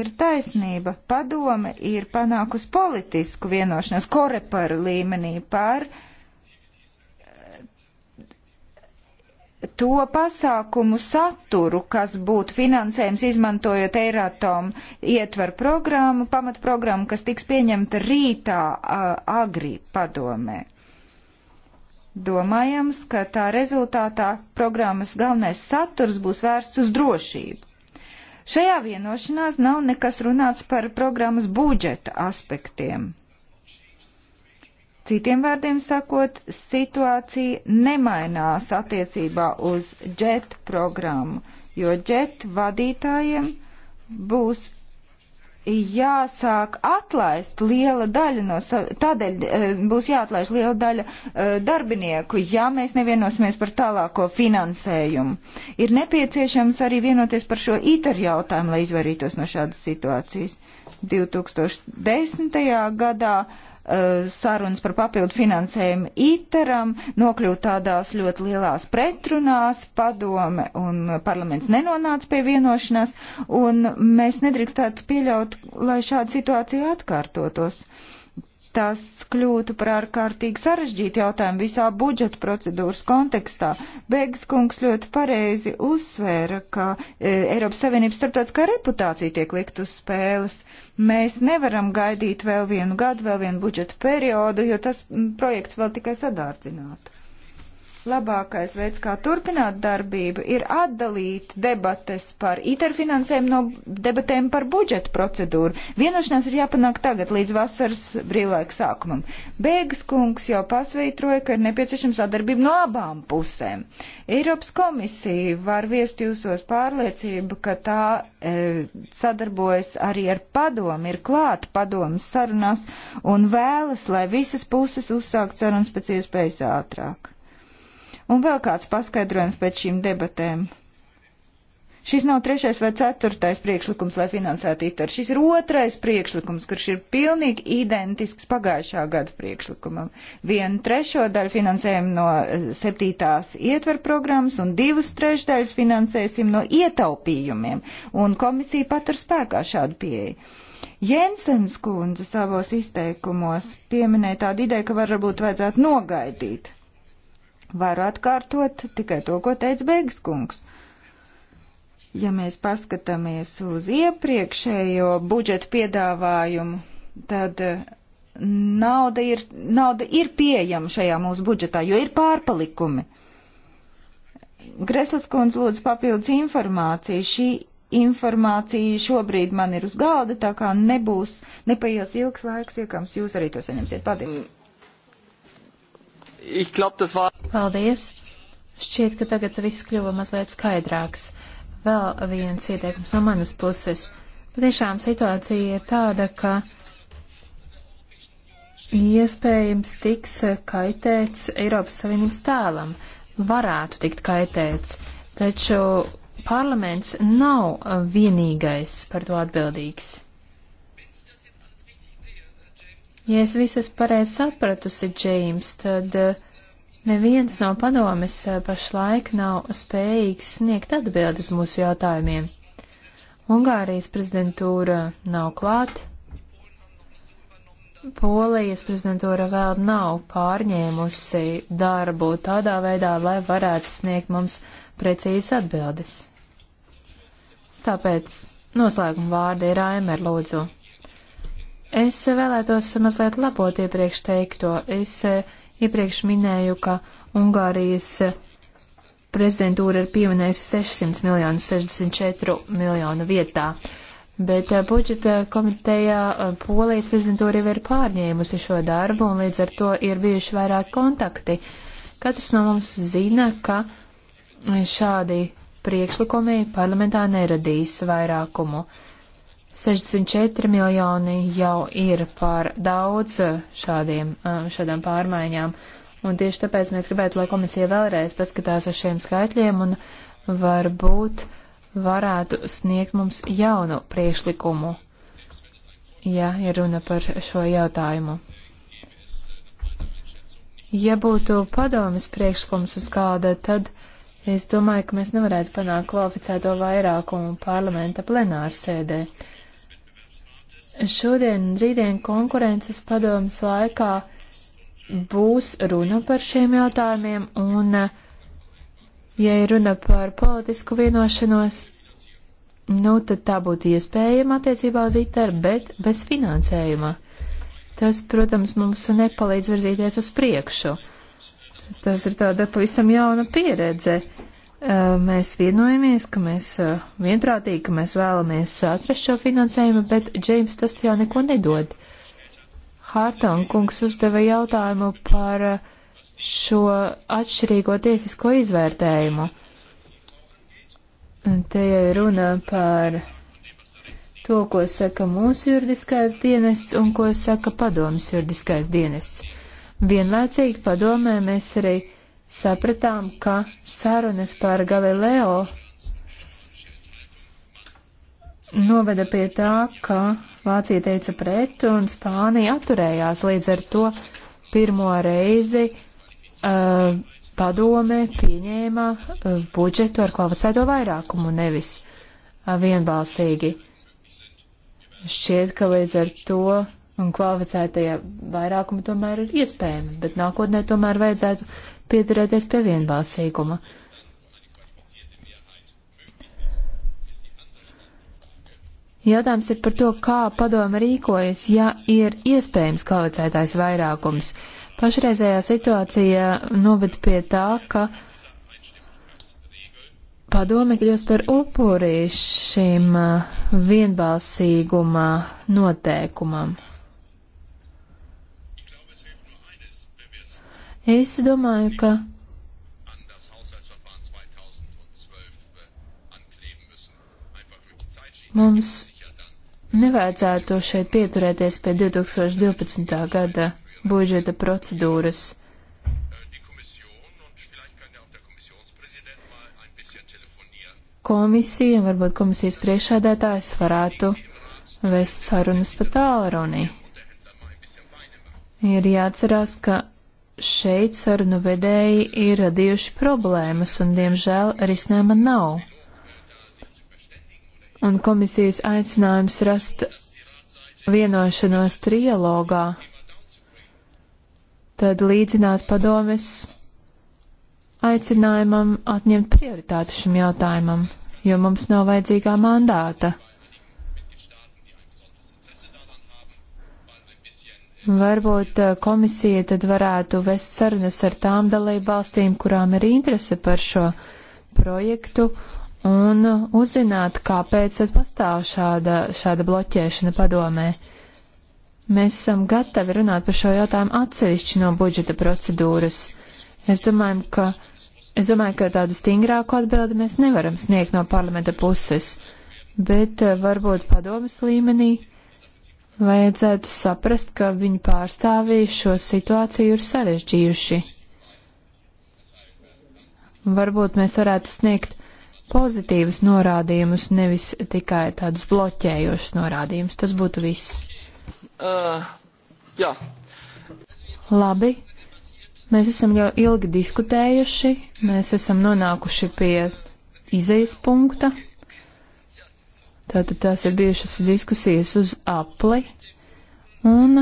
Ir taisnība, padome ir panākusi politisku vienošanos koreparu līmenī par uh, to pasākumu saturu, kas būtu finansējums izmantojot Eiratomu ietvaru programmu, pamatprogrammu, kas tiks pieņemta rītā agri padomē. Domājams, ka tā rezultātā programmas galvenais saturs būs vērsts uz drošību. Šajā vienošanās nav nekas runāts par programmas budžeta aspektiem. Citiem vārdiem sakot, situācija nemainās attiecībā uz džet programmu, jo džet vadītājiem būs jāsāk atlaist liela daļa no sava, tādēļ eh, būs jāatlaiž liela daļa eh, darbinieku, ja mēs nevienosimies par tālāko finansējumu. Ir nepieciešams arī vienoties par šo ITER jautājumu, lai izvairītos no šādas situācijas. 2010. gadā Eh, sarunas par papildu finansējumu ITERam nokļūt tādās ļoti lielās pretrunās, padome un parlaments nenonāca pie vienošanās, un mēs nedrīkstētu pieļaut, lai šāda situācija atkārtotos. Uh, tas kļūtu par ārkārtīgi sarežģītu jautājumu visā budžeta procedūras kontekstā. Beigas kungs ļoti pareizi uzsvēra, ka e, Eiropas Savienības starptautiskā reputācija tiek likt uz spēles. Mēs nevaram gaidīt vēl vienu gadu, vēl vienu budžeta periodu, jo tas m, projekts vēl tikai sadārdzinātu labākais veids, kā turpināt darbību, ir atdalīt debates par ITER finansēm no debatēm par budžetu procedūru. Vienošanās ir jāpanāk tagad, līdz vasaras brīvlaika sākumam. Bēgas kungs jau pasvītroja, ka ir nepieciešama sadarbība no abām pusēm. Eiropas komisija var viest jūsos pārliecību, ka tā e, sadarbojas arī ar padomu, ir klāt padomas sarunās un vēlas, lai visas puses uzsākt sarunas pēc iespējas ātrāk. Un vēl kāds paskaidrojums pēc šīm debatēm. Šis nav trešais vai ceturtais priekšlikums, lai finansētu ITER. Šis ir otrais priekšlikums, kurš ir pilnīgi identisks pagājušā gada priekšlikumam. Vienu trešo daļu finansējam no eh, septītās ietver programmas un divas trešdaļas finansēsim no ietaupījumiem. Un komisija patur spēkā šādu pieeju. Jensens kundze savos izteikumos pieminēja tādu ideju, ka varbūt vajadzētu nogaidīt Varu atkārtot tikai to, ko teica Beigas kungs. Ja mēs paskatāmies uz iepriekšējo budžetu piedāvājumu, tad eh, nauda ir, nauda ir pieejama šajā mūsu budžetā, jo ir pārpalikumi. Greslas kundze lūdzu papildus informāciju. Šī informācija šobrīd man ir uz galda, tā kā nebūs, nepaies ilgs laiks, iekams jūs arī to saņemsiet. Paldies! ich glaube, das war. Paldies. Šķiet, ka tagad viss kļuva mazliet skaidrāks. Vēl viens ieteikums no manas puses. Patiešām situācija ir tāda, ka iespējams tiks kaitēts Eiropas Savienības tēlam. Varētu tikt kaitēts, taču parlaments nav vienīgais par to atbildīgs. Ja es visas pareizi sapratusi, Džeims, tad eh, neviens no padomes eh, pašlaik nav spējīgs sniegt atbildes mūsu jautājumiem. Ungārijas prezidentūra nav klāt, Polijas prezidentūra vēl nav pārņēmusi darbu tādā veidā, lai varētu sniegt mums precīzi atbildes. Tāpēc noslēguma vārdi ir Aimer lūdzu. Es vēlētos mazliet labot iepriekš teikto. Es eh, iepriekš minēju, ka Ungārijas eh, prezidentūra ir pieminējusi 600 miljonu 64 miljonu vietā. Bet eh, budžeta komitejā Polijas prezidentūra jau ir pārņēmusi šo darbu un līdz ar to ir bijuši vairāk kontakti. Katrs no mums zina, ka šādi priekšlikumi parlamentā neradīs vairākumu. Uh, 64 miljoni jau ir par daudz eh, šādiem, eh, šādām pārmaiņām. Un tieši tāpēc mēs gribētu, lai komisija vēlreiz paskatās uz šiem skaitļiem un varbūt varētu sniegt mums jaunu priešlikumu, ja ir runa par šo jautājumu. Ja būtu padomis priekšlikums uz kāda, tad es domāju, ka mēs nevarētu panākt kvalificēto vairākumu parlamenta plenārsēdē. sēdē. Šodien un rītdien konkurences padomas laikā būs runa par šiem jautājumiem, un, ja ir runa par politisku vienošanos, nu, tad tā būtu iespējama attiecībā uz ITER, bet bez finansējuma. Tas, protams, mums nepalīdz virzīties uz priekšu. Tas ir tāda pavisam jauna pieredze. Uh, Eh, mēs vienojamies, ka mēs eh, vienprātīgi, ka mēs vēlamies atrast šo finansējumu, bet Džeims tas jau neko nedod. Hārton kungs uzdeva jautājumu par eh, šo atšķirīgo tiesisko izvērtējumu. Te ir runa par to, ko saka mūsu juridiskais dienests un ko saka padomas juridiskais dienests. Vienlaicīgi padomē mēs arī sapratām, ka sarunas par Galileo noveda pie tā, ka Vācija teica pret un Spānija atturējās. Līdz ar to pirmo reizi uh, padome pieņēma uh, budžetu ar kvalificēto vairākumu, nevis uh, vienbalsīgi. Šķiet, ka līdz ar to un kvalificētajā vairākumu tomēr ir iespējama, bet nākotnē tomēr vajadzētu pieturēties pie vienbalsīguma. Jautājums ir par to, kā padome rīkojas, ja ir iespējams kvalificētais vairākums. Pašreizējā situācija noved pie tā, ka padome kļūst par upuri šim uh, vienbalsīguma noteikumam. Es domāju, ka mums nevajadzētu šeit pieturēties pie 2012. gada budžeta procedūras. Komisija, varbūt komisijas priekšādētājs varētu vēst sarunas pa tālruni. Ir jāatcerās, ka šeit sarunu vedēji ir radījuši problēmas un, diemžēl, risinājuma nav. Un komisijas aicinājums rast vienošanos trialogā, tad līdzinās padomes aicinājumam atņemt prioritāti šim jautājumam, jo mums nav vajadzīgā mandāta. Varbūt eh, komisija tad varētu vest sarunas ar tām dalību valstīm, kurām ir interese par šo projektu un uzzināt, kāpēc tad pastāv šāda, šāda bloķēšana padomē. Mēs esam gatavi runāt par šo jautājumu atsevišķi no budžeta procedūras. Es domāju, ka, es domāju, ka tādu stingrāku atbildi mēs nevaram sniegt no parlamenta puses, bet eh, varbūt padomas līmenī vajadzētu saprast, ka viņu pārstāvīja šo situāciju ir sarežģījuši. Varbūt mēs varētu sniegt pozitīvas norādījumus, nevis tikai tādus bloķējošus norādījumus. Tas būtu viss. Uh, jā. Labi. Mēs esam jau ilgi diskutējuši, mēs esam nonākuši pie izejas punkta. Tātad tās ir bijušas diskusijas uz apli. Un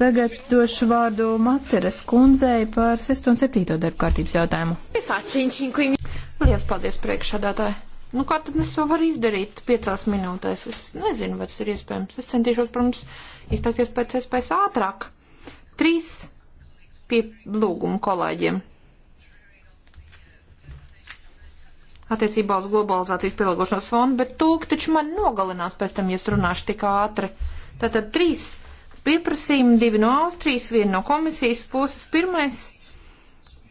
tagad došu vārdu Materes kundzei par 6 un 7 darba kārtības jautājumu. Lielas paldies priekšādātāji. Nu, kā tad es to varu izdarīt piecās minūtēs? Es nezinu, vai tas ir iespējams. Es centīšos, protams, izstāties pēc iespējas ātrāk. Trīs pie lūgumu kolēģiem. attiecībā uz globalizācijas pielāgošanos fondu, bet tūk taču man nogalinās pēc tam, ja es runāšu tik ātri. Tātad trīs pieprasījumi, divi no Austrijas, viena no komisijas puses. Pirmais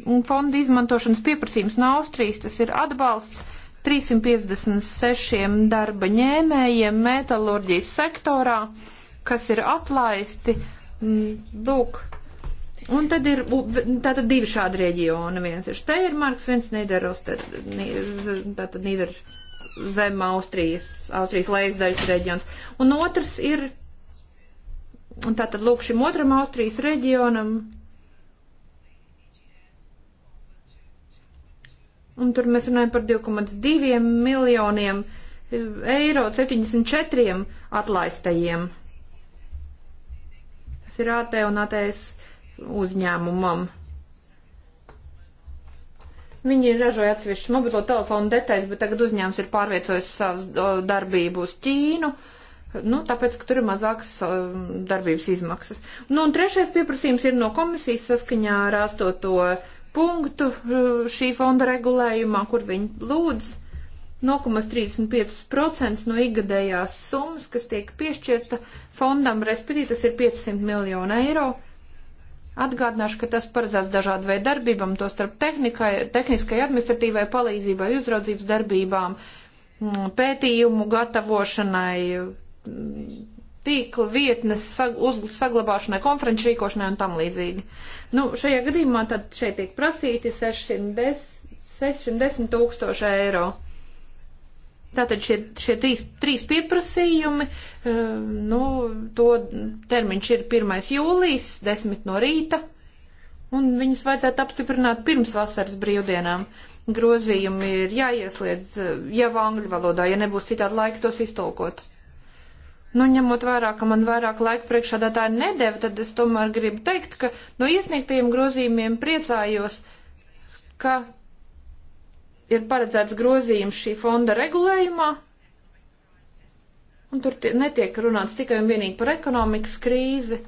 mm, fonda izmantošanas pieprasījums no Austrijas, tas ir atbalsts 356 darba ņēmējiem metalurģijas sektorā, kas ir atlaisti, mm, lūk, Un tad ir tātad divi šādi reģioni. Viens ir Steiermarks, viens Nīderos, tātad Nīder zem Austrijas, Austrijas lejas reģions. Un otrs ir, un tātad lūk šim otram Austrijas reģionam. Un tur mēs runājam par 2,2 miljoniem e, eiro 74 atlaistajiem. Tas ir AT un ATS uzņēmumam. Viņi ražoja atsevišķus mobilo telefonu detaļas, bet tagad uzņēmums ir pārviecojis savas darbību uz Ķīnu. Nu, tāpēc, ka tur ir mazākas darbības izmaksas. Nu, un trešais pieprasījums ir no komisijas saskaņā ar astoto punktu šī fonda regulējumā, kur viņi lūdz 0,35% no ikgadējās summas, kas tiek piešķirta fondam, respektīvi tas ir 500 miljonu eiro Atgādināšu, ka tas paredzēts dažādu veidu darbībām, to starp tehnikai, tehniskai administratīvai palīdzībai, uzraudzības darbībām, mm, pētījumu gatavošanai, mm, tīkla vietnes saglabāšanai, konferenču rīkošanai un tam līdzīgi. Nu, šajā gadījumā tad šeit tiek prasīti 610, 610 tūkstoši eiro. Tātad šie, šie trīs, trīs pieprasījumi, eh, nu, to termiņš ir 1. jūlijas, 10 no rīta, un viņus vajadzētu apstiprināt pirms vasaras brīvdienām. Grozījumi ir jāiesliedz eh, jau angļu valodā, ja nebūs citādi laika tos iztolkot. Nu, ņemot vērā, ka man vairāk laika priekšādātāji nedēva, tad es tomēr gribu teikt, ka no iesniegtajiem grozījumiem priecājos, ka ir paredzēts grozījums šī fonda regulējumā, un tur netiek runāts tikai un vienīgi par ekonomikas krīzi,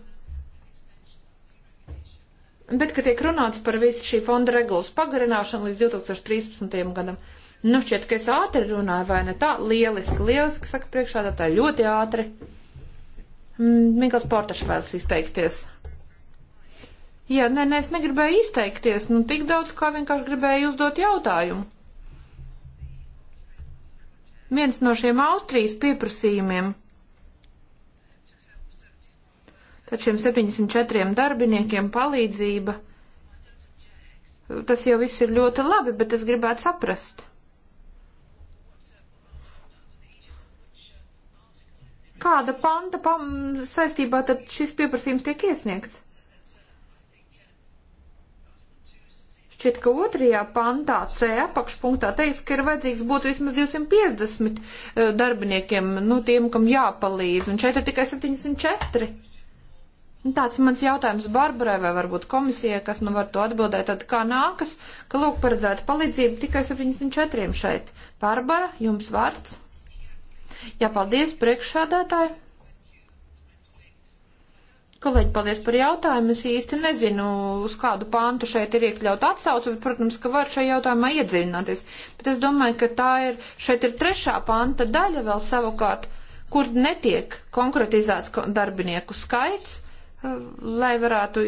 bet, ka tiek runāts par visu šī fonda regulas pagarināšanu līdz 2013. gadam. Nu, šķiet, ka es ātri runāju, vai ne tā? Lieliski, lieliski, saka priekšā, tā tā ļoti ātri. Mm, Mikls Portašs vēlas izteikties. Jā, nē, nē, es negribēju izteikties, nu, tik daudz, kā vienkārši gribēju uzdot jautājumu. Viens no šiem Austrijas pieprasījumiem tad šiem 74 darbiniekiem palīdzība, tas jau viss ir ļoti labi, bet es gribētu saprast. Kāda panta pam, saistībā tad šis pieprasījums tiek iesniegts? Šķiet, ka otrajā pantā C apakšpunktā teica, ka ir vajadzīgs būt vismaz 250 eh, darbiniekiem, nu tiem, kam jāpalīdz, un šeit ir tikai 74. Nu, tāds mans jautājums Barbarai vai varbūt komisijai, kas nu var to atbildēt, tad kā nākas, ka lūk paredzēta palīdzība tikai 74 šeit. Barbara, jums vārds. Jā, paldies priekšsādātāji. Kolēģi, paldies par jautājumu. Es īsti nezinu, uz kādu pāntu šeit ir iekļauta atsauce, bet, protams, ka var šajā jautājumā iedziļināties. Bet es domāju, ka tā ir, šeit ir trešā panta daļa vēl savukārt, kur netiek konkretizēts darbinieku skaits lai varētu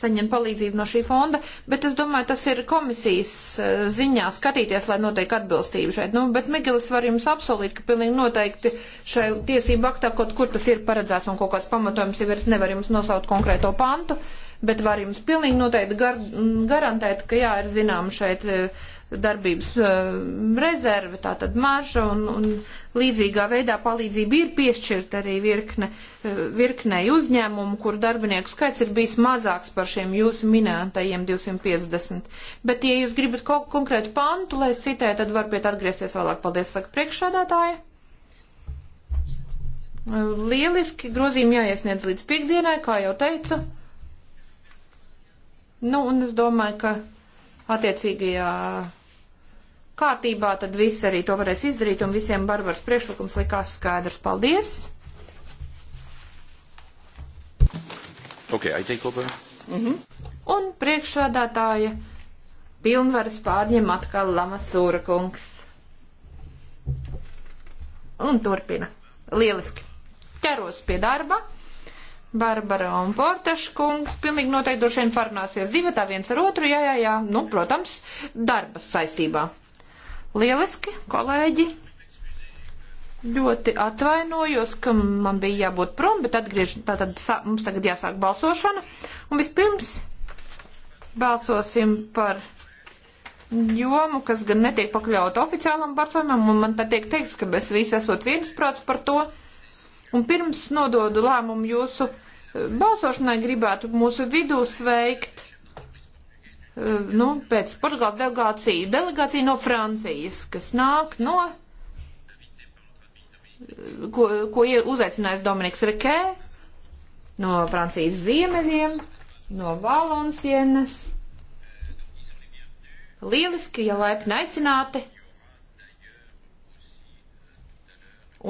saņemt palīdzību no šī fonda, bet es domāju, tas ir komisijas e, ziņā skatīties, lai notiek atbilstība šeit. Nu, bet Migelis var jums apsolīt, ka pilnīgi noteikti šai tiesību aktā kaut kur tas ir paredzēts un kaut kāds pamatojums jau es nevaru jums nosaukt konkrēto pantu, bet var jums pilnīgi noteikti gar garantēt, ka jā, ir zinām šeit uh, darbības uh, rezerve, tātad marža un, un līdzīgā veidā palīdzība ir piešķirta arī virkne, uh, virknei uzņēmumu, kur darbinieku skaits ir bijis mazāks par šiem jūsu minētajiem 250. Bet, ja jūs gribat kaut konkrētu pantu, lai es citēju, tad varbūt atgriezties vēlāk. Paldies, saka priekšādātāja. Lieliski grozījumi jāiesniedz līdz piekdienai, kā jau teicu. Nu, un es domāju, ka attiecīgajā kārtībā, tad visi arī to varēs izdarīt, un visiem Barbaras priekšlikums likās skaidrs. Paldies! Okay, I take over. Mm -hmm. Un priekšsādātāja pilnvaras pārņem atkal Lamasūra kungs. Un turpina. Lieliski. Ķeros pie darba. Barbara un Portaškungs pilnīgi noteikti droši vien parunāsies divi, tā viens ar otru, jā, jā, jā, nu, protams, darbas saistībā. Lieliski, kolēģi! Ļoti atvainojos, ka man bija jābūt prom, bet atgriež, tātad sā, mums tagad jāsāk balsošana. Un vispirms balsosim par jomu, kas gan netiek pakļauta oficiālam balsojumam, un man tā tiek teiks, ka mēs visi esot viensprāts par to. Un pirms nododu lēmumu jūsu balsošanai gribētu mūsu vidū sveikt eh, nu, pēc Portugāles delegāciju, delegāciju no Francijas, kas nāk no, eh, ko, ko uzaicinājis Dominiks Rekē, no Francijas ziemeļiem, no Valonsienas. Lieliski, ja laipni aicināti.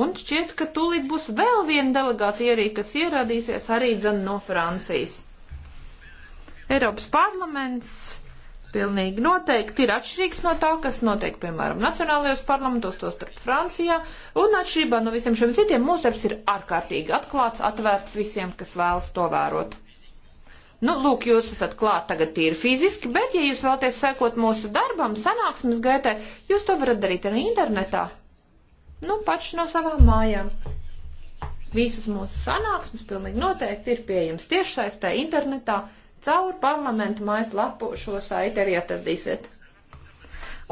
Un šķiet, ka tūlīt būs vēl viena delegācija arī, kas ieradīsies arī dzen no Francijas. Eiropas parlaments pilnīgi noteikti ir atšķirīgs no tā, kas notiek, piemēram, nacionālajos parlamentos, to starp Francijā, un atšķirībā no visiem šiem citiem mūsu darbs ir ārkārtīgi atklāts, atvērts visiem, kas vēlas to vērot. Nu, lūk, jūs esat klāt tagad tīri fiziski, bet, ja jūs vēlaties sekot mūsu darbam, sanāksmes gaitē, jūs to varat darīt arī internetā nu, paši no savām mājām. Visas mūsu sanāksmes pilnīgi noteikti ir pieejams tiešsaistē internetā, caur parlamentu mājas lapu šo saiti arī atradīsiet.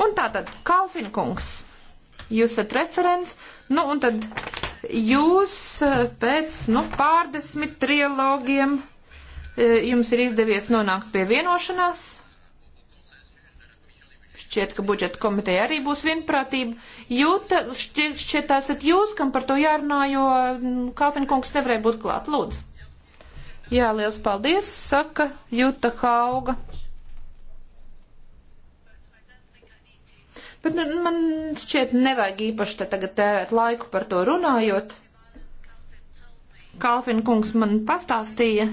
Un tātad, Kalfin kungs, jūs esat referents, nu un tad jūs eh, pēc, nu, pārdesmit trilogiem eh, jums ir izdevies nonākt pie vienošanās, Šķiet, ka budžeta komiteja arī būs vienprātība. Jūta, šķiet, šķiet, tā esat jūs, kam par to jārunā, jo mm, Kāfinkungs nevarēja būt klāt. Lūdzu. Jā, liels paldies, saka Jūta Hauga. Bet nu, man šķiet, nevajag īpaši te tagad tērēt laiku par to runājot. Kalfin kungs man pastāstīja,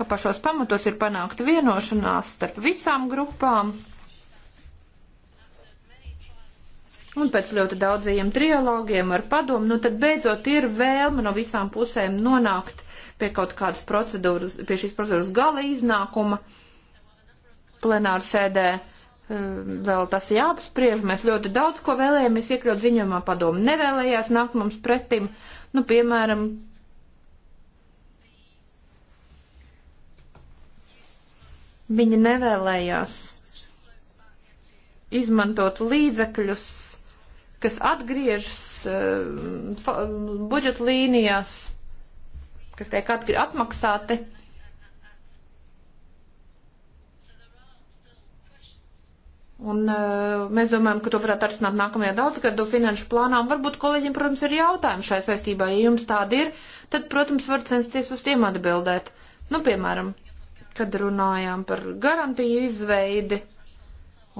ka pa šos pamatos ir panākta vienošanās starp visām grupām. Un pēc ļoti daudzajiem trialogiem ar padomu, nu tad beidzot ir vēlme no visām pusēm nonākt pie kaut kādas procedūras, pie šīs procedūras gala iznākuma plenāru sēdē. Um, vēl tas jāapspriež, mēs ļoti daudz ko vēlējāmies iekļaut ziņojumā padomu. Nevēlējās nākt mums pretim, nu, piemēram, Viņa nevēlējās izmantot līdzekļus, kas atgriežas uh, budžeta līnijās, kas tiek atmaksāti. Un uh, mēs domājam, ka to varētu atrisināt nākamajā daudzgadu finanšu plānā. Un varbūt kolēģiem, protams, ir jautājumi šai saistībā. Ja jums tādi ir, tad, protams, var censties uz tiem atbildēt. Nu, piemēram, uh, kad runājām par garantiju izveidi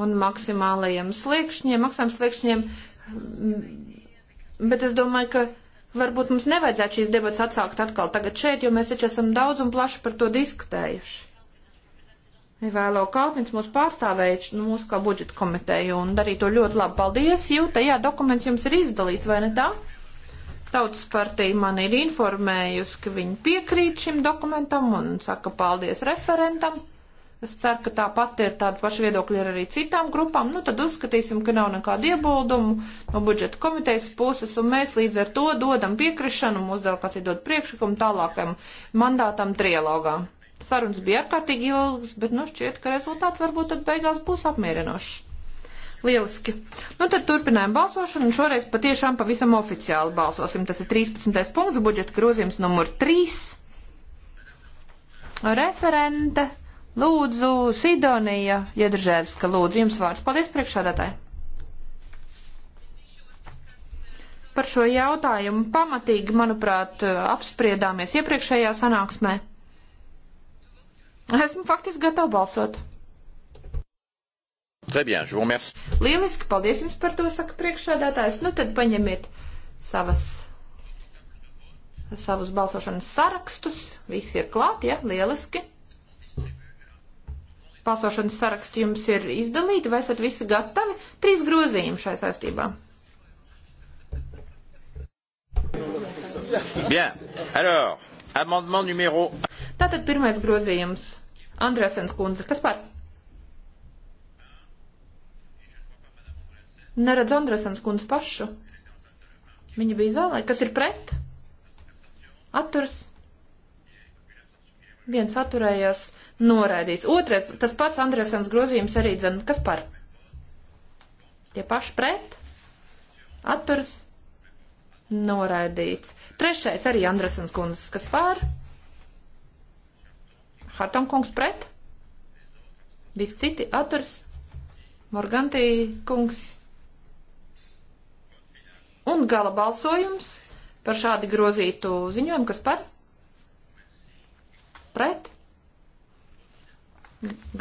un maksimālajiem sliekšņiem, maksājuma sliekšņiem, bet es domāju, ka varbūt mums nevajadzētu šīs debats atsākt atkal tagad šeit, jo mēs taču esam daudz un plaši par to diskutējuši. Vēlo Kaltins mūs pārstāvēja nu, mūsu kā budžeta komiteju un darīja to ļoti labi. Paldies, jū, tajā dokuments jums ir izdalīts, vai ne tā? Tautas partija man ir informējusi, ka viņi piekrīt šim dokumentam un saka paldies referentam. Es ceru, ka tāpat ir tāda paša viedokļa arī citām grupām. Nu, tad uzskatīsim, ka nav nekāda iebildumu no budžeta komitejas puses, un mēs līdz ar to dodam piekrišanu, mūsu delegācija dod priekšlikumu tālākam mandātam trialogā. Sarunas bija ārkārtīgi ilgas, bet nu šķiet, ka rezultāts varbūt tad beigās būs apmierinošs. Lieliski. Nu tad turpinājām balsošanu, un šoreiz patiešām pavisam oficiāli balsosim. Tas ir 13. punkts, budžeta grozījums numur 3. Referente, lūdzu, Sidonija Jedržēvska, lūdzu, jums vārds. Paldies priekšādātāji. Par šo jautājumu pamatīgi, manuprāt, apspriedāmies iepriekšējā sanāksmē. Esmu faktiski gatava balsot. Bien, Lieliski, paldies jums par to, saka priekšsēdētājs. Nu tad paņemiet savas, savus balsošanas sarakstus. Visi ir klāt, ja? Lieliski. Balsošanas sarakstu jums ir izdalīti, vai esat visi gatavi? Trīs grozījumi šai saistībā. Bien. Alors, amendement numéro. Tātad pirmais grozījums. Andresens kundze, kas par? Neredz Andresens kundz pašu. Viņa bija zālē. Kas ir pret? Atturs. Viens atturējās noraidīts. Otrais, tas pats Andresens grozījums arī dzen. Kas par? Tie paši pret? Atturs. Noraidīts. Trešais arī Andresens kundzes. Kas par? Hartonkungs pret? Visi citi atturs. Morgantī kungs Un gala balsojums par šādi grozītu ziņojumu, kas par? Pret?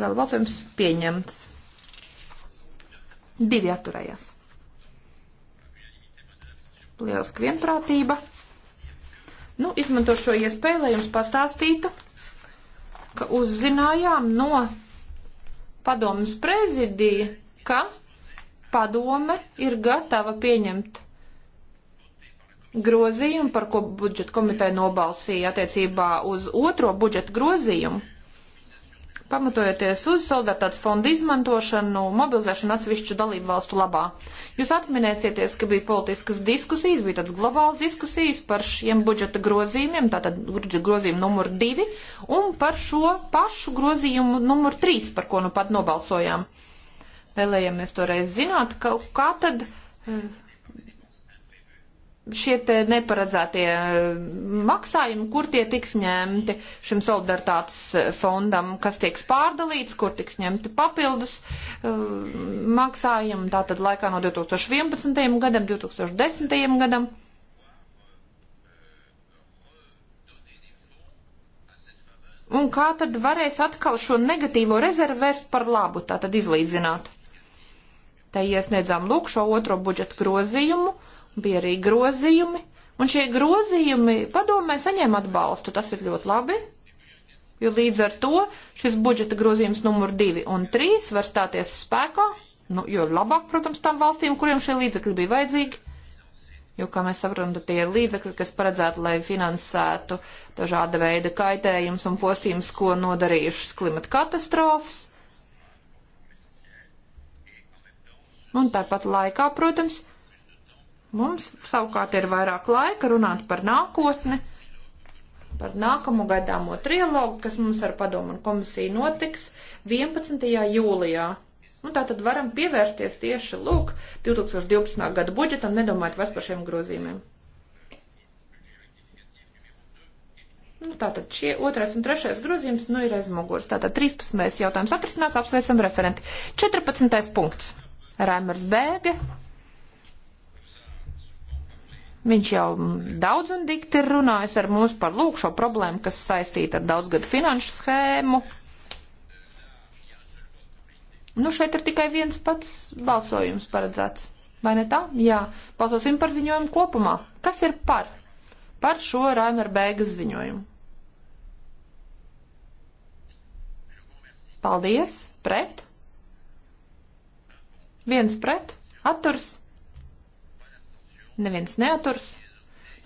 Gala balsojums pieņemts. Divi atturējās. Lieliski vienprātība. Nu, izmanto šo iespēju, lai jums pastāstītu, ka uzzinājām no padomas prezidija, ka padome ir gatava pieņemt grozījumu, par ko budžeta komiteja nobalsīja attiecībā uz otro budžeta grozījumu, pamatojoties uz solidaritātes fonda izmantošanu, mobilizēšanu atsevišķu dalību valstu labā. Jūs atminēsieties, ka bija politiskas diskusijas, bija tāds globāls diskusijas par šiem budžeta grozījumiem, tātad budžeta grozījumu numur divi, un par šo pašu grozījumu numur trīs, par ko nu pat nobalsojām. Vēlējamies toreiz zināt, ka kā tad. Uh, šie te neparedzētie eh, maksājumi, kur tie tiks ņemti šim solidaritātes eh, fondam, kas tiks pārdalīts, kur tiks ņemti papildus uh, maksājumi, tātad laikā no 2011. gadam, 2010. gadam. Un kā tad varēs atkal šo negatīvo rezervu vērst par labu, tātad izlīdzināt? Te iesniedzām lūk šo otro budžeta grozījumu bija arī grozījumi, un šie grozījumi padomē saņēma atbalstu. Tas ir ļoti labi, jo līdz ar to šis budžeta grozījums numur 2 un 3 var stāties spēkā, nu, jo labāk, protams, tām valstīm, kuriem šie līdzekļi bija vajadzīgi. Jo, kā mēs saprotam, tad tie ir līdzekļi, kas paredzēti, lai finansētu dažāda veida kaitējums un postījums, ko nodarījušas klimata katastrofas. Un tāpat laikā, protams, Mums savukārt ir vairāk laika runāt par nākotni, par nākamo gaidāmo trilogu, kas mums ar padomu un komisiju notiks 11. jūlijā. Un nu, tā tad varam pievērsties tieši, lūk, 2012. gada budžetam, nedomājot vairs par šiem grozījumiem. Nu, tātad šie otrais un trešais grozījums nu ir aiz muguras. Tātad 13. jautājums atrisināts, apsveicam referenti. 14. punkts. Raimers Bēge Viņš jau daudz un dikti ir runājis ar mums par lūk šo problēmu, kas saistīta ar daudzgadu finanšu schēmu. Nu, šeit ir tikai viens pats balsojums paredzēts. Vai ne tā? Jā. Balsosim par ziņojumu kopumā. Kas ir par? Par šo Raimera beigas ziņojumu. Paldies. Pret? Viens pret. Atturs neviens neaturs.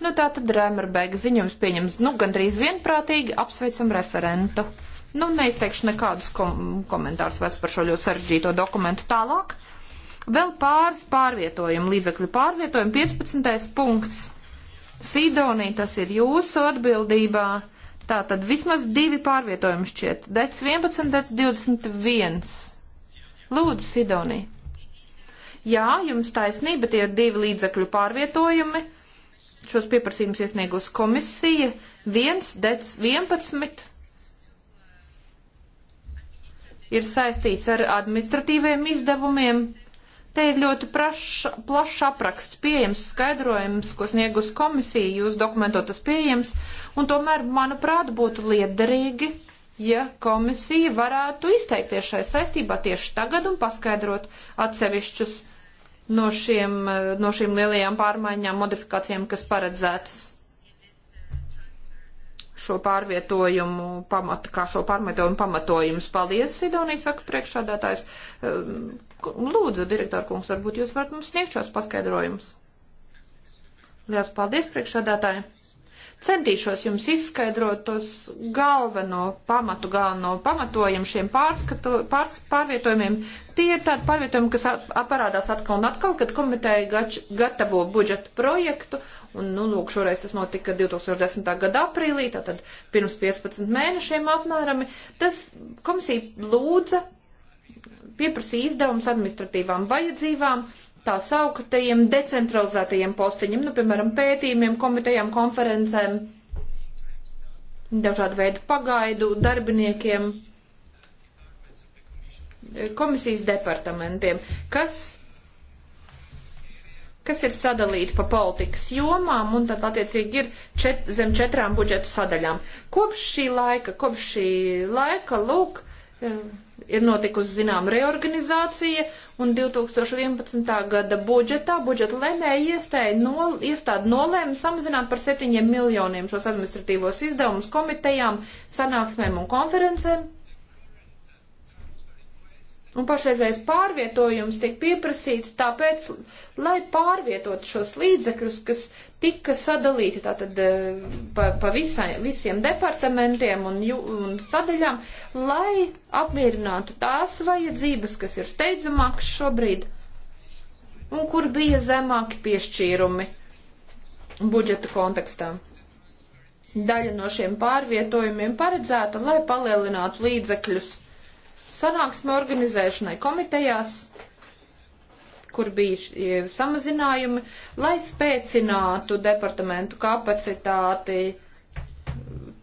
Nu tā tad Rēmerbēga ziņojums pieņems, nu, gandrīz vienprātīgi apsveicam referentu. Nu, neizteikšu nekādus kom komentārus vairs par šo ļoti sarežģīto dokumentu tālāk. Vēl pāris pārvietojumu, līdzekļu pārvietojumu, 15. punkts. Sidonī, tas ir jūsu atbildībā. Tā tad vismaz divi pārvietojumi šķiet. Dec 11, dec 21. Lūdzu, Sidonī. Jā, jums taisnība, tie ir divi līdzekļu pārvietojumi. Šos pieprasījumus iesniegus komisija 1, dec 11 ir saistīts ar administratīviem izdevumiem. Te ir ļoti plašs apraksts, pieejams skaidrojums, ko sniegus komisija, jūs dokumentot tas pieejams, un tomēr, manuprāt, būtu liederīgi, ja komisija varētu izteikties šai saistībā tieši tagad un paskaidrot atsevišķus no, šiem, no šīm lielajām pārmaiņām, modifikācijām, kas paredzētas šo pārvietojumu pamatu, kā šo pārvietojumu pamatojumus. Paldies, Sidonija, saka priekšādātājs. Ehm, lūdzu, direktor kungs, varbūt jūs varat mums sniegt šos paskaidrojumus. Lielas paldies, priekšādātāji. Centīšos jums izskaidrot tos galveno pamatu, galveno pamatojumu šiem pārskatu, pārs, pārvietojumiem. Tie ir tādi pārvietojumi, kas aparādās atkal un atkal, kad komiteja gač, gatavo budžetu projektu Un, nu, lūk, šoreiz tas notika 2010. gada aprīlī, tātad pirms 15 mēnešiem apmēram. Tas komisija lūdza, pieprasīja izdevumus administratīvām vajadzībām, tā sauktajiem decentralizētajiem postiņiem, nu, piemēram, pētījumiem, komitejām, konferencēm, dažādu veidu pagaidu darbiniekiem, komisijas departamentiem, kas kas ir sadalīti pa politikas jomām un tad attiecīgi ir čet, zem četrām budžeta sadaļām. Kopš šī laika, kopš šī laika, lūk, eh, ir notikusi zinām reorganizācija un 2011. gada budžetā budžeta lēmēja iestāde nol, nolēma samazināt par 7 miljoniem šos administratīvos izdevumus komitejām, sanāksmēm un konferencēm. Un pašreizējais pārvietojums tiek pieprasīts tāpēc, lai pārvietotu šos līdzekļus, kas tika sadalīti tātad eh, pa, pa visai, visiem departamentiem un, ju, un sadaļām, lai apmierinātu tās vajadzības, kas ir steidzamākas šobrīd un kur bija zemāki piešķīrumi budžeta kontekstā. Daļa no šiem pārvietojumiem paredzēta, lai palielinātu līdzekļus sanāksme organizēšanai komitejās, kur bija samazinājumi, lai spēcinātu departamentu kapacitāti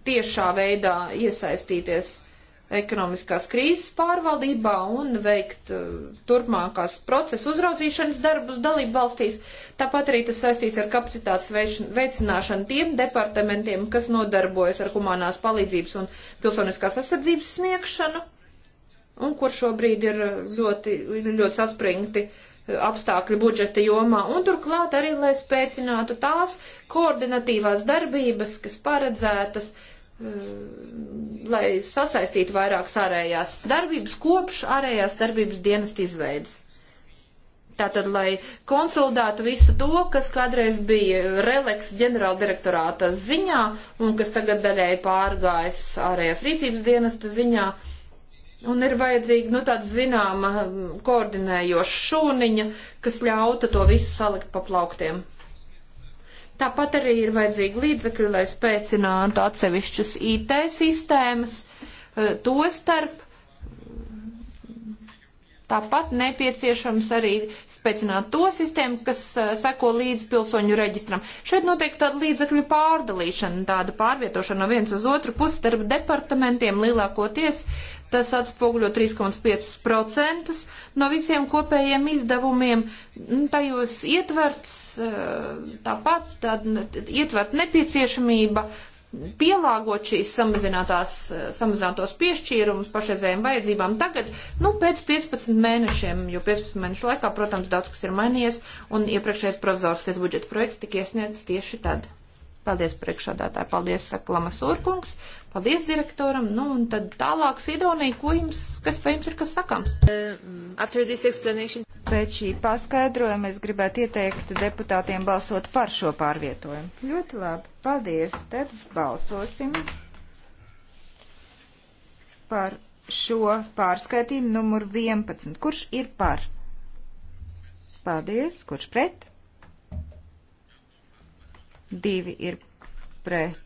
tiešā veidā iesaistīties ekonomiskās krīzes pārvaldībā un veikt uh, turpmākās procesu uzraudzīšanas darbus dalību valstīs. Tāpat arī tas saistīs ar kapacitātes veicināšanu tiem departamentiem, kas nodarbojas ar humanās palīdzības un pilsoniskās aizsardzības sniegšanu un kur šobrīd ir ļoti, ļoti saspringti apstākļi budžeta jomā, un turklāt arī, lai spēcinātu tās koordinatīvās darbības, kas paredzētas, eh, lai sasaistītu vairākas ārējās darbības kopš ārējās darbības dienas izveidas. Tātad, lai konsolidētu visu to, kas kādreiz bija releks ģenerāldirektorāta ziņā un kas tagad daļai pārgājis ārējās rīcības dienesta ziņā, uh, Un ir vajadzīga, nu, tāda zināma um, koordinējoša šūniņa, kas ļautu to visu salikt pa plauktiem. Tāpat arī ir vajadzīgi līdzekļi, lai spēcinātu atsevišķas IT sistēmas, uh, to starp. Tāpat nepieciešams arī spēcināt to sistēmu, kas uh, seko līdz pilsoņu reģistram. Šeit notiek tāda līdzekļu pārdalīšana, tāda pārvietošana no viens uz otru pusi starp departamentiem lielākoties Tas atspoguļo 3,5% no visiem kopējiem izdevumiem. Nu, tajos ietverts eh, tāpat tād, ietvert nepieciešamība pielāgot šīs eh, samazinātos piešķīrumus pašreizējiem vajadzībām tagad, nu, pēc 15 mēnešiem, jo 15 mēnešu laikā, protams, daudz kas ir mainījies, un iepriekšējais prozorskais budžeta projekts tika iesniegts tieši tad. Paldies priekšādātāji, paldies, saka Lamas Urkungs, paldies direktoram, nu un tad tālāk Sidonija, ko jums, kas vai jums ir kas sakams? Uh, Pēc šī paskaidrojuma es gribētu ieteikt deputātiem balsot par šo pārvietojumu. Ļoti labi, paldies, tad balsosim par šo pārskaitījumu numuru 11. Kurš ir par? Paldies, kurš pret? divi ir pret.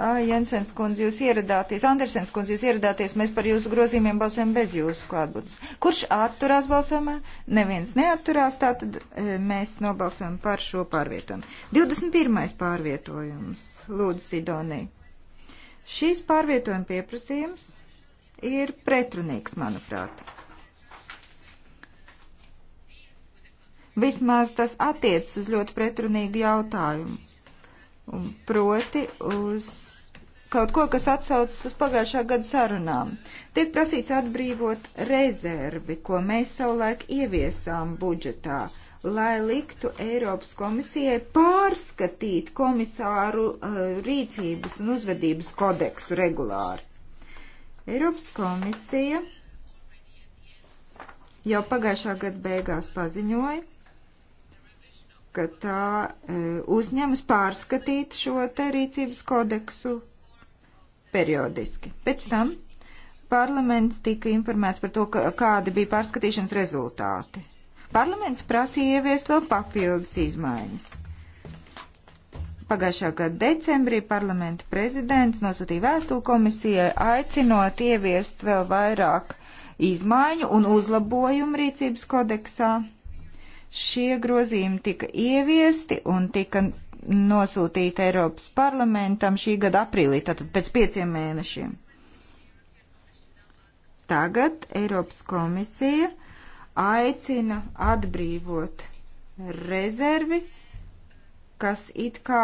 Ā, Jensens kundze, jūs ieradāties, Andersens kundze, jūs ieradāties, mēs par jūsu grozījumiem balsojam bez jūsu klātbūtnes. Kurš atturās balsojumā? Neviens neatturās, tātad e, mēs nobalsojam par šo pārvietojumu. 21. pārvietojums, lūdzu, Sidonī. Šīs pārvietojuma pieprasījums ir pretrunīgs, manuprāt. Vismaz tas attiecas uz ļoti pretrunīgu jautājumu. Proti uz kaut ko, kas atsaucas uz pagājušā gada sarunām. Tiek prasīts atbrīvot rezervi, ko mēs savulaik ieviesām budžetā, lai liktu Eiropas komisijai pārskatīt komisāru uh, rīcības un uzvedības kodeksu regulāri. Eiropas komisija jau pagājušā gada beigās paziņoja, ka tā e, uzņemas pārskatīt šo te rīcības kodeksu periodiski. Pēc tam parlaments tika informēts par to, ka, kādi bija pārskatīšanas rezultāti. Parlaments prasīja ieviest vēl papildus izmaiņas. Pagājušā gada decembrī parlamenta prezidents nosūtīja vēstuli komisijai, aicinot ieviest vēl vairāk izmaiņu un uzlabojumu rīcības kodeksā Šie grozījumi tika ieviesti un tika nosūtīti Eiropas parlamentam šī gada aprīlī, tātad pēc pieciem mēnešiem. Tagad Eiropas komisija aicina atbrīvot rezervi, kas it kā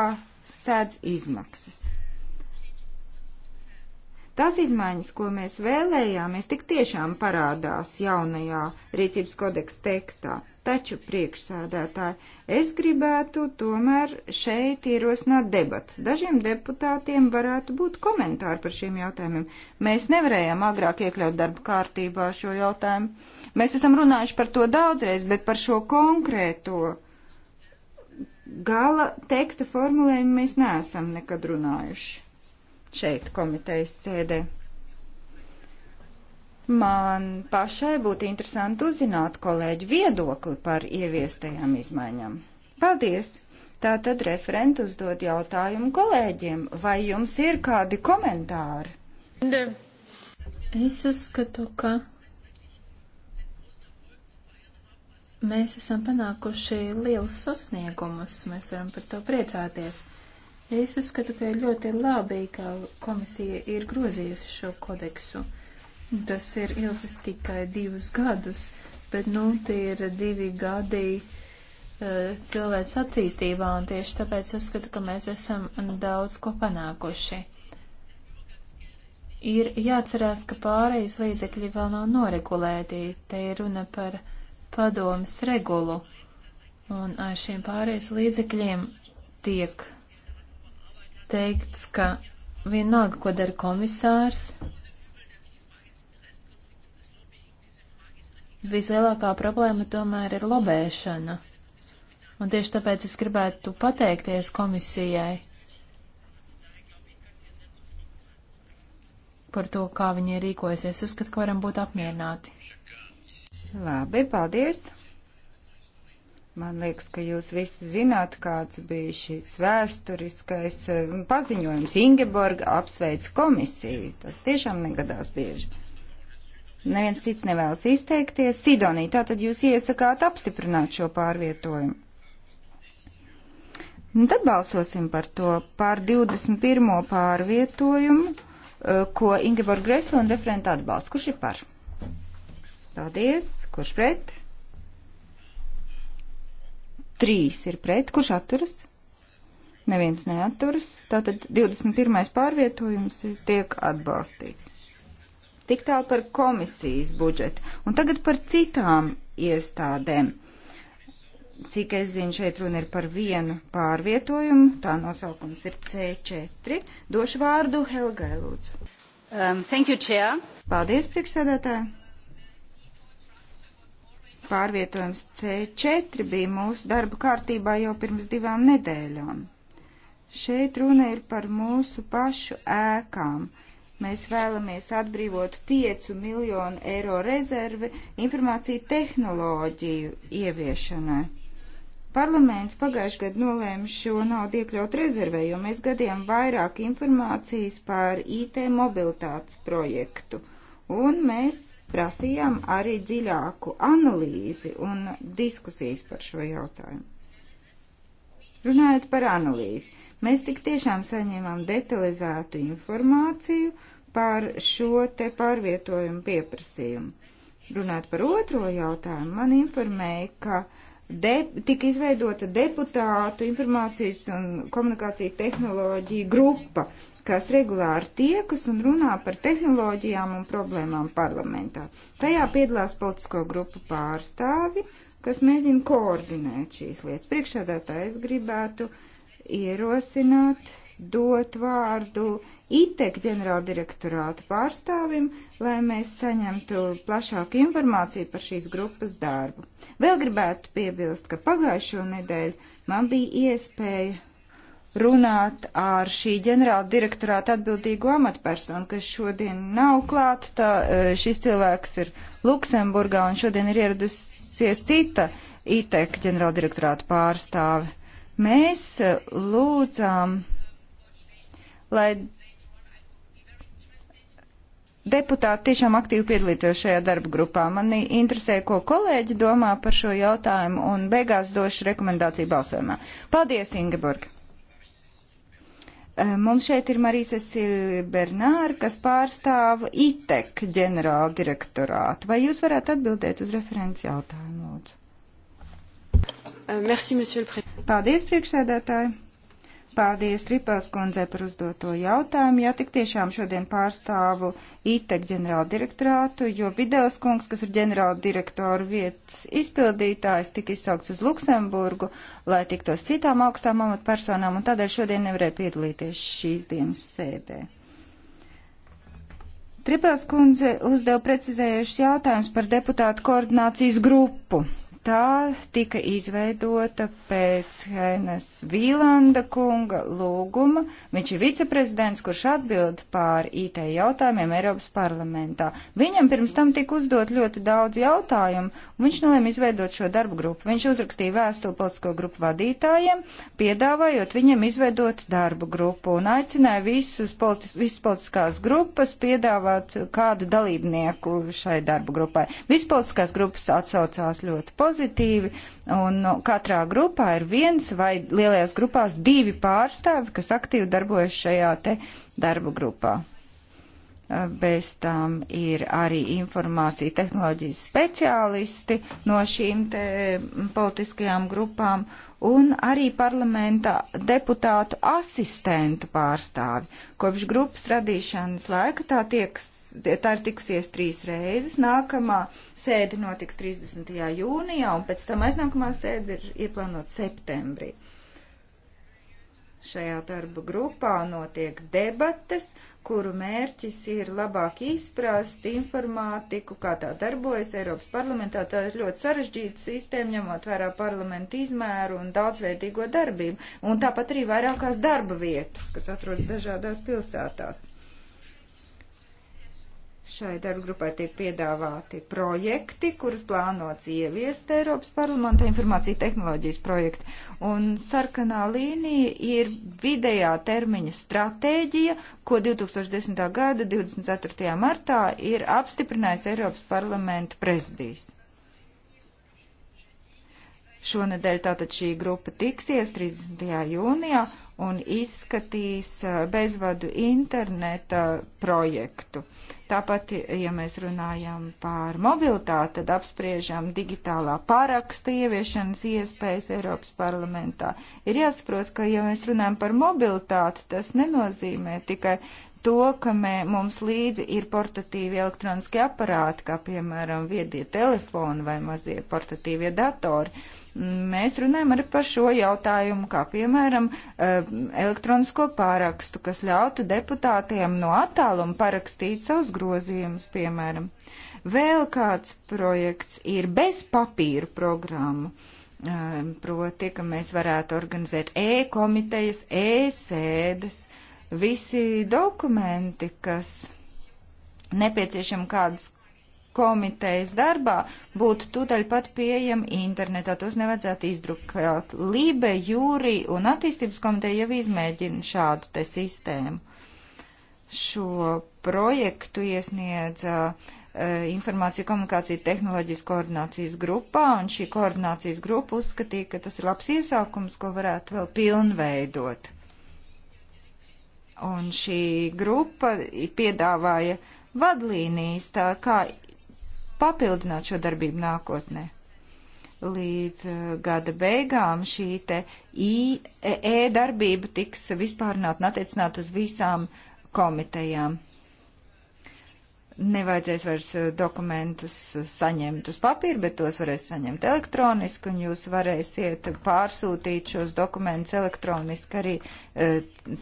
sēdz izmaksas. Tās izmaiņas, ko mēs vēlējāmies, tik tiešām parādās jaunajā rīcības kodeksa tekstā. Taču, priekšsādātāji, es gribētu tomēr šeit ierosināt debatas. Dažiem deputātiem varētu būt komentāri par šiem jautājumiem. Mēs nevarējām agrāk iekļaut darba kārtībā šo jautājumu. Mēs esam runājuši par to daudzreiz, bet par šo konkrēto gala teksta formulējumu mēs neesam nekad runājuši šeit komitejas sēdē. Man pašai būtu interesanti uzzināt kolēģu viedokli par ieviestajām izmaiņām. Paldies! Tātad referenti uzdod jautājumu kolēģiem, vai jums ir kādi komentāri? De. Es uzskatu, ka mēs esam panākuši lielus sasniegumus, mēs varam par to priecāties. Es uzskatu, ka ir ļoti labi, ka komisija ir grozījusi šo kodeksu. Tas ir ilgs tikai divus gadus, bet nu tie ir divi gadi uh, cilvēks attīstībā, un tieši tāpēc uzskatu, ka mēs esam daudz ko panākuši. Ir jāatcerās, ka pārējais līdzekļi vēl nav noregulēti. Te ir runa par padomas regulu, un ar šiem pārējais līdzekļiem tiek teikts, ka vienalga, ko dara komisārs, vislielākā problēma tomēr ir lobēšana. Un tieši tāpēc es gribētu pateikties komisijai par to, kā viņi rīkojasies. Uzskatu, ka varam būt apmierināti. Labi, paldies! Man liekas, ka jūs visi zināt, kāds bija šis vēsturiskais eh, paziņojums. Ingeborga apsveic komisiju. Tas tiešām negadās bieži. Neviens cits nevēlas izteikties. Sidonī, tātad jūs iesakāt apstiprināt šo pārvietojumu. Un nu, tad balsosim par to, par 21. pārvietojumu, eh, ko Ingeborg Gresla un referenta atbalsta. Kurš ir par? Paldies. Kurš pret? 3 ir pret, kurš atturas? Neviens neatturas. Tātad 21. pārvietojums tiek atbalstīts. Tik tālu par komisijas budžetu. Un tagad par citām iestādēm. Cik es zinu, šeit runa ir par vienu pārvietojumu. Tā nosaukums ir C4. Došu vārdu Helgai Lūdzu. Um, thank you, Chair. Paldies, priekšsēdētāji. Pārvietojums C4 bija mūsu darba kārtībā jau pirms divām nedēļām. Šeit runa ir par mūsu pašu ēkām. Mēs vēlamies atbrīvot 5 miljonu eiro rezervi informāciju tehnoloģiju ieviešanai. Parlaments pagājušajā gadā nolēma šo naudu iekļaut rezervē, jo mēs gadījām vairāk informācijas par IT mobilitātes projektu. Un mēs prasījām arī dziļāku analīzi un diskusijas par šo jautājumu. Runājot par analīzi, mēs tik tiešām saņēmām detalizētu informāciju par šo te pārvietojumu pieprasījumu. Runāt par otro jautājumu, man informēja, ka de, tika izveidota deputātu informācijas un komunikāciju tehnoloģija grupa, kas regulāri tiekas un runā par tehnoloģijām un problēmām parlamentā. Tajā piedalās politisko grupu pārstāvi, kas mēģina koordinēt šīs lietas. Priekšādātājs gribētu ierosināt, dot vārdu ITEK ģenerāldirektorāta pārstāvim, lai mēs saņemtu plašāku informāciju par šīs grupas darbu. Vēl gribētu piebilst, ka pagājušo nedēļu man bija iespēja runāt ar šī ģenerāla direktorāta atbildīgo amatpersonu, kas šodien nav klāt. Tā, eh, šis cilvēks ir Luksemburgā un šodien ir ieradusies cita ITEK ģenerāla direktorāta pārstāve. Mēs eh, lūdzām, lai deputāti tiešām aktīvi piedalītos šajā darba grupā. Mani interesē, ko kolēģi domā par šo jautājumu un beigās došu rekomendāciju balsojumā. Paldies, Ingeborg! Eh, mums šeit ir Marija Cecilija Bernāra, kas pārstāv ITEK ģenerāla direktorātu. Vai jūs varētu atbildēt uz referenci jautājumu, lūdzu? Eh, merci, Paldies, priekšsēdētāji! Paldies Ripels kundze par uzdoto jautājumu. Jā, tik tiešām šodien pārstāvu ITEK ģenerāla direktorātu, jo Vidēls kungs, kas ir ģenerāla direktora vietas izpildītājs, tika izsaukts uz Luksemburgu, lai tiktos citām augstām amatpersonām, un tādēļ šodien nevarēja piedalīties šīs dienas sēdē. Tripels kundze uzdeva precizējušas jautājumus par deputātu koordinācijas grupu. Tā tika izveidota pēc Henes Vīlanda kunga lūguma. Viņš ir viceprezidents, kurš atbild pār IT jautājumiem Eiropas parlamentā. Viņam pirms tam tika uzdot ļoti daudz jautājumu, un viņš nolēma izveidot šo darbu grupu. Viņš uzrakstīja vēstuli politisko grupu vadītājiem, piedāvājot viņiem izveidot darbu grupu un aicināja visus politis, visas politiskās grupas piedāvāt kādu dalībnieku šai darbu grupai. Visas politiskās grupas atsaucās ļoti pozitīvi pozitīvi, un katrā grupā ir viens vai lielajās grupās divi pārstāvi, kas aktīvi darbojas šajā te darbu grupā. Eh, bez tām ir arī informācija tehnoloģijas speciālisti no šīm te mm, politiskajām grupām un arī parlamenta deputātu asistentu pārstāvi. Kopš grupas radīšanas laika tā tiek tā ir tikusies trīs reizes. Nākamā sēde notiks 30. jūnijā, un pēc tam aiznākamā sēde ir ieplānota septembrī. Šajā darba grupā notiek debates, kuru mērķis ir labāk izprast informātiku, kā tā darbojas Eiropas parlamentā. Tā ir ļoti sarežģīta sistēma, ņemot vērā parlamentu izmēru un daudzveidīgo darbību, un tāpat arī vairākās darba vietas, kas atrodas dažādās pilsētās. Šai darbgrupai tiek piedāvāti projekti, kurus plānots ieviest Eiropas parlamenta informācija tehnoloģijas projekti. Un sarkanā līnija ir vidējā termiņa stratēģija, ko 2010. gada 24. martā ir apstiprinājis Eiropas parlamenta prezidijs. Šonedēļ tātad šī grupa tiksies 30. jūnijā un izskatīs eh, bezvadu interneta projektu. Tāpat, ja mēs runājam par mobilitāti, tad apspriežam digitālā paraksta ieviešanas iespējas Eiropas parlamentā. Ir jāsaprot, ka, ja mēs runājam par mobilitāti, tas nenozīmē tikai to, ka mē, mums līdzi ir portatīvi elektroniskie aparāti, kā piemēram viedie telefoni vai mazie portatīvie datori. Mēs runājam arī par šo jautājumu, kā piemēram eh, elektronisko pārakstu, kas ļautu deputātiem no attāluma parakstīt savus grozījumus, piemēram. Vēl kāds projekts ir bez papīru programmu eh, proti, ka mēs varētu organizēt e-komitejas, e-sēdes, Visi dokumenti, kas nepieciešami kādas komitejas darbā, būtu tūdaļ pat pieejami internetā. Tos nevajadzētu izdrukāt. Lībe, Jūri un attīstības komiteja jau izmēģina šādu te sistēmu. Šo projektu iesniedza uh, uh, informācija komunikācija tehnoloģijas koordinācijas grupā, un šī koordinācijas grupa uzskatīja, ka tas ir labs iesākums, ko varētu vēl pilnveidot. Un šī grupa piedāvāja vadlīnijas, tā kā papildināt šo darbību nākotnē. Līdz uh, gada beigām šī te e-darbība e tiks vispārnāt un attiecināt uz visām komitejām nevajadzēs vairs eh, dokumentus eh, saņemt uz papīra, bet tos varēs saņemt elektroniski, un jūs varēsiet pārsūtīt šos dokumentus elektroniski arī e,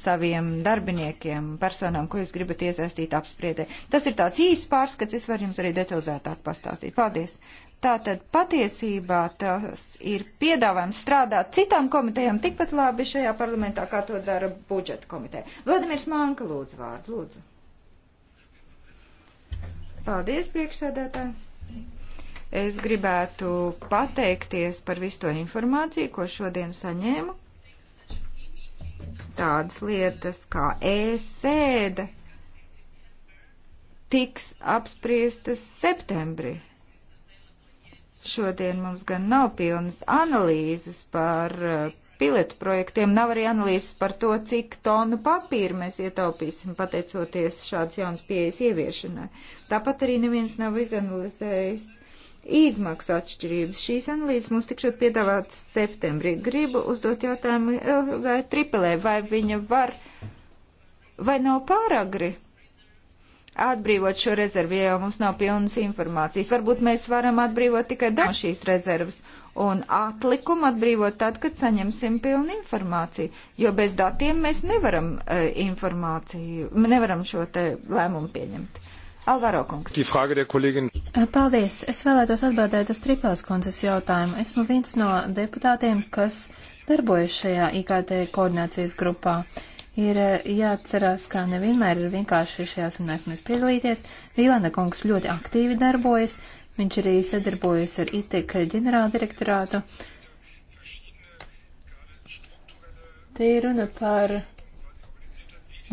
saviem darbiniekiem, personām, ko jūs gribat iesaistīt apspriedē. Tas ir tāds īsts pārskats, es varu jums arī detalizētāk pastāstīt. Paldies! Tātad patiesībā tas ir piedāvājums strādāt citām komitejām tikpat labi šajā parlamentā, kā to dara budžeta komiteja. Vladimirs Manka, lūdzu vārdu, lūdzu. Paldies, priekšsēdētāji! Es gribētu pateikties par visu to informāciju, ko šodien saņēmu. Tādas lietas kā ēsēde e tiks apspriestas septembrī. Šodien mums gan nav pilnas analīzes par pilotu projektiem nav arī analīzes par to, cik tonu papīra mēs ietaupīsim, pateicoties šādas jaunas pieejas ieviešanai. Tāpat arī neviens nav izanalizējis izmaksu atšķirības. Šīs analīzes mums tikšot piedāvātas septembrī. Gribu uzdot jautājumu Elgai eh, Tripelē, e, vai viņa var, vai nav pāragri atbrīvot šo rezervu, ja jau mums nav pilnas informācijas. Varbūt mēs varam atbrīvot tikai daļu no šīs rezervas un atlikumu atbrīvot tad, kad saņemsim pilnu informāciju, jo bez datiem mēs nevaram uh, informāciju, nevaram šo te lēmumu pieņemt. Alvaro kungs. E, paldies. Es vēlētos atbildēt uz Tripels kundzes jautājumu. Esmu viens no deputātiem, kas darbojas šajā IKT koordinācijas grupā. Uh, ir eh, jāatcerās, ka nevienmēr ir vienkārši šajā sanāksmēs piedalīties. Vīlanda kungs ļoti aktīvi darbojas, viņš arī sadarbojas ar ITEK ģenerāldirektorātu. Te ir runa par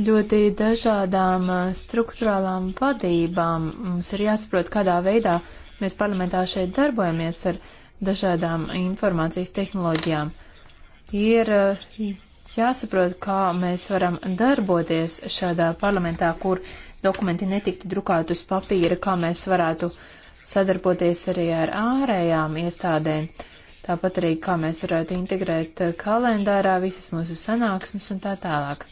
ļoti dažādām eh, struktūrālām vadībām. Mums ir jāsaprot, kādā veidā mēs parlamentā šeit darbojamies ar dažādām informācijas tehnoloģijām. Ir eh, jāsaprot, kā mēs varam darboties šādā parlamentā, kur dokumenti netiktu drukāti uz papīra, kā mēs varētu sadarboties arī ar ārējām iestādēm. Tāpat arī, kā mēs varētu integrēt kalendārā visas mūsu sanāksmes un tā tālāk.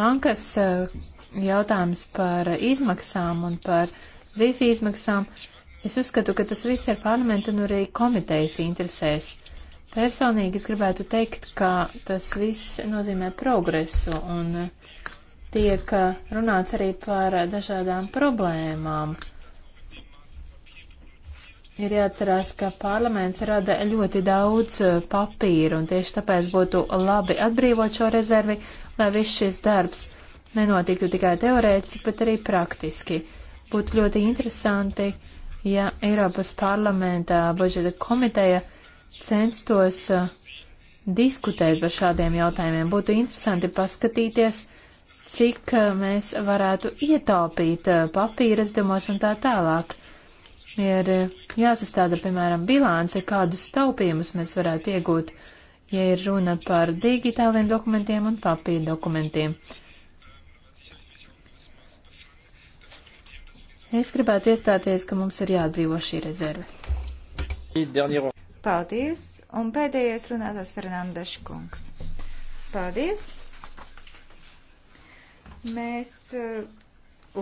Mankas eh, jautājums par izmaksām un par Wi-Fi izmaksām. Es uzskatu, ka tas viss ir parlamenta un arī komitejas interesēs. Personīgi es gribētu teikt, ka tas viss nozīmē progresu un eh, tiek eh, runāts arī par eh, dažādām problēmām. Ir jāatcerās, ka parlaments rada ļoti daudz papīru un tieši tāpēc būtu labi atbrīvot šo rezervi, lai viss šis darbs nenotiktu tikai teorētiski, bet arī praktiski. Būtu ļoti interesanti, ja Eiropas parlamenta budžeta komiteja censtos uh, diskutēt par šādiem jautājumiem. Būtu interesanti paskatīties, cik uh, mēs varētu ietaupīt uh, papīra izdevumos un tā tālāk. Ir jāsastāda, piemēram, bilance, kādus taupījumus mēs varētu iegūt, ja ir runa par digitāliem dokumentiem un papīra dokumentiem. Es gribētu iestāties, ka mums ir jāatbrīvo šī rezerve. Paldies! Un pēdējais runātājs Fernandeša kungs. Paldies! Mēs eh,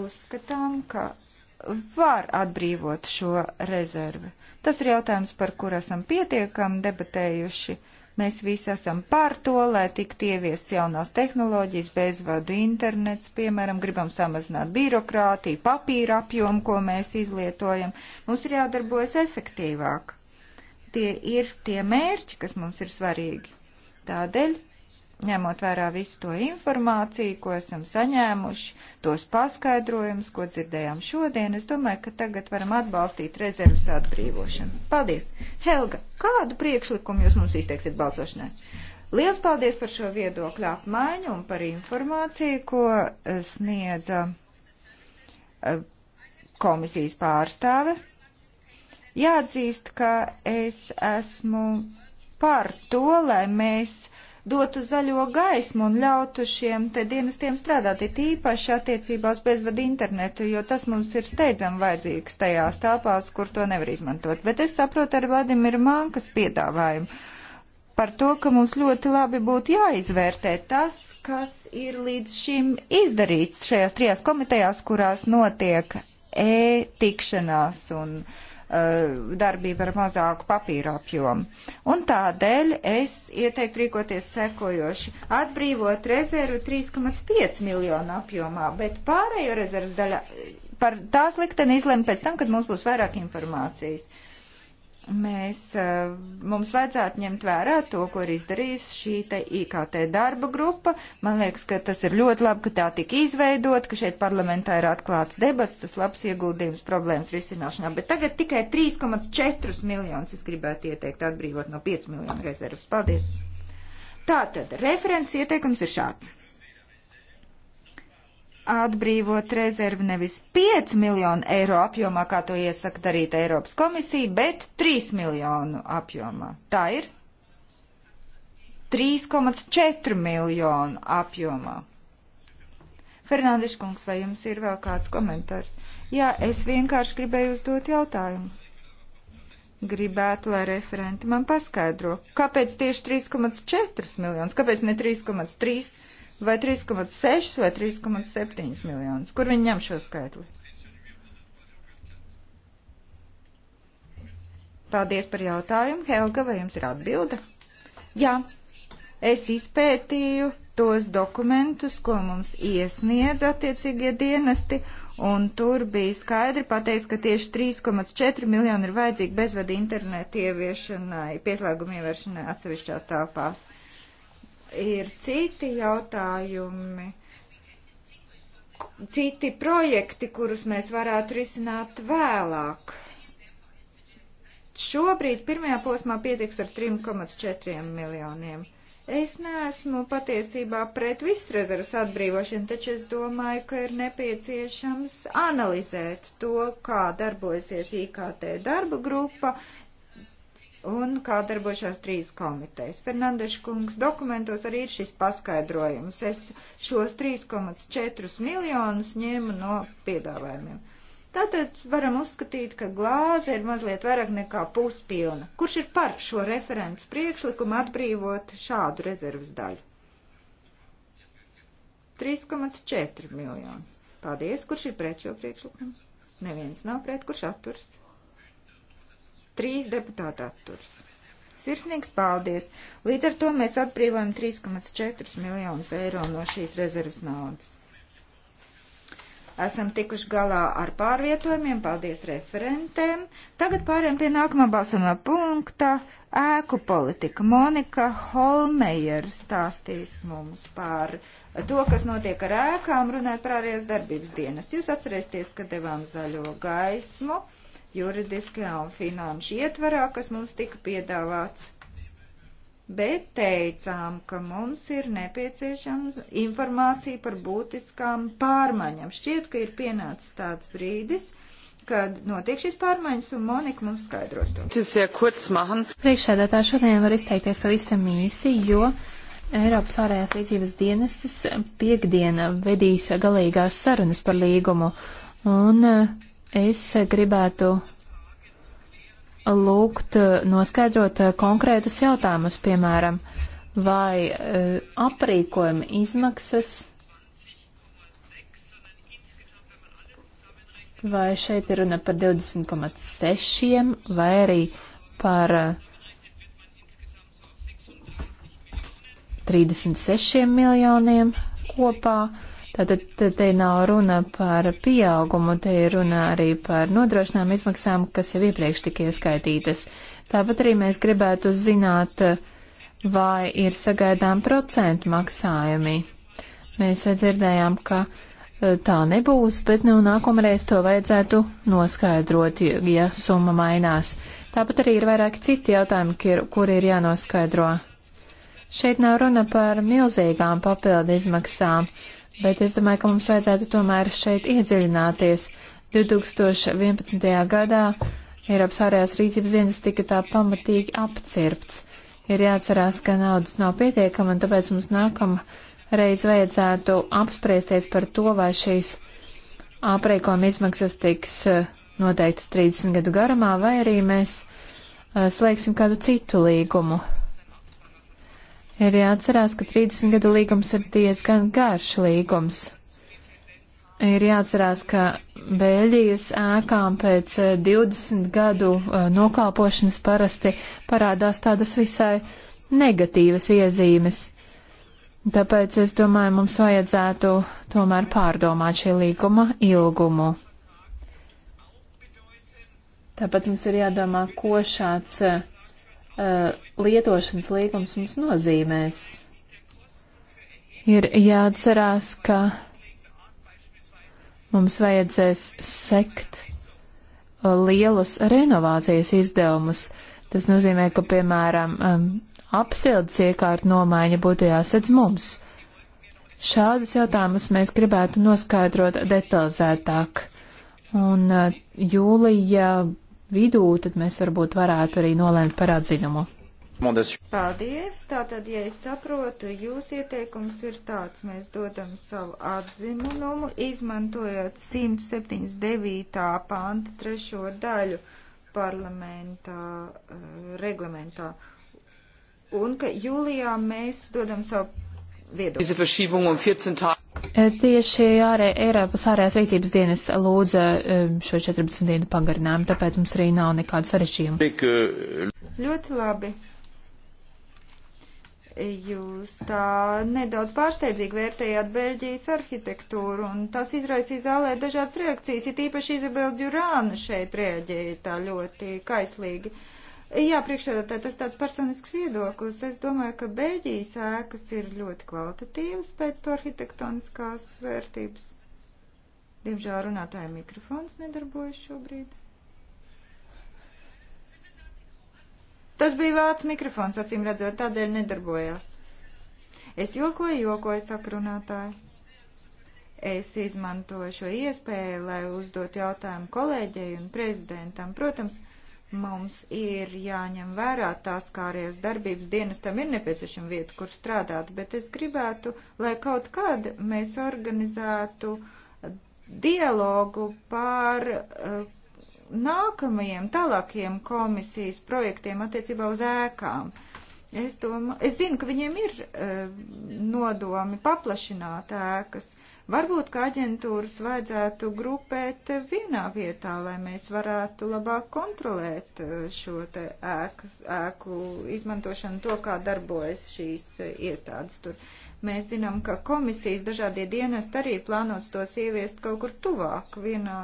uzskatām, ka var atbrīvot šo rezervi. Tas ir jautājums, par kur esam pietiekami debatējuši. Mēs visi esam par to, lai tiktu ieviests jaunās tehnoloģijas, bezvadu internets, piemēram, gribam samazināt birokrātiju, papīra apjomu, ko mēs izlietojam. Mums ir jādarbojas efektīvāk tie ir tie mērķi, kas mums ir svarīgi. Tādēļ, ņemot vērā visu to informāciju, ko esam saņēmuši, tos paskaidrojumus, ko dzirdējām šodien, es domāju, ka tagad varam atbalstīt rezervas atbrīvošanu. Paldies! Helga, kādu priekšlikumu jūs mums izteiksiet balsošanai? Lielas paldies par šo viedokļu apmaiņu un par informāciju, ko eh, sniedza eh, komisijas pārstāve. Jāatzīst, ka es esmu par to, lai mēs dotu zaļo gaismu un ļautu šiem te dienestiem strādāt, ir tīpaši attiecībās bezvadu internetu, jo tas mums ir steidzam vajadzīgs tajās tāpās, kur to nevar izmantot. Bet es saprotu ar Vladimiru Mankas piedāvājumu par to, ka mums ļoti labi būtu jāizvērtē tas, kas ir līdz šim izdarīts šajās trijās komitejās, kurās notiek e-tikšanās un uh, Uh, darbību ar mazāku papīra apjomu. Un tādēļ es ieteiktu rīkoties sekojoši. Atbrīvot rezervu 3,5 miljonu apjomā, bet pārējo rezervu daļu par tās likteni izlemt pēc tam, kad mums būs vairāk informācijas. Uh, Mēs, eh, mums vajadzētu ņemt vērā to, ko ir izdarījusi šī te IKT darba grupa. Man liekas, ka tas ir ļoti labi, ka tā tika izveidot, ka šeit parlamentā ir atklāts debats, tas labs ieguldījums problēmas risināšanā. Bet tagad tikai 3,4 miljonus es gribētu ieteikt atbrīvot no 5 miljonu rezervas. Paldies! Tātad, referents ieteikums ir šāds atbrīvot rezervi nevis 5 miljonu eiro apjomā, kā to iesaka darīt Eiropas komisija, bet 3 miljonu apjomā. Tā ir 3,4 miljonu apjomā. Fernandes kungs, vai jums ir vēl kāds komentārs? Jā, es vienkārši gribēju uzdot jautājumu. Gribētu, lai referenti man paskaidro, kāpēc tieši 3,4 miljonus, kāpēc ne 3,3 miljonus? vai 3,6 vai 3,7 miljonus. Kur viņi ņem šo skaitli? Paldies par jautājumu. Helga, vai jums ir atbilde? Jā, es izpētīju tos dokumentus, ko mums iesniedz attiecīgie dienesti, un tur bija skaidri pateikts, ka tieši 3,4 miljoni ir vajadzīgi bezvadu internetu ieviešanai, pieslēgumu ieviešanai atsevišķās telpās ir citi jautājumi, citi projekti, kurus mēs varētu risināt vēlāk. Šobrīd pirmajā posmā pietiks ar 3,4 miljoniem. Es neesmu patiesībā pret visu rezervas atbrīvošanu, taču es domāju, ka ir nepieciešams analizēt to, kā darbojasies IKT darba grupa, un kā darbošās trīs komitejas. Fernandeša kungs dokumentos arī ir šis paskaidrojums. Es šos 3,4 miljonus ņēmu no piedāvājumiem. Tātad varam uzskatīt, ka glāze ir mazliet vairāk nekā puspilna. Kurš ir par šo referents priekšlikumu atbrīvot šādu rezervas daļu? 3,4 miljonu. Paldies, kurš ir pret šo priekšlikumu? Neviens nav pret, kurš atturs? Trīs deputāti atturas. Sirsnīgs paldies! Līdz ar to mēs atbrīvojam 3,4 miljonus eiro no šīs rezervas naudas. Esam tikuši galā ar pārvietojumiem, paldies referentēm. Tagad pāriem pie nākamā balsojuma punkta - ēku politika. Monika Holmejer stāstīs mums par to, kas notiek ar ēkām, runājot par ārējās darbības dienas. Jūs atcerēsieties, ka devām zaļo gaismu. Uh, juridiskajā un finanšu ietvarā, kas mums tika piedāvāts. Bet teicām, ka mums ir nepieciešams informācija par būtiskām pārmaiņām. Šķiet, ka ir pienācis tāds brīdis, kad notiek šīs pārmaiņas, un Monika mums skaidros to. Priekšsēdētā šodien var izteikties pavisam īsi, jo Eiropas ārējās rīcības dienestas piekdiena vedīs galīgās sarunas par līgumu, un Es gribētu lūgt noskaidrot konkrētus jautājumus, piemēram, vai eh, aprīkojuma izmaksas, vai šeit ir runa par 20,6 vai arī par 36 eh, miljoniem kopā. Tātad te nav runa par pieaugumu, te ir runa arī par nodrošinām izmaksām, kas jau iepriekš tika ieskaitītas. Tāpat arī mēs gribētu zināt, vai ir sagaidām procentu maksājumi. Mēs dzirdējām, ka e, tā nebūs, bet nu nākamreiz to vajadzētu noskaidrot, ja summa mainās. Tāpat arī ir vairāki citi jautājumi, kuri ir jānoskaidro. Šeit nav runa par milzīgām papildu izmaksām bet es domāju, ka mums vajadzētu tomēr šeit iedziļināties. 2011. gadā Eiropas ārējās rīcības dienas tika tā pamatīgi apcirpts. Ir jāatcerās, ka naudas nav pietiekama, un tāpēc mums nākamreiz vajadzētu apspriesties par to, vai šīs aprēkojuma izmaksas tiks eh, noteiktas 30 gadu garumā, vai arī mēs eh, slēgsim kādu citu līgumu Ir jāatcerās, ka 30 gadu līgums ir diezgan garš līgums. Ir jāatcerās, ka Bēļģijas ēkām pēc 20 eh, gadu eh, nokāpošanas parasti parādās tādas visai negatīvas iezīmes. Tāpēc es domāju, mums vajadzētu tomēr pārdomāt šī līguma ilgumu. Tāpat mums ir jādomā, ko šāds uh, Uh, lietošanas līgums mums nozīmēs. Ir jāatcerās, ka mums vajadzēs sekt uh, lielus renovācijas izdevumus. Tas nozīmē, ka, piemēram, um, apsildes iekārta nomaiņa būtu jāsedz mums. Šādus jautājumus mēs gribētu noskaidrot detalizētāk. Un uh, jūlija vidū, tad mēs varbūt varētu arī nolēmt par atzinumu. Paldies! Tātad, ja es saprotu, jūs ieteikums ir tāds, mēs dodam savu atzinumu, izmantojot 179. pānta trešo daļu parlamentā, eh, reglamentā. Un ka jūlijā mēs dodam savu viedokli. Um e, tieši ārē, Eiropas ārējās rīcības dienas lūdza e, šo 14 dienu pagarinājumu, tāpēc mums arī nav nekādu sarežģījumu. E, ļoti labi. Jūs tā nedaudz pārsteidzīgi vērtējāt Beļģijas arhitektūru, un tas izraisīja zālē dažādas reakcijas, it īpaši Izabela Džurāna šeit reaģēja tā ļoti kaislīgi. Uh, Jā, priekšsēdētāji, tas tāds personisks viedoklis. Es domāju, ka Beļģijas ēkas ir ļoti kvalitatīvas pēc to arhitektoniskās vērtības. Diemžēl runātāja mikrofons nedarbojas šobrīd. Tas bija vācu mikrofons, acīm redzot, tādēļ nedarbojās. Es jokoju, jokoju, saka runātāji. Es izmantoju šo iespēju, lai uzdot jautājumu kolēģei un prezidentam. Protams, Mums ir jāņem vērā tās, kā arī es darbības dienestam ir nepieciešama vieta, kur strādāt, bet es gribētu, lai kaut kad mēs organizētu dialogu par uh, nākamajiem, tālākajiem komisijas projektiem attiecībā uz ēkām. Es, domā, es zinu, ka viņiem ir uh, nodomi paplašināt ēkas, uh, Varbūt, ka aģentūras vajadzētu grupēt vienā vietā, lai mēs varētu labāk kontrolēt eh, šo te ēkas, ēku izmantošanu, to, kā darbojas šīs eh, iestādes tur. Mēs zinām, ka komisijas dažādie dienesti arī plānos tos ieviest kaut kur tuvāk vienā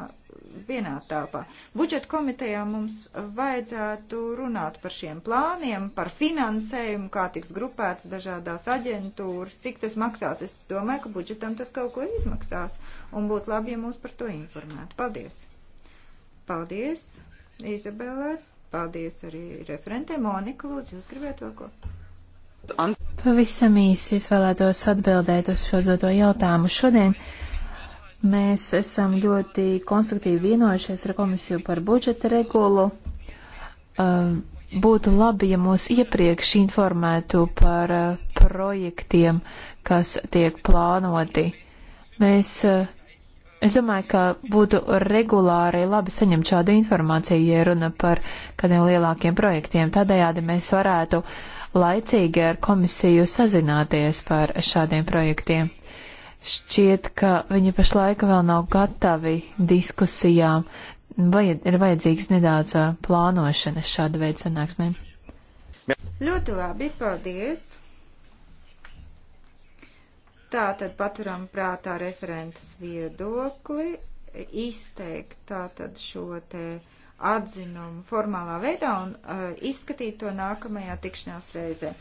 vienā telpā. Budžeta komitejā mums vajadzētu runāt par šiem plāniem, par finansējumu, kā tiks grupētas dažādās aģentūras, cik tas maksās. Es domāju, ka budžetam tas kaut ko izmaksās un būtu labi, ja mūs par to informētu. Paldies! Paldies, Izabelē! Paldies arī referentē Monika, lūdzu, jūs gribētu vēl ko? Pavisam īsi es vēlētos atbildēt uz šo doto jautājumu. Šodien Mēs esam ļoti konstruktīvi vienojušies ar komisiju par budžeta regulu. Uh, būtu labi, ja mūs iepriekš informētu par uh, projektiem, kas tiek plānoti. Mēs, uh, es domāju, ka būtu regulāri labi saņemt šādu informāciju, ja runa par kādiem lielākiem projektiem. Tādējādi mēs varētu laicīgi ar komisiju sazināties par šādiem projektiem. Šķiet, ka viņi pašlaika vēl nav gatavi diskusijām. Vajad, ir vajadzīgs nedaudz plānošanas šāda veida sanāksmēm. Ļoti labi, paldies! Tā tad paturam prātā referentas viedokli, izteikt tā tad šo te uh, atzinumu formālā veidā un uh, izskatīt to nākamajā tikšanās reizē.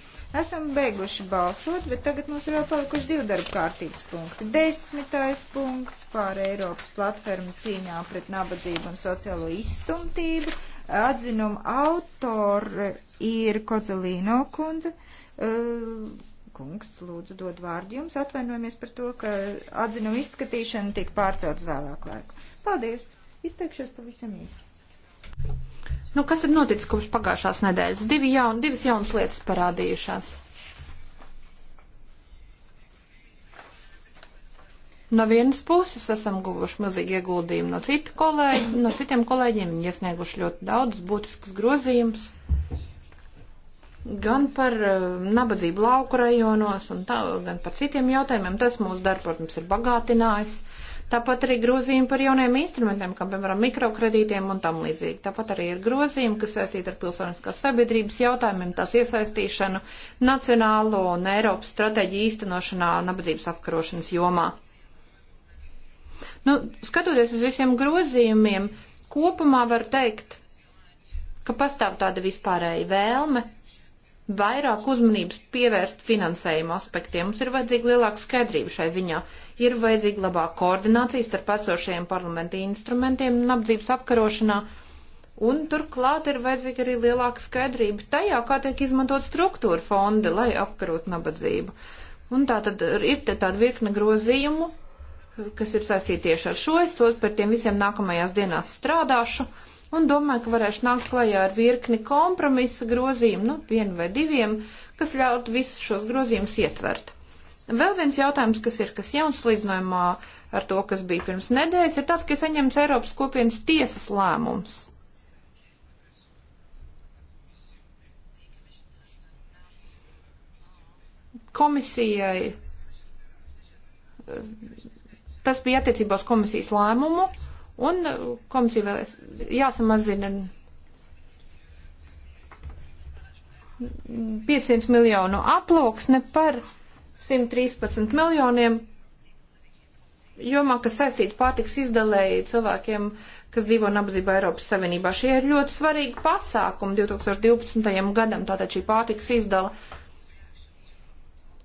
Esam beiguši balsot, bet tagad mums ir vēl palikuši divi darba kārtības punkti. Desmitais punkts pār Eiropas platformu cīņā pret nabadzību un sociālo izstumtību. Atzinumu autori ir Kozelīno kundze. Uh, kungs, lūdzu dod vārdu jums, atvainojamies par to, ka atzinumu izskatīšana tika pārcelt uz vēlāku laiku. Paldies! Izteikšos pavisam īsi. Nu, kas tad noticis kopš pagājušās nedēļas? Divi jaun, divas jaunas lietas parādījušās. No vienas puses esam guvuši mazīgi ieguldījumu no, citu kolēģi, no citiem kolēģiem. Viņi iesnieguši ļoti daudz būtiskas grozījumus. Gan par uh, nabadzību lauku rajonos, tā, gan par citiem jautājumiem. Tas mūsu darbu, protams, ir bagātinājis. Tāpat arī grozījumi par jauniem instrumentiem, kā piemēram mikrokredītiem un tam līdzīgi. Tāpat arī ir grozījumi, kas saistīti ar pilsoniskās sabiedrības jautājumiem, tās iesaistīšanu nacionālo un Eiropas stratēģiju īstenošanā nabadzības apkarošanas jomā. Nu, skatoties uz visiem grozījumiem, kopumā var teikt, ka pastāv tāda vispārēja vēlme vairāk uzmanības pievērst finansējuma aspektiem. Mums ir vajadzīga lielāka skaidrība šai ziņā ir vajadzīga labāka koordinācija starp esošajiem parlamenta instrumentiem un apdzības apkarošanā. Un turklāt ir vajadzīga arī lielāka skaidrība tajā, kā tiek izmantot struktūra fondi, lai apkarot nabadzību. Un tā tad ir tāda virkne grozījumu, kas ir saistīti tieši ar šo. Es to par tiem visiem nākamajās dienās strādāšu un domāju, ka varēšu nākt klajā ar virkni kompromisa grozījumu, nu, vienu vai diviem, kas ļautu visus šos grozījumus ietvert. Vēl viens jautājums, kas ir kas jauns slīdzinājumā ar to, kas bija pirms nedēļas, ir tas, ka saņemts Eiropas kopienas tiesas lēmums. Komisijai tas bija attiecībā uz komisijas lēmumu, un komisija vēl jāsamazina 500 miljonu aploksne par 113 miljoniem jomā, kas saistīta pārtiks izdalēji cilvēkiem, kas dzīvo nabadzībā Eiropas Savienībā. Šie ir ļoti svarīgi pasākumi 2012. gadam, tātad šī pārtiks izdala.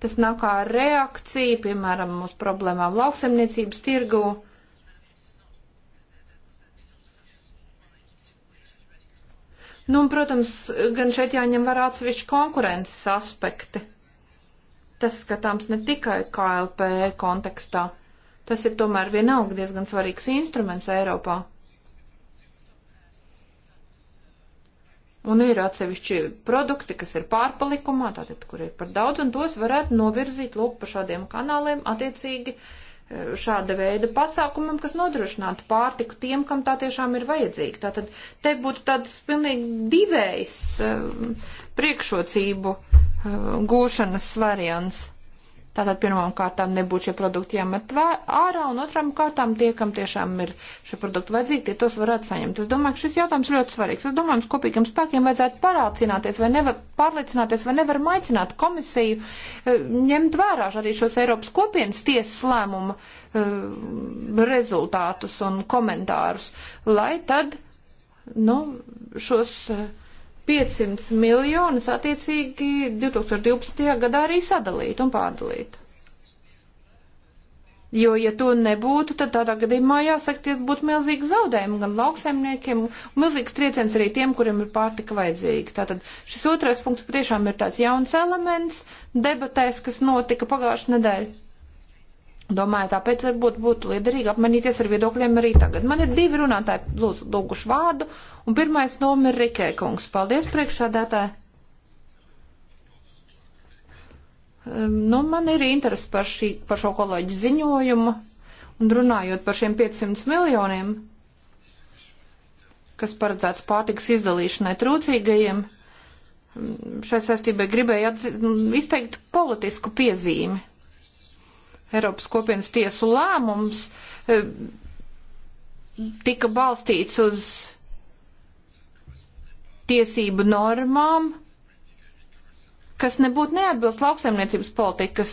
Tas nav kā reakcija, piemēram, uz problēmām lauksemniecības tirgu. Nu, un, protams, gan šeit jāņem vērā atsevišķi konkurences aspekti. Tas skatāms ne tikai KLP kontekstā. Tas ir tomēr vienalga diezgan svarīgs instruments Eiropā. Un ir atsevišķi produkti, kas ir pārpalikumā, tātad, kur ir par daudz, un tos varētu novirzīt lūk pa šādiem kanāliem attiecīgi e, šāda veida pasākumam, kas nodrošinātu pārtiku tiem, kam tā tiešām ir vajadzīga. Tātad te būtu tādas pilnīgi divējs e, priekšrocību Uh, gūšanas variants. Tātad pirmām kārtām nebūtu šie produkti jāmet ārā, un otrām kārtām tie, kam tiešām ir šie produkti vajadzīgi, tie tos varētu saņemt. Es domāju, ka šis jautājums ļoti svarīgs. Es domāju, mums kopīgiem spēkiem vajadzētu parācināties vai nevar, pārliecināties vai nevar maicināt komisiju uh, ņemt vērā arī šos Eiropas kopienas tiesas lēmumu uh, rezultātus un komentārus, lai tad, nu, šos. Uh, 500 miljonus attiecīgi 2012. gadā arī sadalīt un pārdalīt. Jo, ja to nebūtu, tad tādā gadījumā jāsaka, tie būtu milzīgi zaudējumi gan lauksaimniekiem, milzīgs trieciens arī tiem, kuriem ir pārtika vajadzīga. Tātad šis otrais punkts patiešām ir tāds jauns elements debatēs, kas notika pagājušajā nedēļā. Domāju, tāpēc varbūt būtu liederīgi apmainīties ar viedokļiem arī tagad. Man ir divi runātāji lūguši vārdu, Un pirmais nomi ir Rikē kungs. Paldies, priekšsādātāji! Ehm, nu, man ir interesi par, šī, par šo kolēģi ziņojumu un runājot par šiem 500 miljoniem, kas paredzēts pārtiks izdalīšanai trūcīgajiem. Ehm, šai saistībai gribēju nu, izteikt politisku piezīmi. Eiropas kopienas tiesu lēmums ehm, tika balstīts uz tiesību normām, kas nebūtu neatbilst lauksaimniecības politikas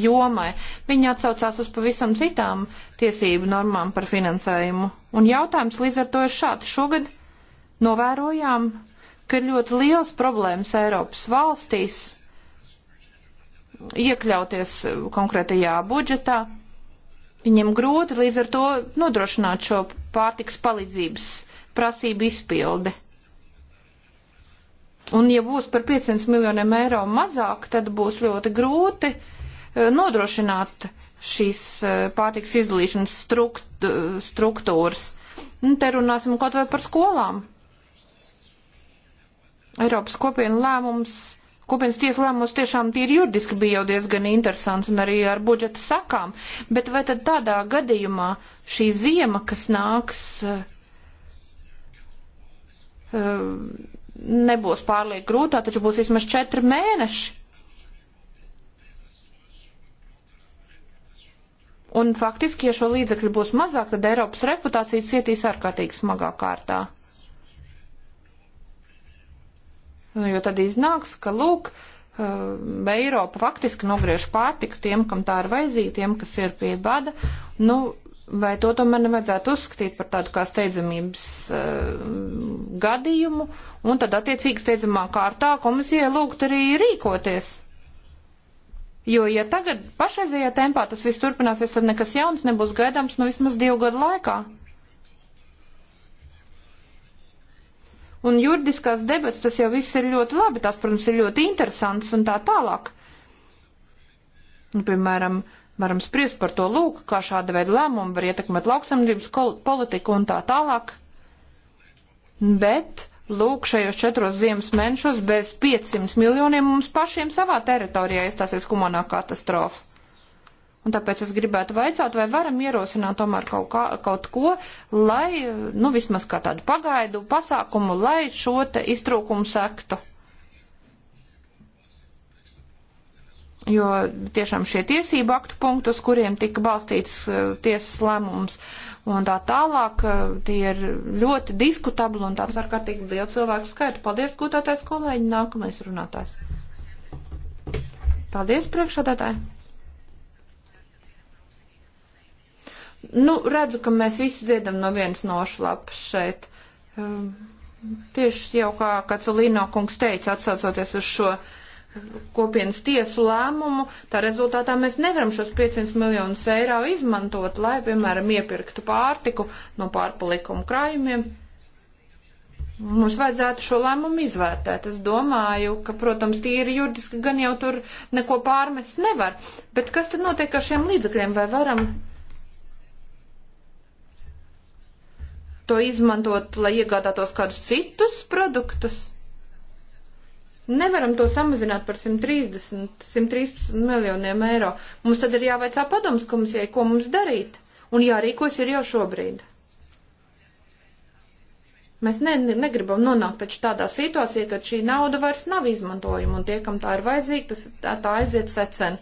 jomai. Viņi atsaucās uz pavisam citām tiesību normām par finansējumu. Un jautājums līdz ar to ir šāds. Šogad novērojām, ka ir ļoti liels problēmas Eiropas valstīs iekļauties konkrētajā budžetā. Viņiem grūti līdz ar to nodrošināt šo pārtiks palīdzības prasību izpildi. Un ja būs par 500 miljoniem eiro mazāk, tad būs ļoti grūti eh, nodrošināt šīs eh, pārtiks izdalīšanas strukt, struktūras. Nu, te runāsim kaut vai par skolām. Eiropas kopienu lēmums, kopienas tiesa lēmums tiešām tīri juridiski bija jau diezgan interesants un arī ar budžeta sakām, bet vai tad tādā gadījumā šī ziema, kas nāks. Uh, uh nebūs pārlieku grūtā, taču būs vismaz četri mēneši. Un faktiski, ja šo līdzekļu būs mazāk, tad Eiropas reputācija cietīs ārkārtīgi smagā kārtā. Nu, jo tad iznāks, ka, lūk, eh, Eiropa faktiski nogriež pārtiku tiem, kam tā ir vajadzīga, tiem, kas ir pie bada. Nu, vai to tomēr nevajadzētu uzskatīt par tādu kā steidzamības uh, gadījumu, un tad attiecīgi steidzamā kārtā komisijai lūgt arī rīkoties. Jo, ja tagad pašreizajā tempā tas viss turpināsies, tad nekas jauns nebūs gaidāms nu vismaz divu gadu laikā. Un juridiskās debats, tas jau viss ir ļoti labi, tās, protams, ir ļoti interesants un tā tālāk. Un, nu, piemēram, Varam spriest par to lūk, kā šāda veida lēmumi var ietekmēt lauksamības politiku un tā tālāk. Bet, lūk, šajos četros ziemas mēnešos bez 500 miljoniem mums pašiem savā teritorijā iestāsies humanā katastrofa. Un tāpēc es gribētu vaicāt, vai varam ierosināt tomēr kaut, kā, kaut ko, lai, nu, vismaz kā tādu pagaidu pasākumu, lai šo te iztrūkumu sektu. jo tiešām šie tiesību aktu punkti, uz kuriem tika balstīts uh, tiesas lēmums un tā tālāk, uh, tie ir ļoti diskutabli un tāds ārkārtīgi liels cilvēku skaitu. Paldies, gūtātais kolēģi, nākamais runātājs. Paldies, priekšādātāji. Nu, redzu, ka mēs visi dziedam no vienas nošlapas šeit. Um, tieši jau kā Kaculīno kungs teica, atsaucoties uz šo uh, kopienas tiesu lēmumu, tā rezultātā mēs nevaram šos 500 miljonus eiro izmantot, lai, piemēram, iepirktu pārtiku no pārpalikumu krājumiem. Mums vajadzētu šo lēmumu izvērtēt. Es domāju, ka, protams, tīri juridiski gan jau tur neko pārmest nevar. Bet kas tad notiek ar šiem līdzekļiem? Vai varam to izmantot, lai iegādātos kādus citus produktus? Nevaram to samazināt par 130, 113 miljoniem eiro. Mums tad ir jāveicā padoms komisijai, ko mums darīt, un jārīkos ir jau šobrīd. Mēs ne, negribam nonākt taču tādā situācijā, kad šī nauda vairs nav izmantojama, un tie, kam tā ir vajadzīga, tas tā, tā aiziet secen.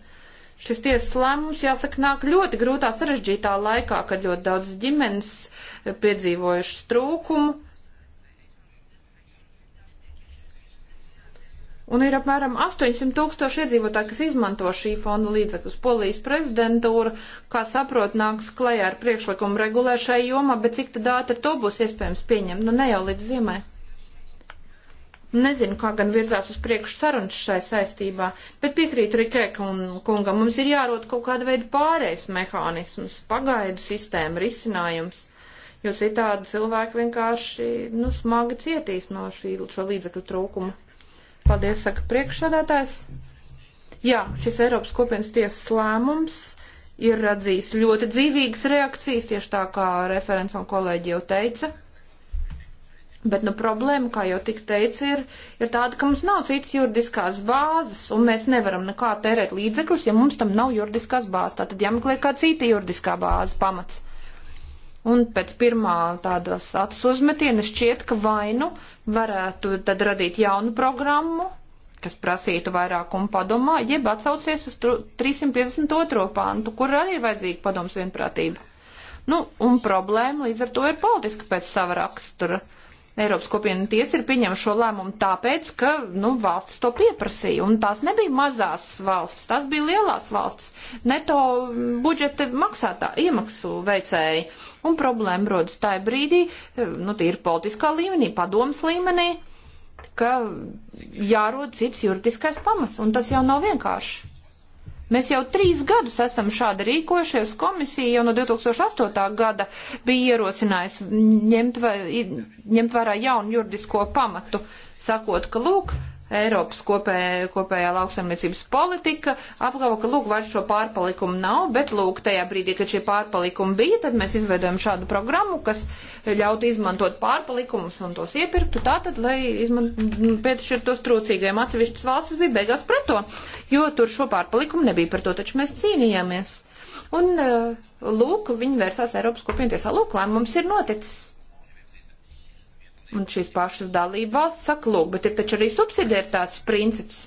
Šis tiesas lēmums, jāsaka, nāk ļoti grūtā sarežģītā laikā, kad ļoti daudz ģimenes piedzīvojušas trūkumu, Un ir apmēram 800 tūkstoši iedzīvotāji, kas izmanto šī fonda līdzekļus. Polijas prezidentūra, kā saprot, nāks klajā ar priekšlikumu regulē šai jomā, bet cik tad ātri to būs iespējams pieņemt? Nu, ne jau līdz ziemai. Nezinu, kā gan virzās uz priekšu sarunas šai saistībā, bet piekrītu Rikēka un kungam, mums ir jārot kaut kāda veida pārējais mehānisms, pagaidu sistēma, risinājums, jo citādi cilvēki vienkārši, nu, smagi cietīs no šī, šo līdzekļu trūkuma. Paldies, saka priekšsādātājs. Jā, šis Eiropas kopienas tiesas lēmums ir redzījis ļoti dzīvīgas reakcijas, tieši tā kā referents un kolēģi jau teica. Bet, nu, problēma, kā jau tik teica, ir, ir tāda, ka mums nav citas juridiskās bāzes, un mēs nevaram nekā tērēt līdzekļus, ja mums tam nav juridiskās bāzes. Tātad jāmeklē kā cita juridiskā bāze pamats. Un pēc pirmā tādas acis uzmetiena šķiet, ka vainu varētu tad radīt jaunu programmu, kas prasītu vairākumu padomā, jeb atsaucies uz 352. pantu, kur arī ir vajadzīga padoms vienprātība. Nu, un problēma līdz ar to ir politiska pēc sava rakstura. Uh, Eiropas kopiena tiesa ir pieņēmuši šo lēmumu tāpēc, ka nu, valstis to pieprasīja. Un tās nebija mazās valstis, tās bija lielās valstis, neto budžeta maksātā, iemaksu veicēji. Un problēma rodas tajā brīdī, nu, tie ir politiskā līmenī, padomas līmenī, ka jārod cits juridiskais pamats. Un tas jau nav vienkārši. Mēs jau trīs gadus esam šādi rīkojušies. Komisija jau no 2008. gada bija ierosinājusi ņemt, vai, ņemt vērā jaunu juridisko pamatu, sakot, ka lūk, Eiropas kopē, kopējā lauksaimniecības politika apgalvo, ka lūk, vairs šo pārpalikumu nav, bet lūk, tajā brīdī, kad šie pārpalikumi bija, tad mēs izveidojam šādu programmu, kas uh, ļautu izmantot pārpalikumus un tos iepirktu, tātad, lai piešķirtos trūcīgajiem atsevišķas valstis bija beigās pret to, jo tur šo pārpalikumu nebija par to, taču mēs cīnījāmies. Un, eh, lūk, viņi vērsās Eiropas kopienu tiesā, lūk, lēmums ir noticis. Un šīs pašas dalība valsts saka, lūk, bet ir taču arī subsidiertāts princips.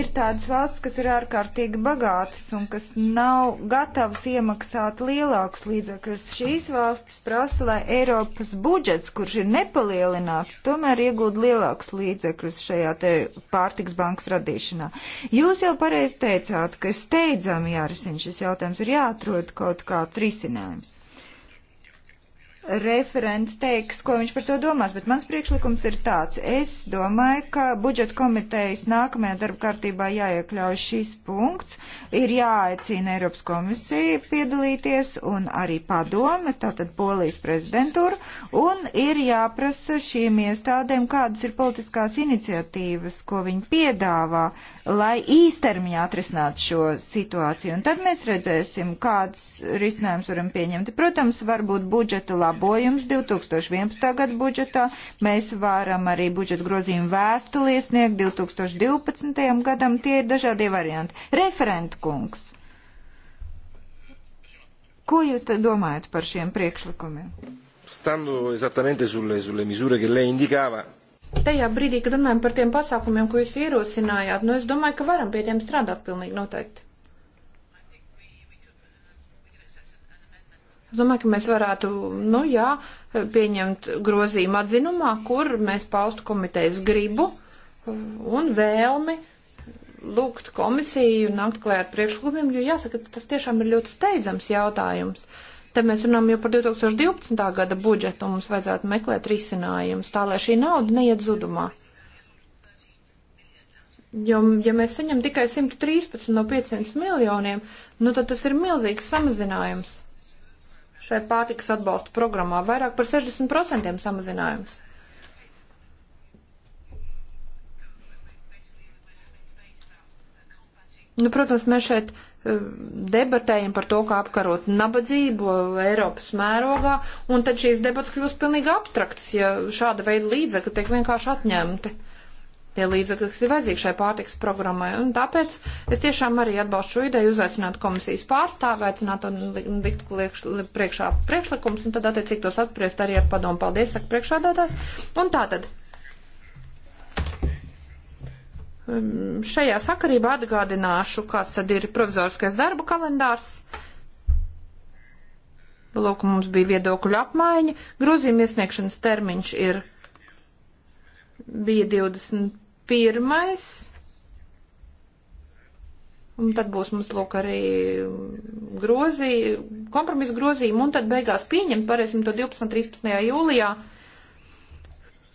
Ir tādas valsts, kas ir ārkārtīgi bagātas un kas nav gatavas iemaksāt lielākus līdzekļus. Šīs valstis prasa, lai Eiropas budžets, kurš ir nepalielināts, tomēr iegūd lielākus līdzekļus šajā te pārtiks bankas radīšanā. Jūs jau pareizi teicāt, ka steidzami jārisina šis jautājums, ir jāatrod kaut kāds risinājums referents teiks, ko viņš par to domās, bet mans priekšlikums ir tāds. Es domāju, ka budžeta komitejas nākamajā darba kārtībā jāiekļauj šis punkts, ir jāaicina Eiropas komisija piedalīties un arī padome, tātad Polijas prezidentūra, un ir jāprasa šīm iestādēm, kādas ir politiskās iniciatīvas, ko viņi piedāvā, lai īstermiņā atrisinātu šo situāciju. Un tad mēs redzēsim, kādus risinājumus varam pieņemt. Protams, varbūt budžeta labā labojums 2011. gada budžetā. Mēs varam arī budžeta grozījumu vēstuli iesniegt 2012. gadam. Tie ir dažādie varianti. Referent kungs. Ko jūs tad domājat par šiem priekšlikumiem? Stando esattamente sulle, sulle misure che lei indicava, Tajā brīdī, kad runājam par tiem pasākumiem, ko jūs ierosinājāt, nu es domāju, ka varam pie tiem strādāt pilnīgi noteikti. Es domāju, ka mēs varētu, nu jā, pieņemt grozījumu atzinumā, kur mēs paustu komitejas gribu un vēlmi lūgt komisiju nākt klāt ar priekšlikumiem, jo jāsaka, tas tiešām ir ļoti steidzams jautājums. Te mēs runājam jau par 2012. gada budžetu, un mums vajadzētu meklēt risinājumus tā, lai šī nauda neiet zudumā. Jo, ja mēs saņem tikai 113 no 500 miljoniem, nu tad tas ir milzīgs samazinājums šai pārtikas atbalsta programmā. Vairāk par 60% samazinājums. Nu, protams, mēs šeit eh, debatējam par to, kā apkarot nabadzību Eiropas mērogā, un tad šīs debats kļūst pilnīgi abstrakts, ja šāda veida līdzekļi tiek vienkārši atņemti. Uh, tie līdzekļi, kas ir vajadzīgi šai pārtiks programmai. Un tāpēc es tiešām arī atbalstu šo ideju uzaicināt komisijas pārstāvi, aicināt un likt liekš, priekšā priekšlikums, un tad attiecīgi tos apspriest arī ar padomu. Paldies, saka priekšādātājs. Un tātad. Um, šajā sakarībā atgādināšu, kāds tad ir provizoriskais darbu kalendārs. Lūk, mums bija viedokļu apmaiņa. Grozījuma iesniegšanas termiņš ir bija 20 pirmais. Un tad būs mums lūk arī grozī, kompromisa grozījumi, un tad beigās pieņemt, varēsim to 12. un 13. jūlijā,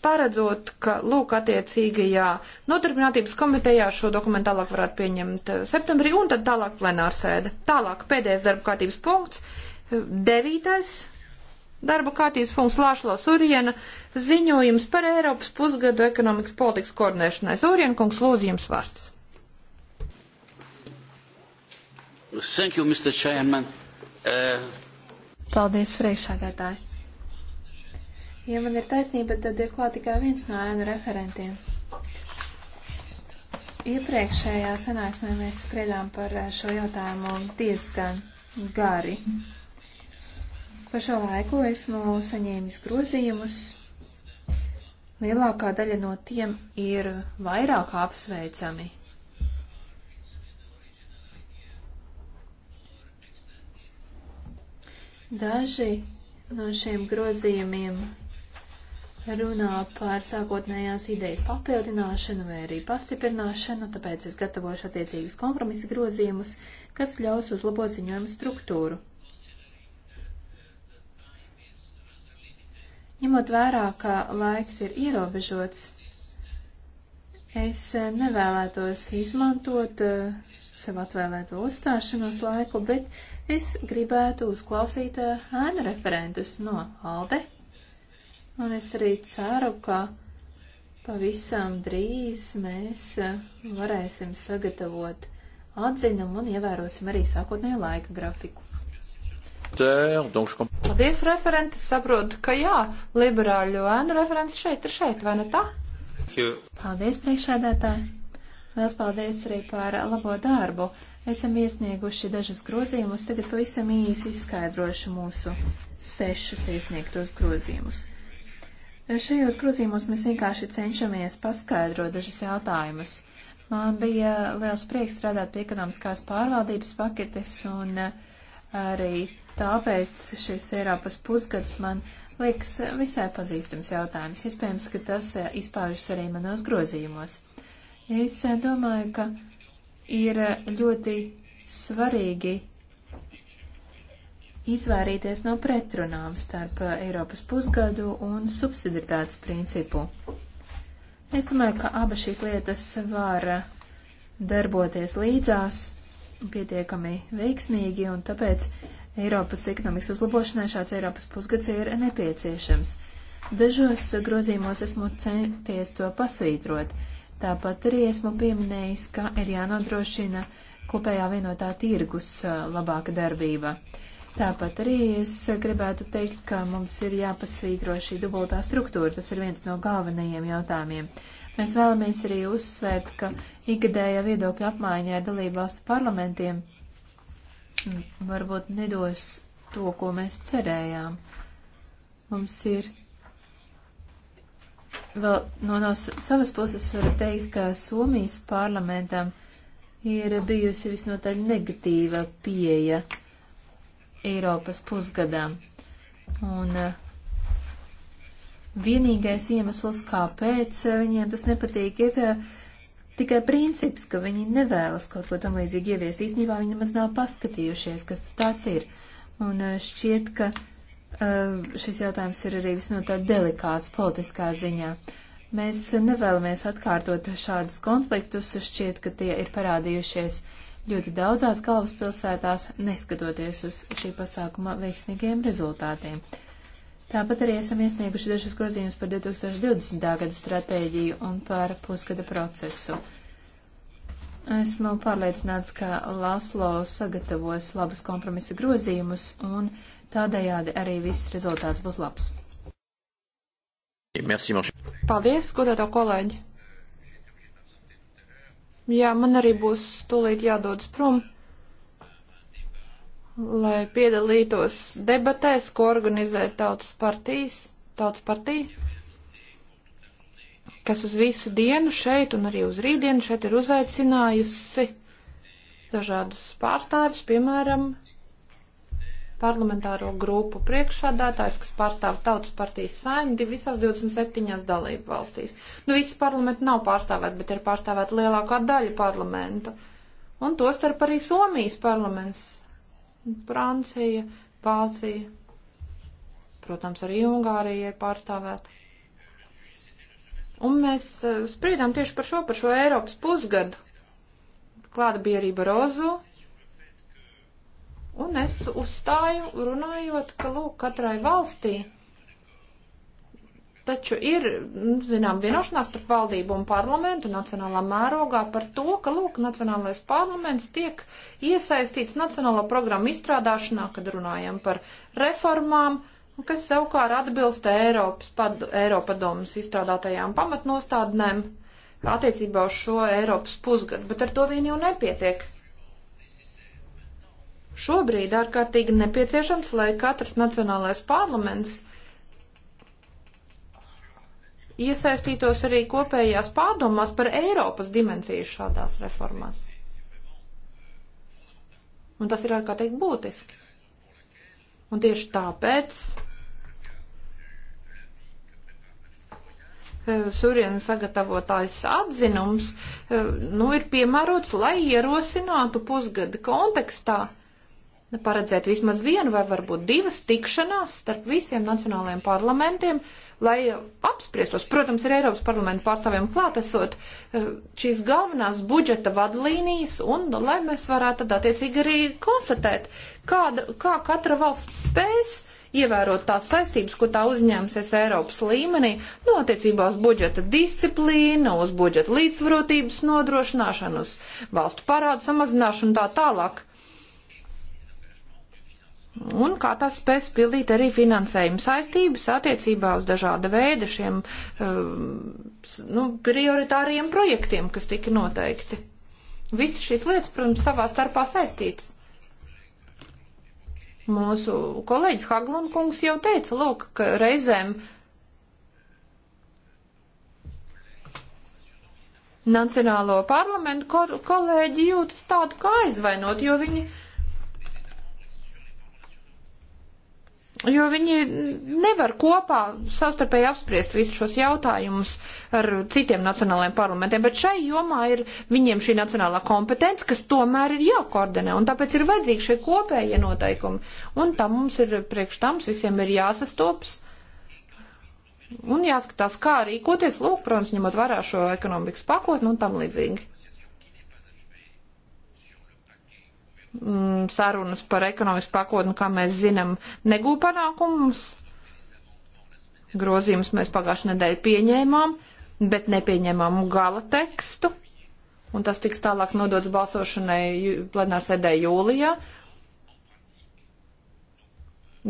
paredzot, ka lūk attiecīgajā nodarbinātības komitejā šo dokumentu tālāk varētu pieņemt eh, septembrī, un tad tālāk plenārsēde. Tālāk pēdējais darba kārtības punkts, eh, devītais Darba kārtības punkts Lāšlo Surjena ziņojums par Eiropas pusgadu ekonomikas politikas koordinēšanai. Surjena kungs, lūdzu jums vārds. Thank you, Mr. Chairman. Uh... Paldies, priekšādātāji. Ja man ir taisnība, tad ir klāt tikai viens no ēnu referentiem. Iepriekšējā sanāksmē mēs spriedām par šo jautājumu diezgan gari. Mm. Pa šo laiku esmu saņēmis grozījumus. Lielākā daļa no tiem ir vairāk apsveicami. Daži no šiem grozījumiem runā par sākotnējās idejas papildināšanu vai arī pastiprināšanu, tāpēc es gatavošu attiecīgus kompromisa grozījumus, kas ļaus uzlabot ziņojumu struktūru. Ņemot vērā, ka laiks ir ierobežots, es eh, nevēlētos izmantot eh, sev atvēlēto uzstāšanos laiku, bet es gribētu uzklausīt eh, ēnu referentus no ALDE. Un es arī ceru, ka pavisam drīz mēs varēsim sagatavot atzinumu un ievērosim arī sākotnējo laika grafiku. Paldies, referenti. Saprotu, ka jā, liberāļu ēnu referents šeit ir šeit, vai ne nu tā? Paldies, priekšēdētāji. Lielas paldies arī par labo darbu. Esam iesnieguši dažus grozījumus, tagad pavisam īsi izskaidrošu mūsu sešus iesniegtos grozījumus. Šajos grozījumos mēs vienkārši cenšamies paskaidrot dažus jautājumus. Man bija liels prieks strādāt pie ekonomiskās pārvaldības paketes un eh, arī uh, Tāpēc šis Eiropas pusgads man liekas visai pazīstams jautājums. Iespējams, ka tas eh, izpaužas arī manos grozījumos. Es eh, domāju, ka ir eh, ļoti svarīgi izvairīties no pretrunām starp Eiropas pusgadu un subsidiritātes principu. Es domāju, ka abas šīs lietas var darboties līdzās pietiekami veiksmīgi, un tāpēc Eiropas ekonomikas uzlabošanai šāds Eiropas pusgads ir nepieciešams. Dažos grozījumos esmu centies to pasvītrot. Tāpat arī esmu pieminējis, ka ir jānodrošina kopējā vienotā tirgus labāka darbība. Tāpat arī es gribētu teikt, ka mums ir jāpasvītro šī dubultā struktūra. Tas ir viens no galvenajiem jautājumiem. Mēs vēlamies arī uzsvērt, ka ikgadējā viedokļa apmaiņā ar dalību valstu parlamentiem varbūt nedos to, ko mēs cerējām. Mums ir vēl no, no savas puses var teikt, ka Somijas parlamentam ir bijusi visnotaļ negatīva pieeja Eiropas pusgadām. Un uh, vienīgais iemesls, kāpēc uh, viņiem tas nepatīk, ir uh, tikai princips, ka viņi nevēlas kaut ko tam līdzīgi ieviest. Īstenībā viņi nemaz nav paskatījušies, kas tas tāds ir. Un eh, šķiet, ka eh, šis jautājums ir arī visnotaļ delikāts politiskā ziņā. Mēs nevēlamies atkārtot šādus konfliktus, šķiet, ka tie ir parādījušies ļoti daudzās galvaspilsētās, neskatoties uz šī pasākuma veiksmīgiem rezultātiem. Uh, Tāpat arī esam iesnieguši dažus grozījumus par 2020. gada stratēģiju un par pusgada procesu. Esmu pārliecināts, ka Laslo sagatavos labus kompromisa grozījumus un tādējādi arī viss rezultāts būs labs. Merci, Paldies, godētā kolēģi! Jā, man arī būs tūlīt jādodas prom lai piedalītos debatēs, ko organizē tautas partijas, tautas partija, kas uz visu dienu šeit un arī uz rītdienu šeit ir uzaicinājusi dažādus pārstāvis, piemēram, parlamentāro grupu priekšādātājs, kas pārstāv tautas partijas saimdi visās 27 dalību valstīs. Nu, visi parlamenti nav pārstāvēti, bet ir pārstāvēta lielākā daļa parlamentu. Un tostarp arī Somijas parlaments Francija, Vācija, protams, arī Ungārija ir pārstāvēta. Un mēs e, spriedām tieši par šo, par šo Eiropas pusgadu. Klāta bija arī Barozo. Un es uzstāju, runājot, ka, lūk, katrai valstī Taču ir, nu, zinām, vienošanās starp valdību un parlamentu nacionālā mērogā par to, ka, lūk, nacionālais parlaments tiek iesaistīts nacionālo programmu izstrādāšanā, kad runājam par reformām, kas savukārt atbilst Eiropas pad, Eiropadomas izstrādātajām pamatnostādnēm attiecībā uz šo Eiropas pusgadu, bet ar to vien jau nepietiek. Šobrīd ārkārtīgi nepieciešams, lai katrs nacionālais parlaments iesaistītos arī kopējās pārdomās par Eiropas dimensiju šādās reformās. Un tas ir ārkārtīgi būtiski. Un tieši tāpēc eh, Surienas sagatavotājs atzinums eh, nu, ir piemērots, lai ierosinātu pusgada kontekstā paredzēt vismaz vienu vai varbūt divas tikšanās starp visiem nacionālajiem parlamentiem, uh, lai apspriestos, protams, ar Eiropas parlamentu pārstāvjiem klātesot eh, šīs galvenās budžeta vadlīnijas un nu, lai mēs varētu tad attiecīgi arī konstatēt, kāda, kā katra valsts spējas ievērot tās saistības, ko tā uzņēmusies Eiropas līmenī, no nu, attiecībā uz budžeta disciplīnu, uz budžeta līdzsvarotības nodrošināšanu, uz valstu parādu samazināšanu un tā tālāk un kā tas spēs pildīt arī finansējumu saistības attiecībā uz dažāda veida šiem eh, nu, prioritāriem projektiem, kas tika noteikti. Visi šīs lietas, protams, savā starpā saistītas. Mūsu kolēģis Haglunkungs jau teica, lūk, ka reizēm Nacionālo parlamentu kol kolēģi jūtas tādu kā aizvainot, jo viņi jo viņi nevar kopā savstarpēji apspriest visus šos jautājumus ar citiem nacionālajiem parlamentiem, bet šai jomā ir viņiem šī nacionālā kompetence, kas tomēr ir jākoordinē, un tāpēc ir vajadzīgi šie kopējie noteikumi, un tam mums ir priekš tam visiem ir jāsastops. Un jāskatās, kā rīkoties, lūk, protams, ņemot vērā šo ekonomikas pakotni un tam līdzīgi. mm, sarunas par ekonomisku pakotni, kā mēs zinām, negūp panākumus. Grozījumus mēs pagājušajā nedēļā pieņēmām, bet nepieņēmām gala tekstu. Un tas tiks tālāk nodots balsošanai plenārsēdē jūlijā.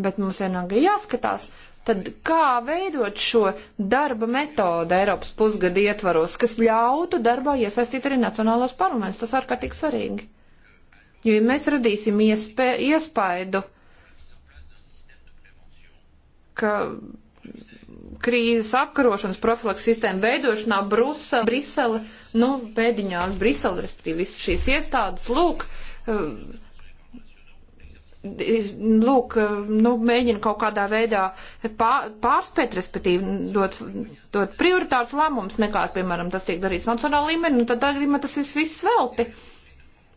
Bet mums vienalga jāskatās, tad kā veidot šo darba metodu Eiropas pusgada ietvaros, kas ļautu darbā iesaistīt arī nacionālos parlamentus. Tas ārkārtīgi svarīgi. Jo, ja mēs radīsim iespē, iespaidu, ka krīzes apkarošanas profilaks sistēma veidošanā Brusa, Brisele, nu, pēdiņās Brisele, respektīvi visas šīs iestādes, lūk, eh, lūk, eh, nu, mēģina kaut kādā veidā pārspēt, respektīvi, dot, dot prioritārs lēmums nekā, piemēram, tas tiek darīts nacionāla līmenī, nu, tad tagad, ja tas viss velti. Uh,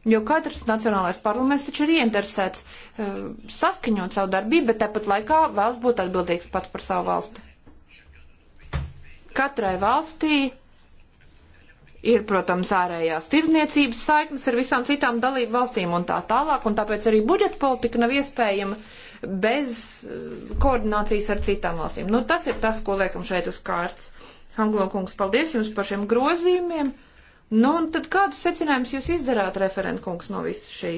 Jo katrs nacionālais parlaments taču ir ieinteresēts eh, saskaņot savu darbību, bet tāpat laikā vēlas būt atbildīgs pats par savu valsti. Katrai valstī ir, protams, ārējās tirdzniecības saiknes ar visām citām dalību valstīm un tā tālāk, un tāpēc arī budžeta politika nav iespējama bez eh, koordinācijas ar citām valstīm. Nu, tas ir tas, ko liekam šeit uz kārtas. Anglo kungs, paldies jums par šiem grozījumiem! Nu, un tad kādus secinājumus jūs izdarāt, referentkungs, no visa šī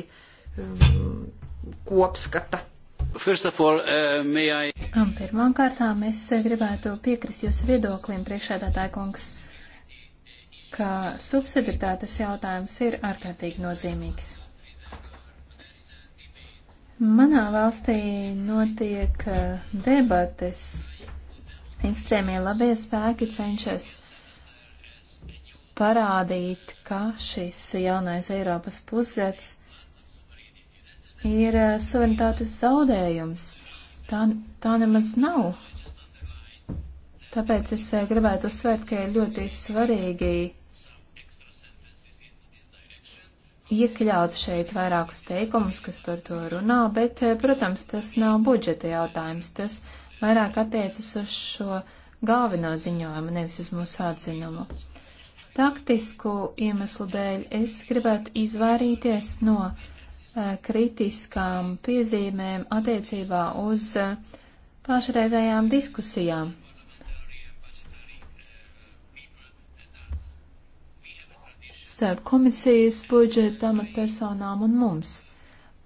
um, kopskata? All, uh, I... Um, Pirmām kārtām es gribētu piekrist jūsu viedoklim, priekšēdātāja kungs, ka subsidiritātes jautājums ir ārkārtīgi nozīmīgs. Manā valstī notiek uh, debates. Ekstrēmie labie spēki cenšas uh, parādīt, ka šis jaunais Eiropas pusgads ir eh, suverenitātes zaudējums. Tā, tā nemaz nav. Tāpēc es eh, gribētu uzsvērt, ka ir ļoti svarīgi iekļaut šeit vairākus teikumus, kas par to runā, bet, eh, protams, tas nav budžeta jautājums. Tas vairāk attiecas uz šo galveno ziņojumu, nevis uz mūsu atzinumu. Taktisku iemeslu dēļ es gribētu izvairīties no eh, kritiskām piezīmēm attiecībā uz eh, pašreizējām diskusijām. Starp komisijas budžeta amatpersonām un mums.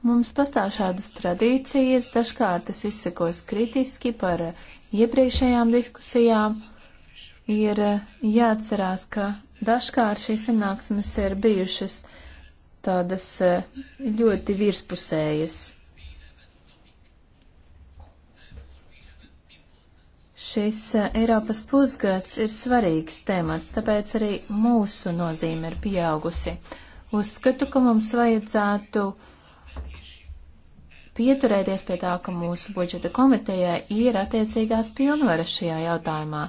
Mums pastāv šādas tradīcijas, dažkārt es izsakos kritiski par eh, iepriekšējām diskusijām. Ir jāatcerās, ka Dažkārt šīs sanāksmes ir bijušas tādas eh, ļoti virspusējas. Šis eh, Eiropas pusgads ir svarīgs temats, tāpēc arī mūsu nozīme ir pieaugusi. Uzskatu, ka mums vajadzētu pieturēties pie tā, ka mūsu budžeta komitejai ir attiecīgās pilnvaras šajā jautājumā.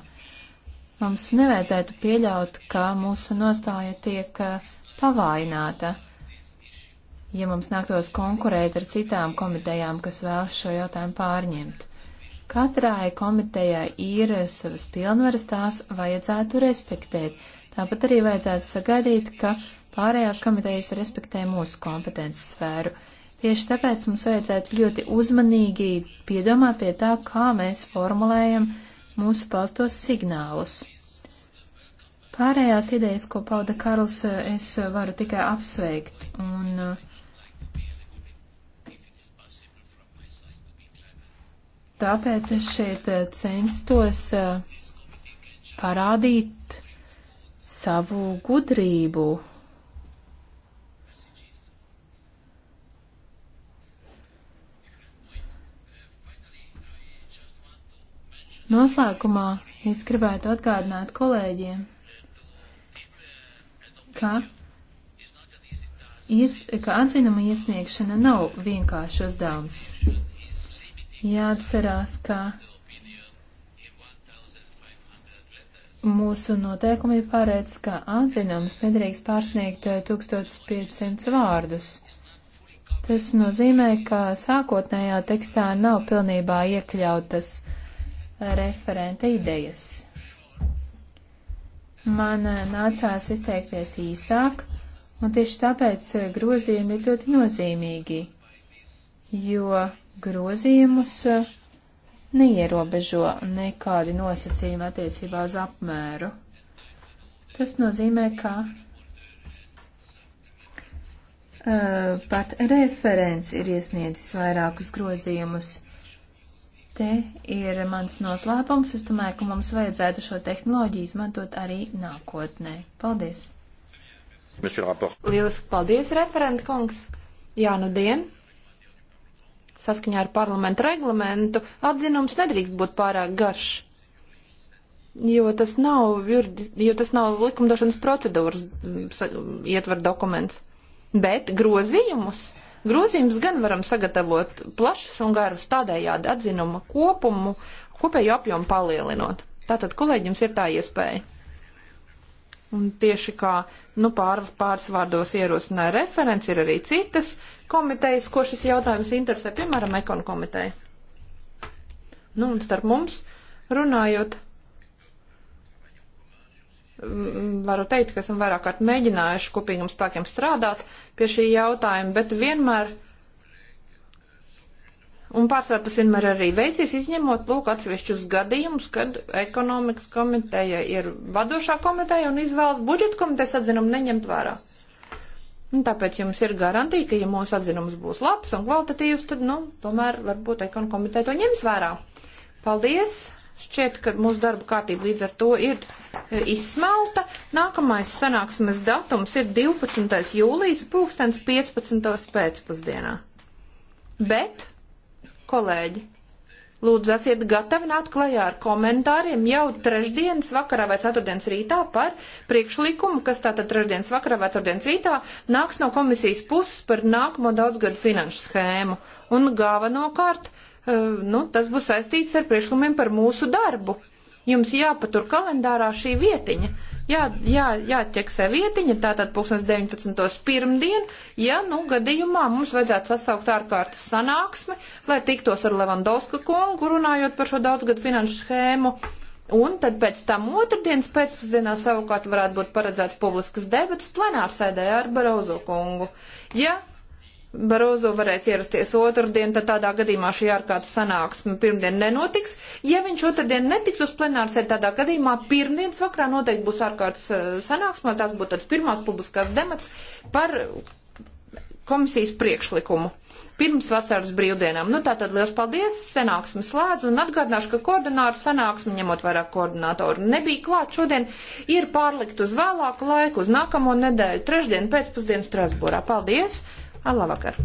Mums nevajadzētu pieļaut, ka mūsu nostāja tiek pavaināta. Ja mums nāktos konkurēt ar citām komitejām, kas vēlas šo jautājumu pārņemt, katrai komitejai ir savas pilnvaras, tās vajadzētu respektēt. Tāpat arī vajadzētu sagaidīt, ka pārējās komitejas respektē mūsu kompetences sfēru. Tieši tāpēc mums vajadzētu ļoti uzmanīgi piedomāt pie tā, kā mēs formulējam uh, mūsu paustos signālus. Pārējās idejas, ko pauda Karls, es varu tikai apsveikt. Un, eh, tāpēc es šeit eh, censtos eh, parādīt savu gudrību Noslēgumā es gribētu atgādināt kolēģiem, ka, ies, ka atzinuma iesniegšana nav vienkārši uzdevums. Jāatcerās, ka mūsu noteikumi paredz, ka atzinums nedrīkst pārsniegt 1500 eh, vārdus. Tas nozīmē, ka sākotnējā tekstā nav pilnībā iekļautas referenta idejas. Man eh, nācās izteikties īsāk, un tieši tāpēc eh, grozījumi ir ļoti nozīmīgi, jo grozījumus eh, neierobežo nekādi nosacījumi attiecībā uz apmēru. Tas nozīmē, ka uh, pat referents ir iesniedzis vairākus grozījumus. Te ir mans noslēpums. Es domāju, ka mums vajadzētu šo tehnoloģiju izmantot arī nākotnē. Paldies! Lieliski paldies, referenta kungs! Jā, nu dien! Saskaņā ar parlamentu reglamentu atzinums nedrīkst būt pārāk garš, jo tas nav, jurdis, jo tas nav likumdošanas procedūras mm, ietver dokuments, bet grozījumus Grozījums gan varam sagatavot plašus un garus tādējādi atzinuma kopumu, kopēju apjomu palielinot. Tātad kolēģims ir tā iespēja. Un tieši kā nu, pār, pārsvārdos ierosināja referents, ir arī citas komitejas, ko šis jautājums interesē, piemēram, ekonu komiteja. Nu, un starp mums runājot, Mm, varu teikt, ka esam vairāk kārt mēģinājuši kopīgiem spēkiem strādāt pie šī jautājuma, bet vienmēr, un pārsvarā tas vienmēr arī veicies, izņemot, lūk, atsevišķus gadījumus, kad ekonomikas komiteja ir vadošā komiteja un izvēlas budžeta komitejas atzinumu neņemt vērā. Un tāpēc jums ir garantīja, ka, ja mūsu atzinums būs labs un kvalitatīvs, tad, nu, tomēr varbūt ekonomika komiteja to ņems vērā. Paldies! Šķiet, ka mūsu darba kārtība līdz ar to ir e, izsmelta. Nākamais sanāksmes datums ir 12. jūlijas pulkstens 15. pēcpusdienā. Bet, kolēģi, lūdzu, esiet gatavi nākt klajā ar komentāriem jau trešdienas vakarā vai ceturtdienas rītā par priekšlikumu, kas tātad trešdienas vakarā vai ceturtdienas rītā nāks no komisijas puses par nākamo daudzgadu finanšu schēmu. Un galvenokārt Eh, nu, tas būs saistīts ar priekšlikumiem par mūsu darbu. Jums jāpatur kalendārā šī vietiņa. Jā, jā, jāķeksē vietiņa, tātad 19. pirmdien, ja, nu, gadījumā mums vajadzētu sasaukt ārkārtas sanāksmi, lai tiktos ar Levandovska kungu, runājot par šo daudzgadu finanšu schēmu. Un tad pēc tam otrdienas pēcpusdienā savukārt varētu būt paredzēts publiskas debatas plenārsēdē ar Barozo kungu. Ja Barozo varēs ierasties otrdien, tad tādā gadījumā šī ārkārtas sanāksme pirmdien nenotiks. Ja viņš otrdien netiks uz plenārsēdi, tādā gadījumā pirmdienas vakarā noteikti būs ārkārtas eh, sanāksme, tās būtu tāds pirmās publiskās demats par komisijas priekšlikumu pirms vasaras brīvdienām. Nu, tātad liels paldies, sanāksmi slēdz un atgādināšu, ka koordināru sanāksmi, ņemot vairāk koordinātoru, nebija klāt šodien, ir pārlikt uz vēlāku laiku, uz nākamo nedēļu, trešdien pēcpusdienu Strasbūrā. Paldies! Labvakar!